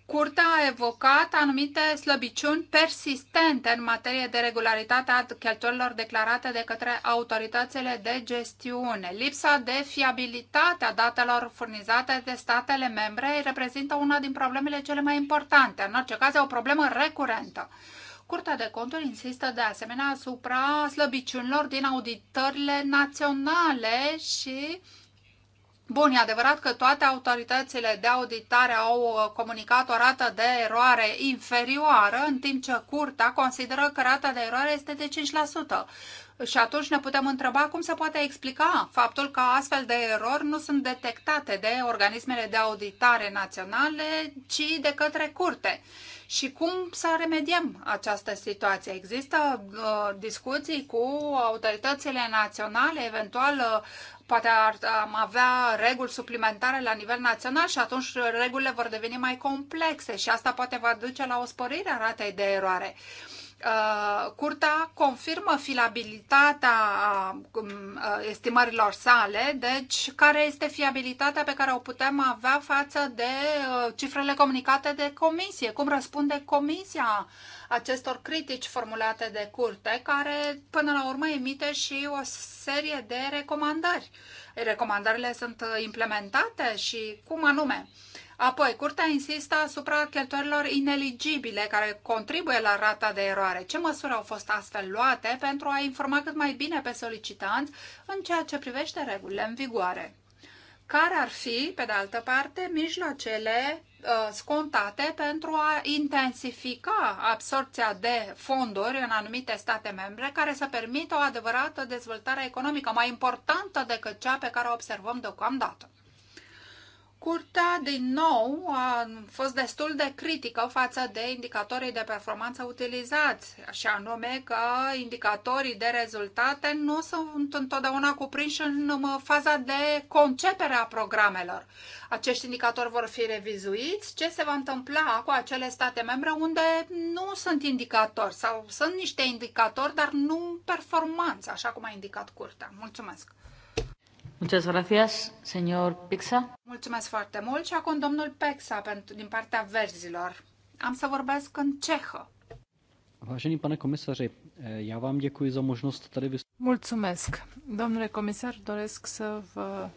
Curtea a evocat anumite slăbiciuni persistente în materie de regularitate a cheltuielilor declarate de către autoritățile de gestiune. Lipsa de fiabilitate a datelor furnizate de statele membre reprezintă una din problemele cele mai importante, în orice caz o problemă recurentă. Curtea de conturi insistă de asemenea asupra slăbiciunilor din auditările naționale și Bun, e adevărat că toate autoritățile de auditare au uh, comunicat o rată de eroare inferioară, în timp ce curtea consideră că rata de eroare este de 5%. Și atunci ne putem întreba cum se poate explica faptul că astfel de erori nu sunt detectate de organismele de auditare naționale, ci de către curte. Și cum să remediem această situație? Există uh, discuții cu autoritățile naționale, eventual uh, poate ar, am avea reguli suplimentare la nivel național și atunci regulile vor deveni mai complexe și asta poate va duce la o sporire a ratei de eroare. Uh, Uh, curtea confirmă fiabilitatea um, uh, estimărilor sale, deci care este fiabilitatea pe care o putem avea față de uh, cifrele comunicate de comisie? Cum răspunde comisia acestor critici formulate de curte, care până la urmă emite și o serie de recomandări? Recomandările sunt uh, implementate și cum anume? Apoi, curtea insistă asupra cheltuielor ineligibile care contribuie la rata de eroare. Ce măsuri au fost astfel luate pentru a informa cât mai bine pe solicitanți în ceea ce privește regulile în vigoare? Care ar fi, pe de altă parte, mijloacele uh, scontate pentru a intensifica absorpția de fonduri în anumite state membre care să permită o adevărată dezvoltare economică mai importantă decât cea pe care o observăm deocamdată. Curtea, din nou, a fost destul de critică față de indicatorii de performanță utilizați, și anume că indicatorii de rezultate nu sunt întotdeauna cuprinși în um, faza de concepere a programelor. Acești indicatori vor fi revizuiți. Ce se va întâmpla cu acele state membre unde nu sunt indicatori sau sunt niște indicatori, dar nu performanță, așa cum a indicat Curtea? Mulțumesc! Muchas gracias, señor Pexa. Mulțumesc foarte mult și acum domnul Pixa pentru, din partea verzilor. Am să vorbesc în cehă. Vážený pane komisaři, eh, já vám děkuji za možnost tady vystoupit. Mulțumesc. Domnule comisar, doresc să vă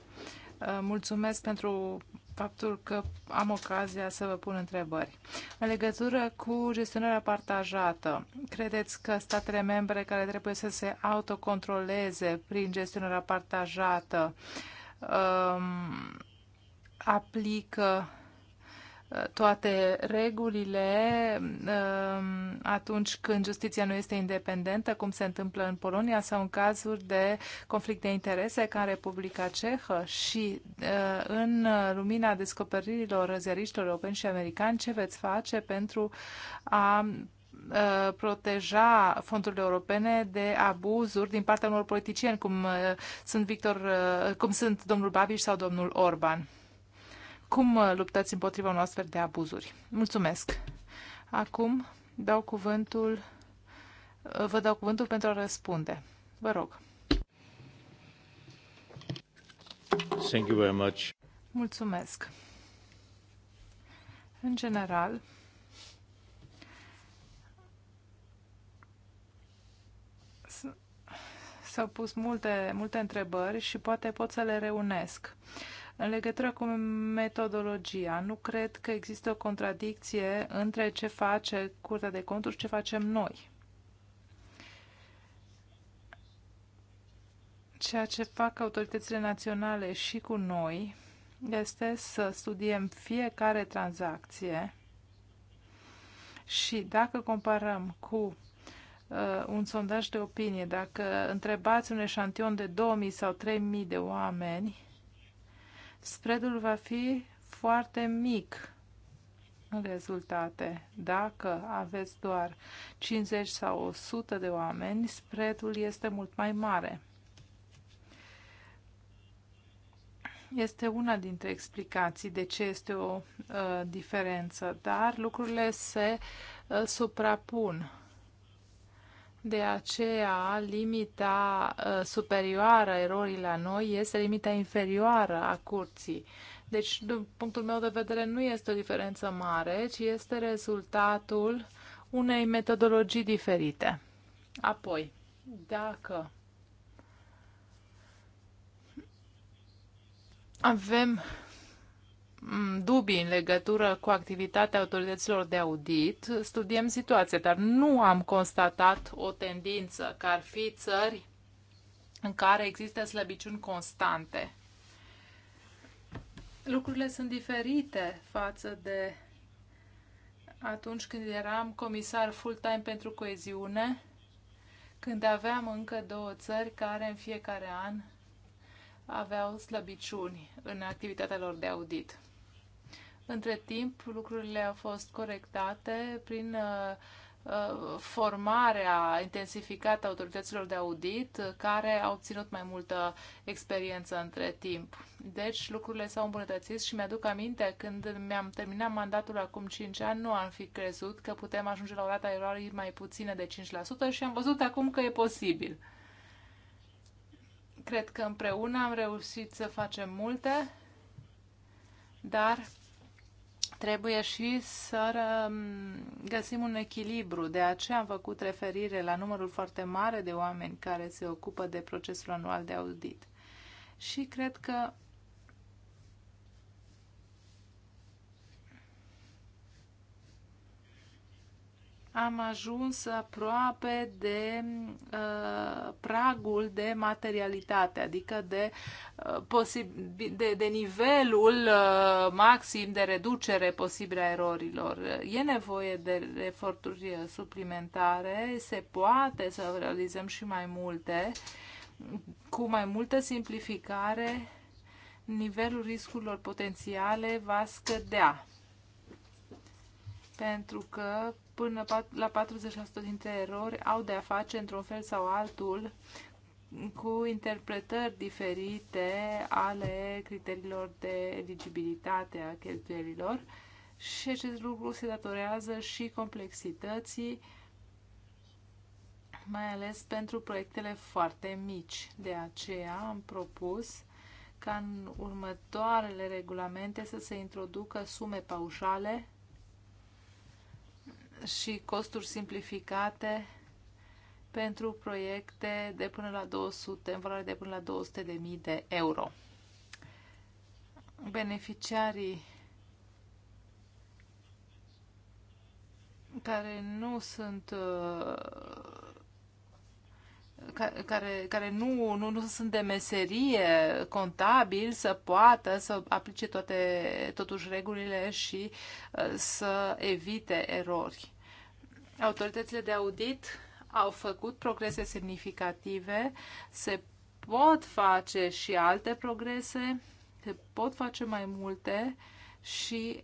eh, mulțumesc pentru faptul că am ocazia să vă pun întrebări. În legătură cu gestionarea partajată, credeți că statele membre care trebuie să se autocontroleze prin gestionarea partajată um, aplică toate regulile um, atunci când justiția nu este independentă, cum se întâmplă în Polonia, sau în cazuri de conflict de interese ca în Republica Cehă și uh, în lumina descoperirilor răzăriștilor europeni și americani, ce veți face pentru a uh, proteja fondurile europene de abuzuri din partea unor politicieni, cum uh, sunt, Victor, cum sunt domnul Babiș sau domnul Orban cum uh, luptați împotriva unor astfel de abuzuri. Mulțumesc! Acum dau cuvântul, uh, vă dau cuvântul pentru a răspunde. Vă rog. Thank you very much. Mulțumesc. În general, s-au pus multe, multe întrebări și poate pot să le reunesc. Uh, în legătură cu metodologia, nu cred că există o contradicție între ce face Curtea de Conturi și ce facem noi. Ceea ce fac autoritățile naționale și cu noi este să studiem fiecare tranzacție și dacă comparăm cu uh, un sondaj de opinie, dacă întrebați un eșantion de 2000 sau 3000 de oameni, spreadul va fi foarte mic în rezultate. Dacă aveți doar 50 sau 100 de oameni, spreadul este mult mai mare. Este una dintre explicații de ce este o uh, diferență, dar lucrurile se uh, suprapun de aceea, limita ă, superioară erorii la noi este limita inferioară a curții. Deci, din punctul meu de vedere, nu este o diferență mare, ci este rezultatul unei metodologii diferite. Apoi, dacă avem Mm, dubii în legătură cu activitatea autorităților de audit, studiem situația, dar nu am constatat o tendință că ar fi țări în care există slăbiciuni constante. Lucrurile sunt diferite față de atunci când eram comisar full-time pentru coeziune, când aveam încă două țări care în fiecare an aveau slăbiciuni în activitatea lor de audit. Între timp, lucrurile au fost corectate prin uh, uh, formarea intensificată a autorităților de audit, care au obținut mai multă experiență între timp. Deci lucrurile s-au îmbunătățit și mi-aduc aminte când mi-am terminat mandatul acum 5 ani, nu am fi crezut că putem ajunge la o rată a mai puțină de 5% și am văzut acum că e posibil. Cred că împreună am reușit să facem multe, dar trebuie și să um, găsim un echilibru. De aceea am făcut referire la numărul foarte mare de oameni care se ocupă de procesul anual de audit. Și cred că am ajuns aproape de uh, pragul de materialitate, adică de, uh, de, de nivelul uh, maxim de reducere posibilă a erorilor. E nevoie de eforturi suplimentare, se poate să realizăm și mai multe, cu mai multă simplificare, nivelul riscurilor potențiale va scădea pentru că până la 40% dintre erori au de a face într-un fel sau altul cu interpretări diferite ale criteriilor de eligibilitate a cheltuielilor și acest lucru se datorează și complexității, mai ales pentru proiectele foarte mici. De aceea am propus ca în următoarele regulamente să se introducă sume paușale și costuri simplificate pentru proiecte de până la 200, în valoare de până la 200.000 de euro. Beneficiarii care nu sunt uh, care, care nu, nu, nu sunt de meserie contabil să poată să aplice toate, totuși regulile și uh, să evite erori. Autoritățile de audit au făcut progrese semnificative, se pot face și alte progrese, se pot face mai multe și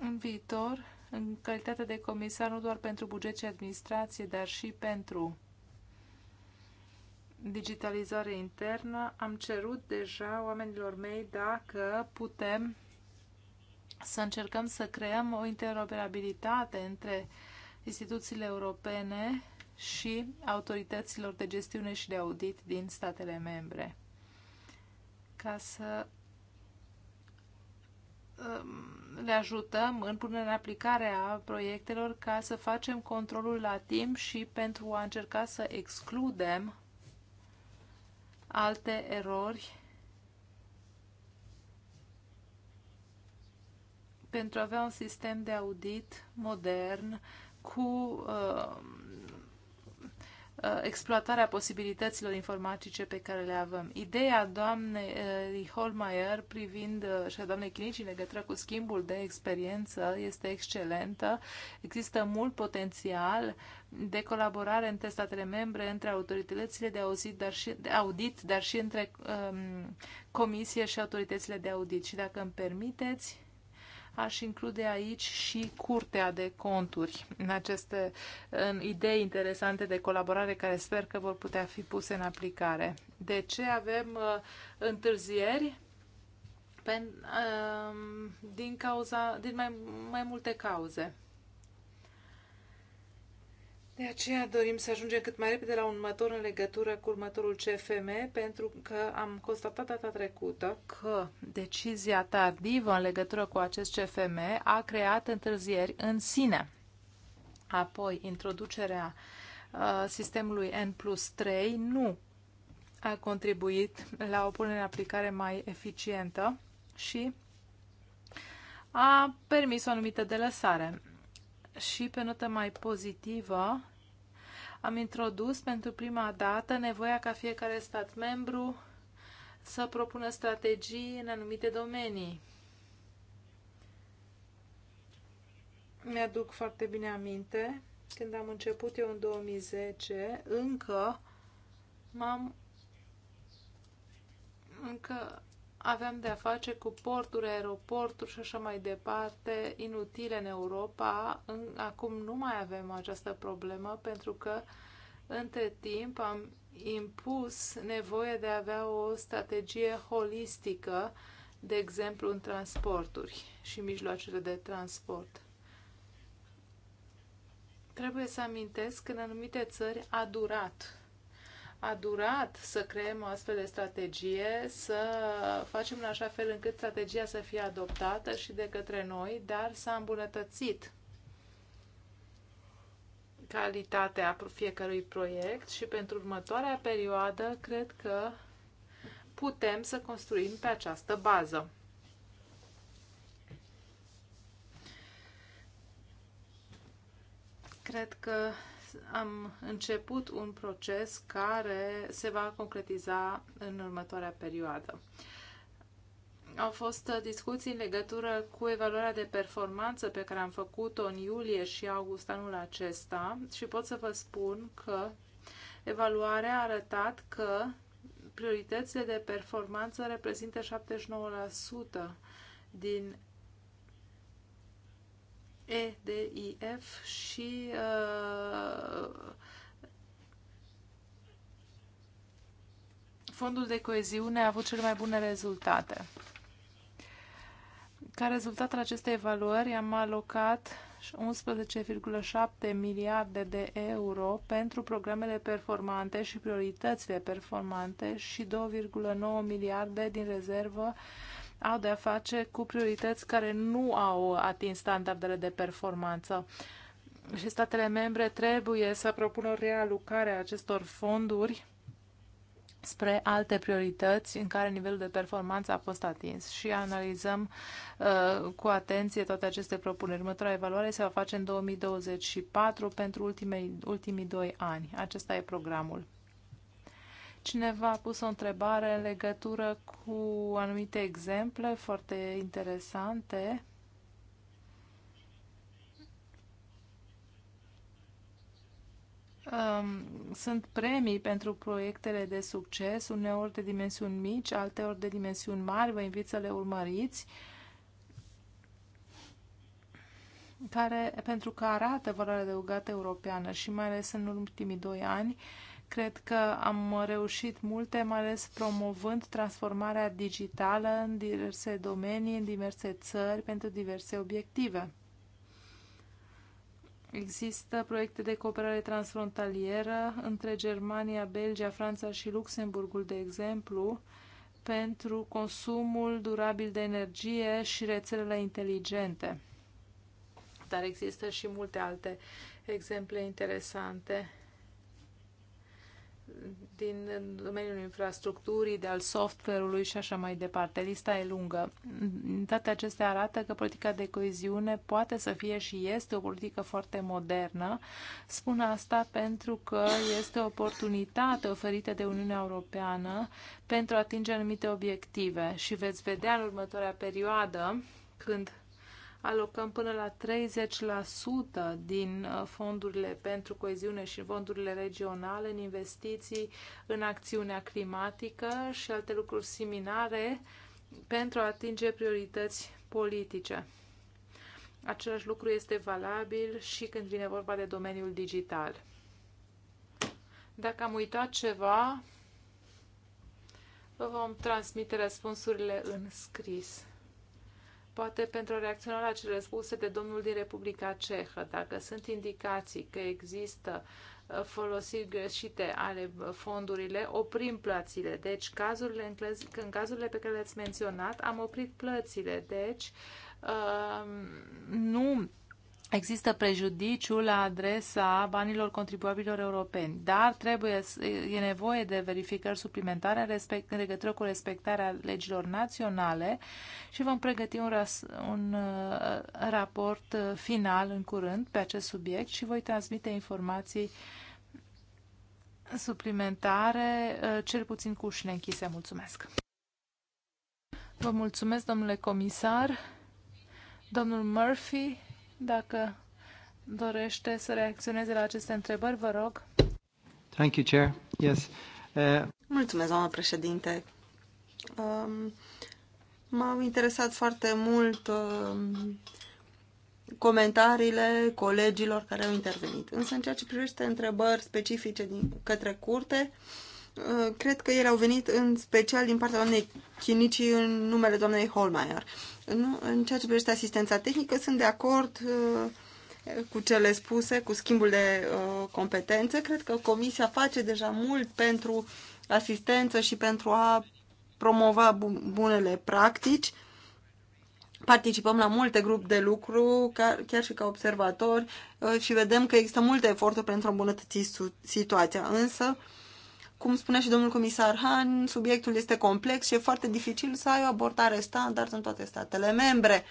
în viitor, în calitate de comisar, nu doar pentru buget și administrație, dar și pentru digitalizare internă, am cerut deja oamenilor mei dacă putem să încercăm să creăm o interoperabilitate între instituțiile europene și autorităților de gestiune și de audit din statele membre. Ca să um, le ajutăm în punerea în aplicare a proiectelor ca să facem controlul la timp și pentru a încerca să excludem alte erori pentru a avea un sistem de audit modern cu uh, uh exploatarea posibilităților informatice pe care le avem. Ideea doamnei uh, Holmeier privind uh, și a doamnei Chinici în legătură cu schimbul de experiență este excelentă. Există mult potențial de colaborare între statele membre, între autoritățile de audit, dar și, de audit, dar și între um, comisie și autoritățile de audit. Și dacă îmi permiteți, aș include aici și curtea de conturi în aceste în idei interesante de colaborare care sper că vor putea fi puse în aplicare. De ce avem uh, întârzieri? Pen, uh, din, cauza, din mai, mai multe cauze. De aceea dorim să ajungem cât mai repede la un următor în legătură cu următorul CFM, pentru că am constatat data trecută că decizia tardivă în legătură cu acest CFM a creat întârzieri în sine. Apoi, introducerea uh, sistemului N plus 3 nu a contribuit la o punere în aplicare mai eficientă și a permis o anumită delăsare. Și pe notă mai pozitivă, am introdus pentru prima dată nevoia ca fiecare stat membru să propună strategii în anumite domenii. Mi-aduc foarte bine aminte, când am început eu în 2010, încă m-am încă avem de-a face cu porturi, aeroporturi și așa mai departe, inutile în Europa. În, acum nu mai avem această problemă pentru că între timp am impus nevoie de a avea o strategie holistică, de exemplu în transporturi și mijloacele de transport. Trebuie să amintesc că în anumite țări a durat a durat să creăm o astfel de strategie, să facem în așa fel încât strategia să fie adoptată și de către noi, dar s-a îmbunătățit calitatea fiecărui proiect și pentru următoarea perioadă cred că putem să construim pe această bază. Cred că am început un proces care se va concretiza în următoarea perioadă. Au fost discuții în legătură cu evaluarea de performanță pe care am făcut-o în iulie și august anul acesta și pot să vă spun că evaluarea a arătat că prioritățile de performanță reprezintă 79% din E, D, I, F și uh, fondul de coeziune a avut cele mai bune rezultate. Ca rezultat al acestei evaluări am alocat 11,7 miliarde de euro pentru programele performante și prioritățile performante și 2,9 miliarde din rezervă uh, au de a face cu priorități care nu au atins standardele de performanță. Și statele membre trebuie să propună realocarea acestor fonduri spre alte priorități în care nivelul de performanță a fost atins și analizăm uh, cu atenție toate aceste propuneri. Următoarea evaluare se va face în 2024 pentru ultimei, ultimii doi ani. Acesta e programul. Cineva a pus o întrebare în legătură cu anumite exemple foarte interesante. Um, sunt premii pentru proiectele de succes, uneori de dimensiuni mici, alteori de dimensiuni mari. Vă invit să le urmăriți care, pentru că arată valoarea adăugată europeană și mai ales în ultimii doi ani, uh, Cred că am reușit multe, mai ales promovând transformarea digitală în diverse domenii, în diverse țări, pentru diverse obiective. Există proiecte de cooperare transfrontalieră între Germania, Belgia, Franța și Luxemburgul, de exemplu, pentru consumul durabil de energie și rețelele inteligente. Dar există și multe alte exemple interesante din domeniul infrastructurii, de al software-ului și așa mai departe. Lista e lungă. Toate acestea arată că politica de coeziune poate să fie și este o politică foarte modernă. Spun asta pentru că este o oportunitate oferită de Uniunea Europeană pentru a atinge anumite obiective și veți vedea în următoarea perioadă când alocăm până la 30% din uh, fondurile pentru coeziune și fondurile regionale în investiții în acțiunea climatică și alte lucruri similare pentru a atinge priorități politice. Același lucru este valabil și când vine vorba de domeniul digital. Dacă am uitat ceva, vă vom transmite răspunsurile în scris poate pentru a reacționa la cele spuse de domnul din Republica Cehă, dacă sunt indicații că există uh, folosiri greșite ale uh, fondurile, oprim plățile. Deci, cazurile, în, caz, în cazurile pe care le-ați menționat, am oprit plățile. Deci, uh, nu există prejudiciu la adresa banilor contribuabililor europeni, dar trebuie, e nevoie de verificări suplimentare în legătură cu respectarea legilor naționale și vom pregăti un, ras, un uh, raport uh, final în curând pe acest subiect și voi transmite informații suplimentare, uh, cel puțin cu ușile închise. Mulțumesc! Vă mulțumesc, domnule comisar, domnul Murphy dacă dorește să reacționeze la aceste întrebări, vă rog. Thank you, Chair. Yes. Uh... Mulțumesc, doamnă președinte. Um, m-au interesat foarte mult um, comentariile colegilor care au intervenit. Însă, în ceea ce privește întrebări specifice din, către curte, uh, Uh, cred că ele au venit în special din partea doamnei Chinici în numele doamnei Holmeier. În, în ceea ce privește asistența tehnică, sunt de acord uh, cu cele spuse, cu schimbul de uh, competențe. Cred că Comisia face deja mult pentru asistență și pentru a promova bunele practici. Participăm la multe grupuri de lucru, chiar și ca observatori, și vedem că există multe eforturi pentru a îmbunătăți situația. Însă, uh, cum spunea și domnul comisar Han, subiectul este complex și e foarte dificil să ai o abordare standard în toate statele membre.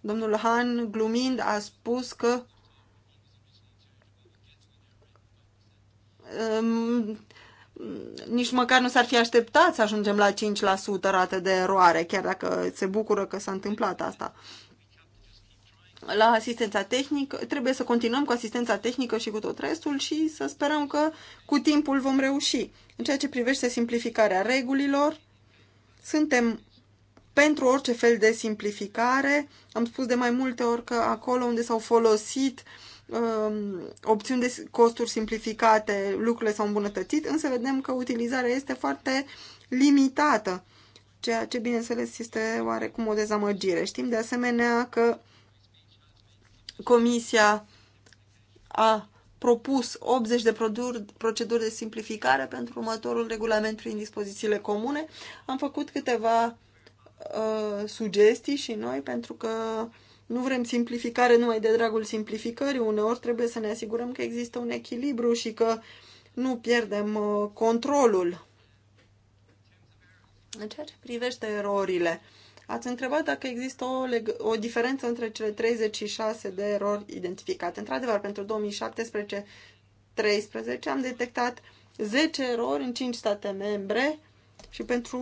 Domnul Han, glumind, a spus că um, nici măcar nu s-ar fi așteptat să ajungem la 5% rate de eroare, chiar dacă se bucură că s-a întâmplat asta la asistența tehnică, trebuie să continuăm cu asistența tehnică și cu tot restul și să sperăm că cu timpul vom reuși. În ceea ce privește simplificarea regulilor, suntem pentru orice fel de simplificare. Am spus de mai multe ori că acolo unde s-au folosit um, opțiuni de costuri simplificate, lucrurile s-au îmbunătățit, însă vedem că utilizarea este foarte limitată, ceea ce, bineînțeles, este oarecum o dezamăgire. Știm de asemenea că Comisia a propus 80 de proceduri de simplificare pentru următorul regulament prin dispozițiile comune. Am făcut câteva uh, sugestii și noi pentru că nu vrem simplificare numai de dragul simplificării. Uneori trebuie să ne asigurăm că există un echilibru și că nu pierdem uh, controlul. În ceea ce privește erorile, uh, Ați întrebat dacă există o, o diferență între cele 36 de erori identificate. Într-adevăr, pentru 2017-13 am detectat 10 erori în 5 state membre și pentru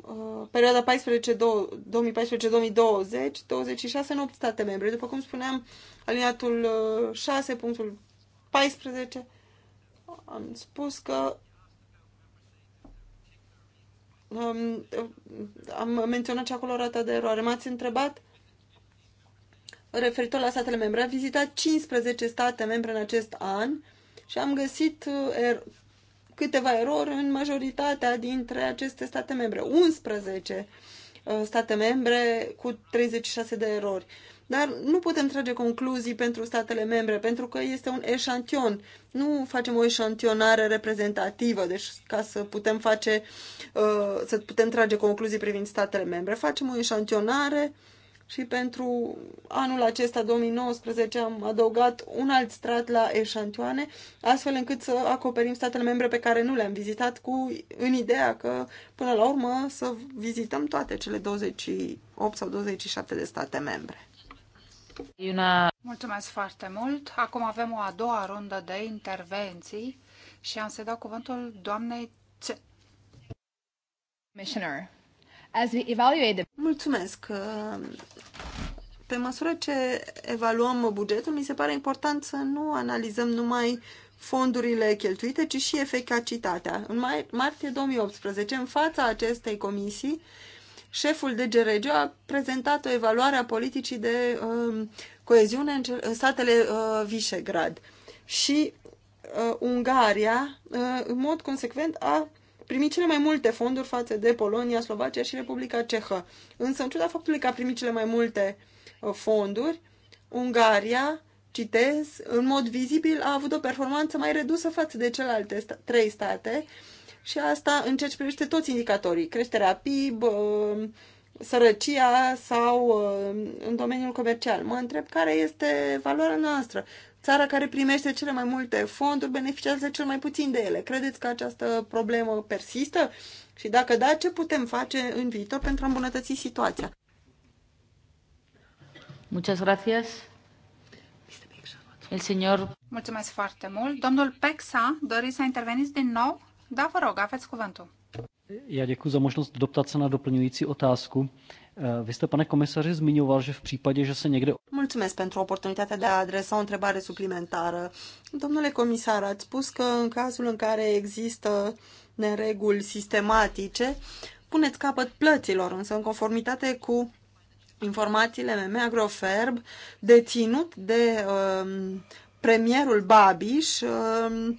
uh, perioada 2014-2020, 26 în 8 state membre. După cum spuneam, aliniatul 6, uh, am spus că Um, am menționat și acolo rata de eroare. M-ați întrebat referitor la statele membre. Am vizitat 15 state membre în acest an și am găsit uh, er câteva erori în majoritatea dintre aceste state membre. 11 uh, state membre cu 36 de erori. Uh, dar nu putem trage concluzii pentru statele membre, pentru că este un eșantion. Nu facem o eșantionare reprezentativă, deci ca să putem face, uh, să putem trage concluzii privind statele membre. Facem o eșantionare și pentru anul acesta, 2019, am adăugat un alt strat la eșantioane, astfel încât să acoperim statele membre pe care nu le-am vizitat, cu, în ideea că, până la urmă, să vizităm toate cele 28 sau 27 de state membre. Mulțumesc foarte mult. Acum avem o a doua rundă de intervenții și am să dau cuvântul doamnei C. Commissioner, as we evaluate Mulțumesc. Pe măsură ce evaluăm bugetul, mi se pare important să nu analizăm numai fondurile cheltuite, ci și eficacitatea. În martie 2018, în fața acestei comisii, șeful de Geregio a prezentat o evaluare a politicii de uh, coeziune în, în statele uh, Visegrad. Și uh, Ungaria, uh, în mod consecvent, a primit cele mai multe fonduri față de Polonia, Slovacia și Republica Cehă. Însă, în ciuda faptului că a primit cele mai multe uh, fonduri, Ungaria, citez, în mod vizibil a avut o performanță mai redusă față de celelalte sta- trei state, uh, și asta în ceea ce privește toți indicatorii, creșterea PIB, uh, sărăcia sau uh, în domeniul comercial. Mă întreb care este valoarea noastră. Țara care primește cele mai multe fonduri beneficiază cel mai puțin de ele. Credeți că această problemă persistă? Și dacă da, ce putem face în viitor pentru a îmbunătăți situația? Muchas gracias. El señor... Mulțumesc foarte mult. Domnul Pexa, doriți să interveniți din nou? Da, vă rog, aveți cuvântul. Já děkuji za možnost doptat se na doplňující otázku. Eh, vy jste, pane komisaři, zmiňoval, že v případě, že se někde... Mulțumesc pentru oportunitatea de a adresa o întrebare suplimentară. Domnule comisar, ați spus că în cazul în care există nereguli sistematice, puneți capăt plăților, însă în conformitate cu informațiile mele, Agroferb, deținut de um, premierul Babiș, um,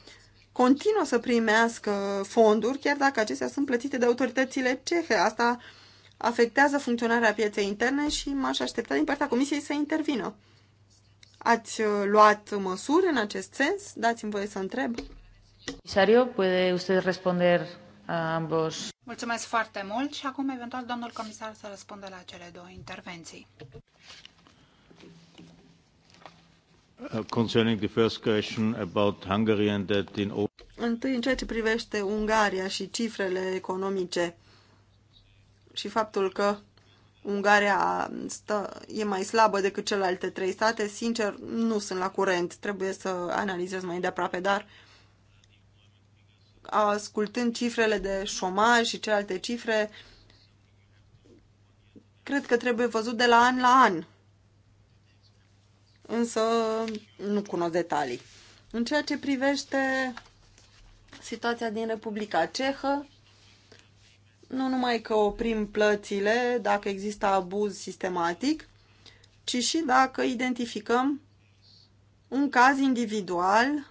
continuă să primească fonduri, chiar dacă acestea sunt plătite de autoritățile cehe. Asta afectează funcționarea pieței interne și m-aș aștepta din partea Comisiei să intervină. Ați uh, luat măsuri în acest sens? Dați-mi voie să întreb. Comisario, puede usted responder a ambos. Mulțumesc foarte mult și acum eventual domnul comisar să răspundă la cele două intervenții. Întâi, în ceea ce privește Ungaria și cifrele economice și faptul că Ungaria stă, e mai slabă decât celelalte trei state, sincer, nu sunt la curent. Trebuie să analizez mai de aproape, dar ascultând cifrele de șomaj și celelalte cifre, cred că trebuie văzut de la an la an însă nu cunosc detalii. În ceea ce privește situația din Republica Cehă, nu numai că oprim plățile dacă există abuz sistematic, ci și dacă identificăm un caz individual,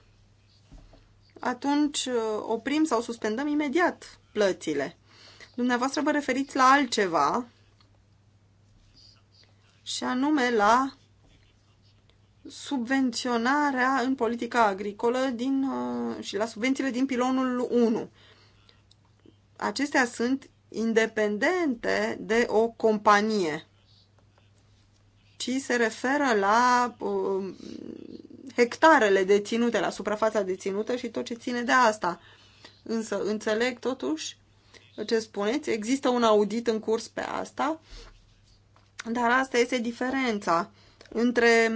atunci uh, oprim sau suspendăm imediat plățile. Dumneavoastră vă referiți la altceva și anume la subvenționarea în politica agricolă din, uh, și la subvențiile din pilonul 1. Acestea sunt independente de o companie, ci se referă la uh, hectarele deținute, la suprafața deținută și tot ce ține de asta. Însă înțeleg totuși ce spuneți, există un audit în curs pe asta, dar asta este diferența între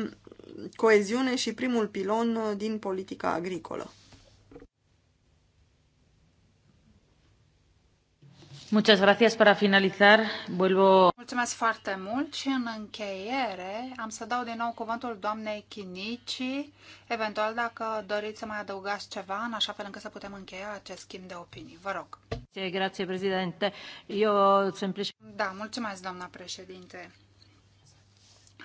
coeziune și primul pilon din politica agricolă. Muchas gracias. Para finalizar, vuelvo... Mulțumesc foarte mult și în încheiere am să dau din nou cuvântul doamnei Chinici, eventual dacă doriți să mai adăugați ceva, în așa fel încât să putem încheia acest schimb de opinii. Vă rog. Grazie, președinte. Eu semplice... Da, mulțumesc, doamna președinte.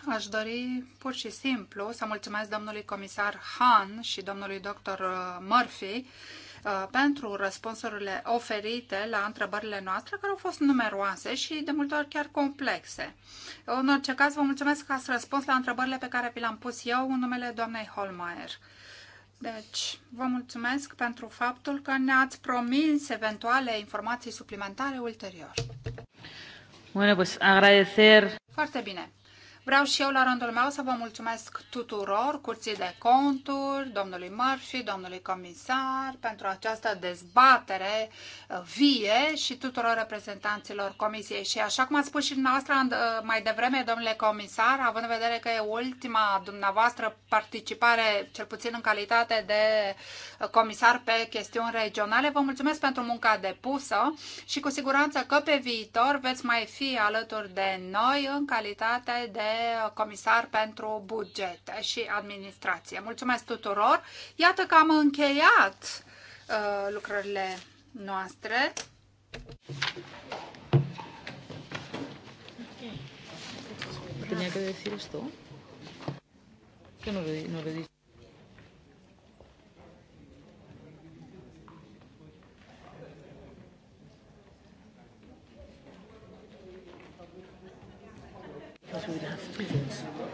Aș dori pur și simplu să mulțumesc domnului comisar Han și domnului doctor uh, Murphy uh, pentru răspunsurile oferite la întrebările noastre, care au fost numeroase și de multe ori chiar complexe. În orice caz, vă mulțumesc că ați răspuns la întrebările pe care vi le-am pus eu în numele doamnei Holmeier. Deci, vă mulțumesc pentru faptul că ne-ați promis eventuale informații suplimentare ulterior. Bună, pues agradecer. Foarte bine. Vreau și eu la rândul meu să vă mulțumesc tuturor, curții de conturi, domnului Murphy, domnului comisar, pentru această dezbatere uh, vie și tuturor reprezentanților comisiei. Și așa cum a spus și dumneavoastră uh, mai devreme, domnule comisar, având în vedere că e ultima dumneavoastră participare, cel puțin în calitate de uh, comisar pe chestiuni regionale, vă mulțumesc pentru munca depusă și cu siguranță că pe viitor veți mai fi alături de noi în calitate de comisar pentru bugete și administrație. Mulțumesc tuturor! Iată că am încheiat uh, lucrările noastre. Tenía que decir esto. Que no lo, no lo he dicho.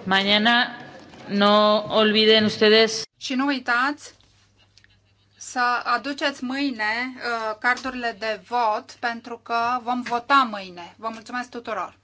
Mañana no olviden ustedes. Și nu uitați să aduceți mâine uh, cardurile de vot pentru că vom vota mâine. Vă mulțumesc tuturor!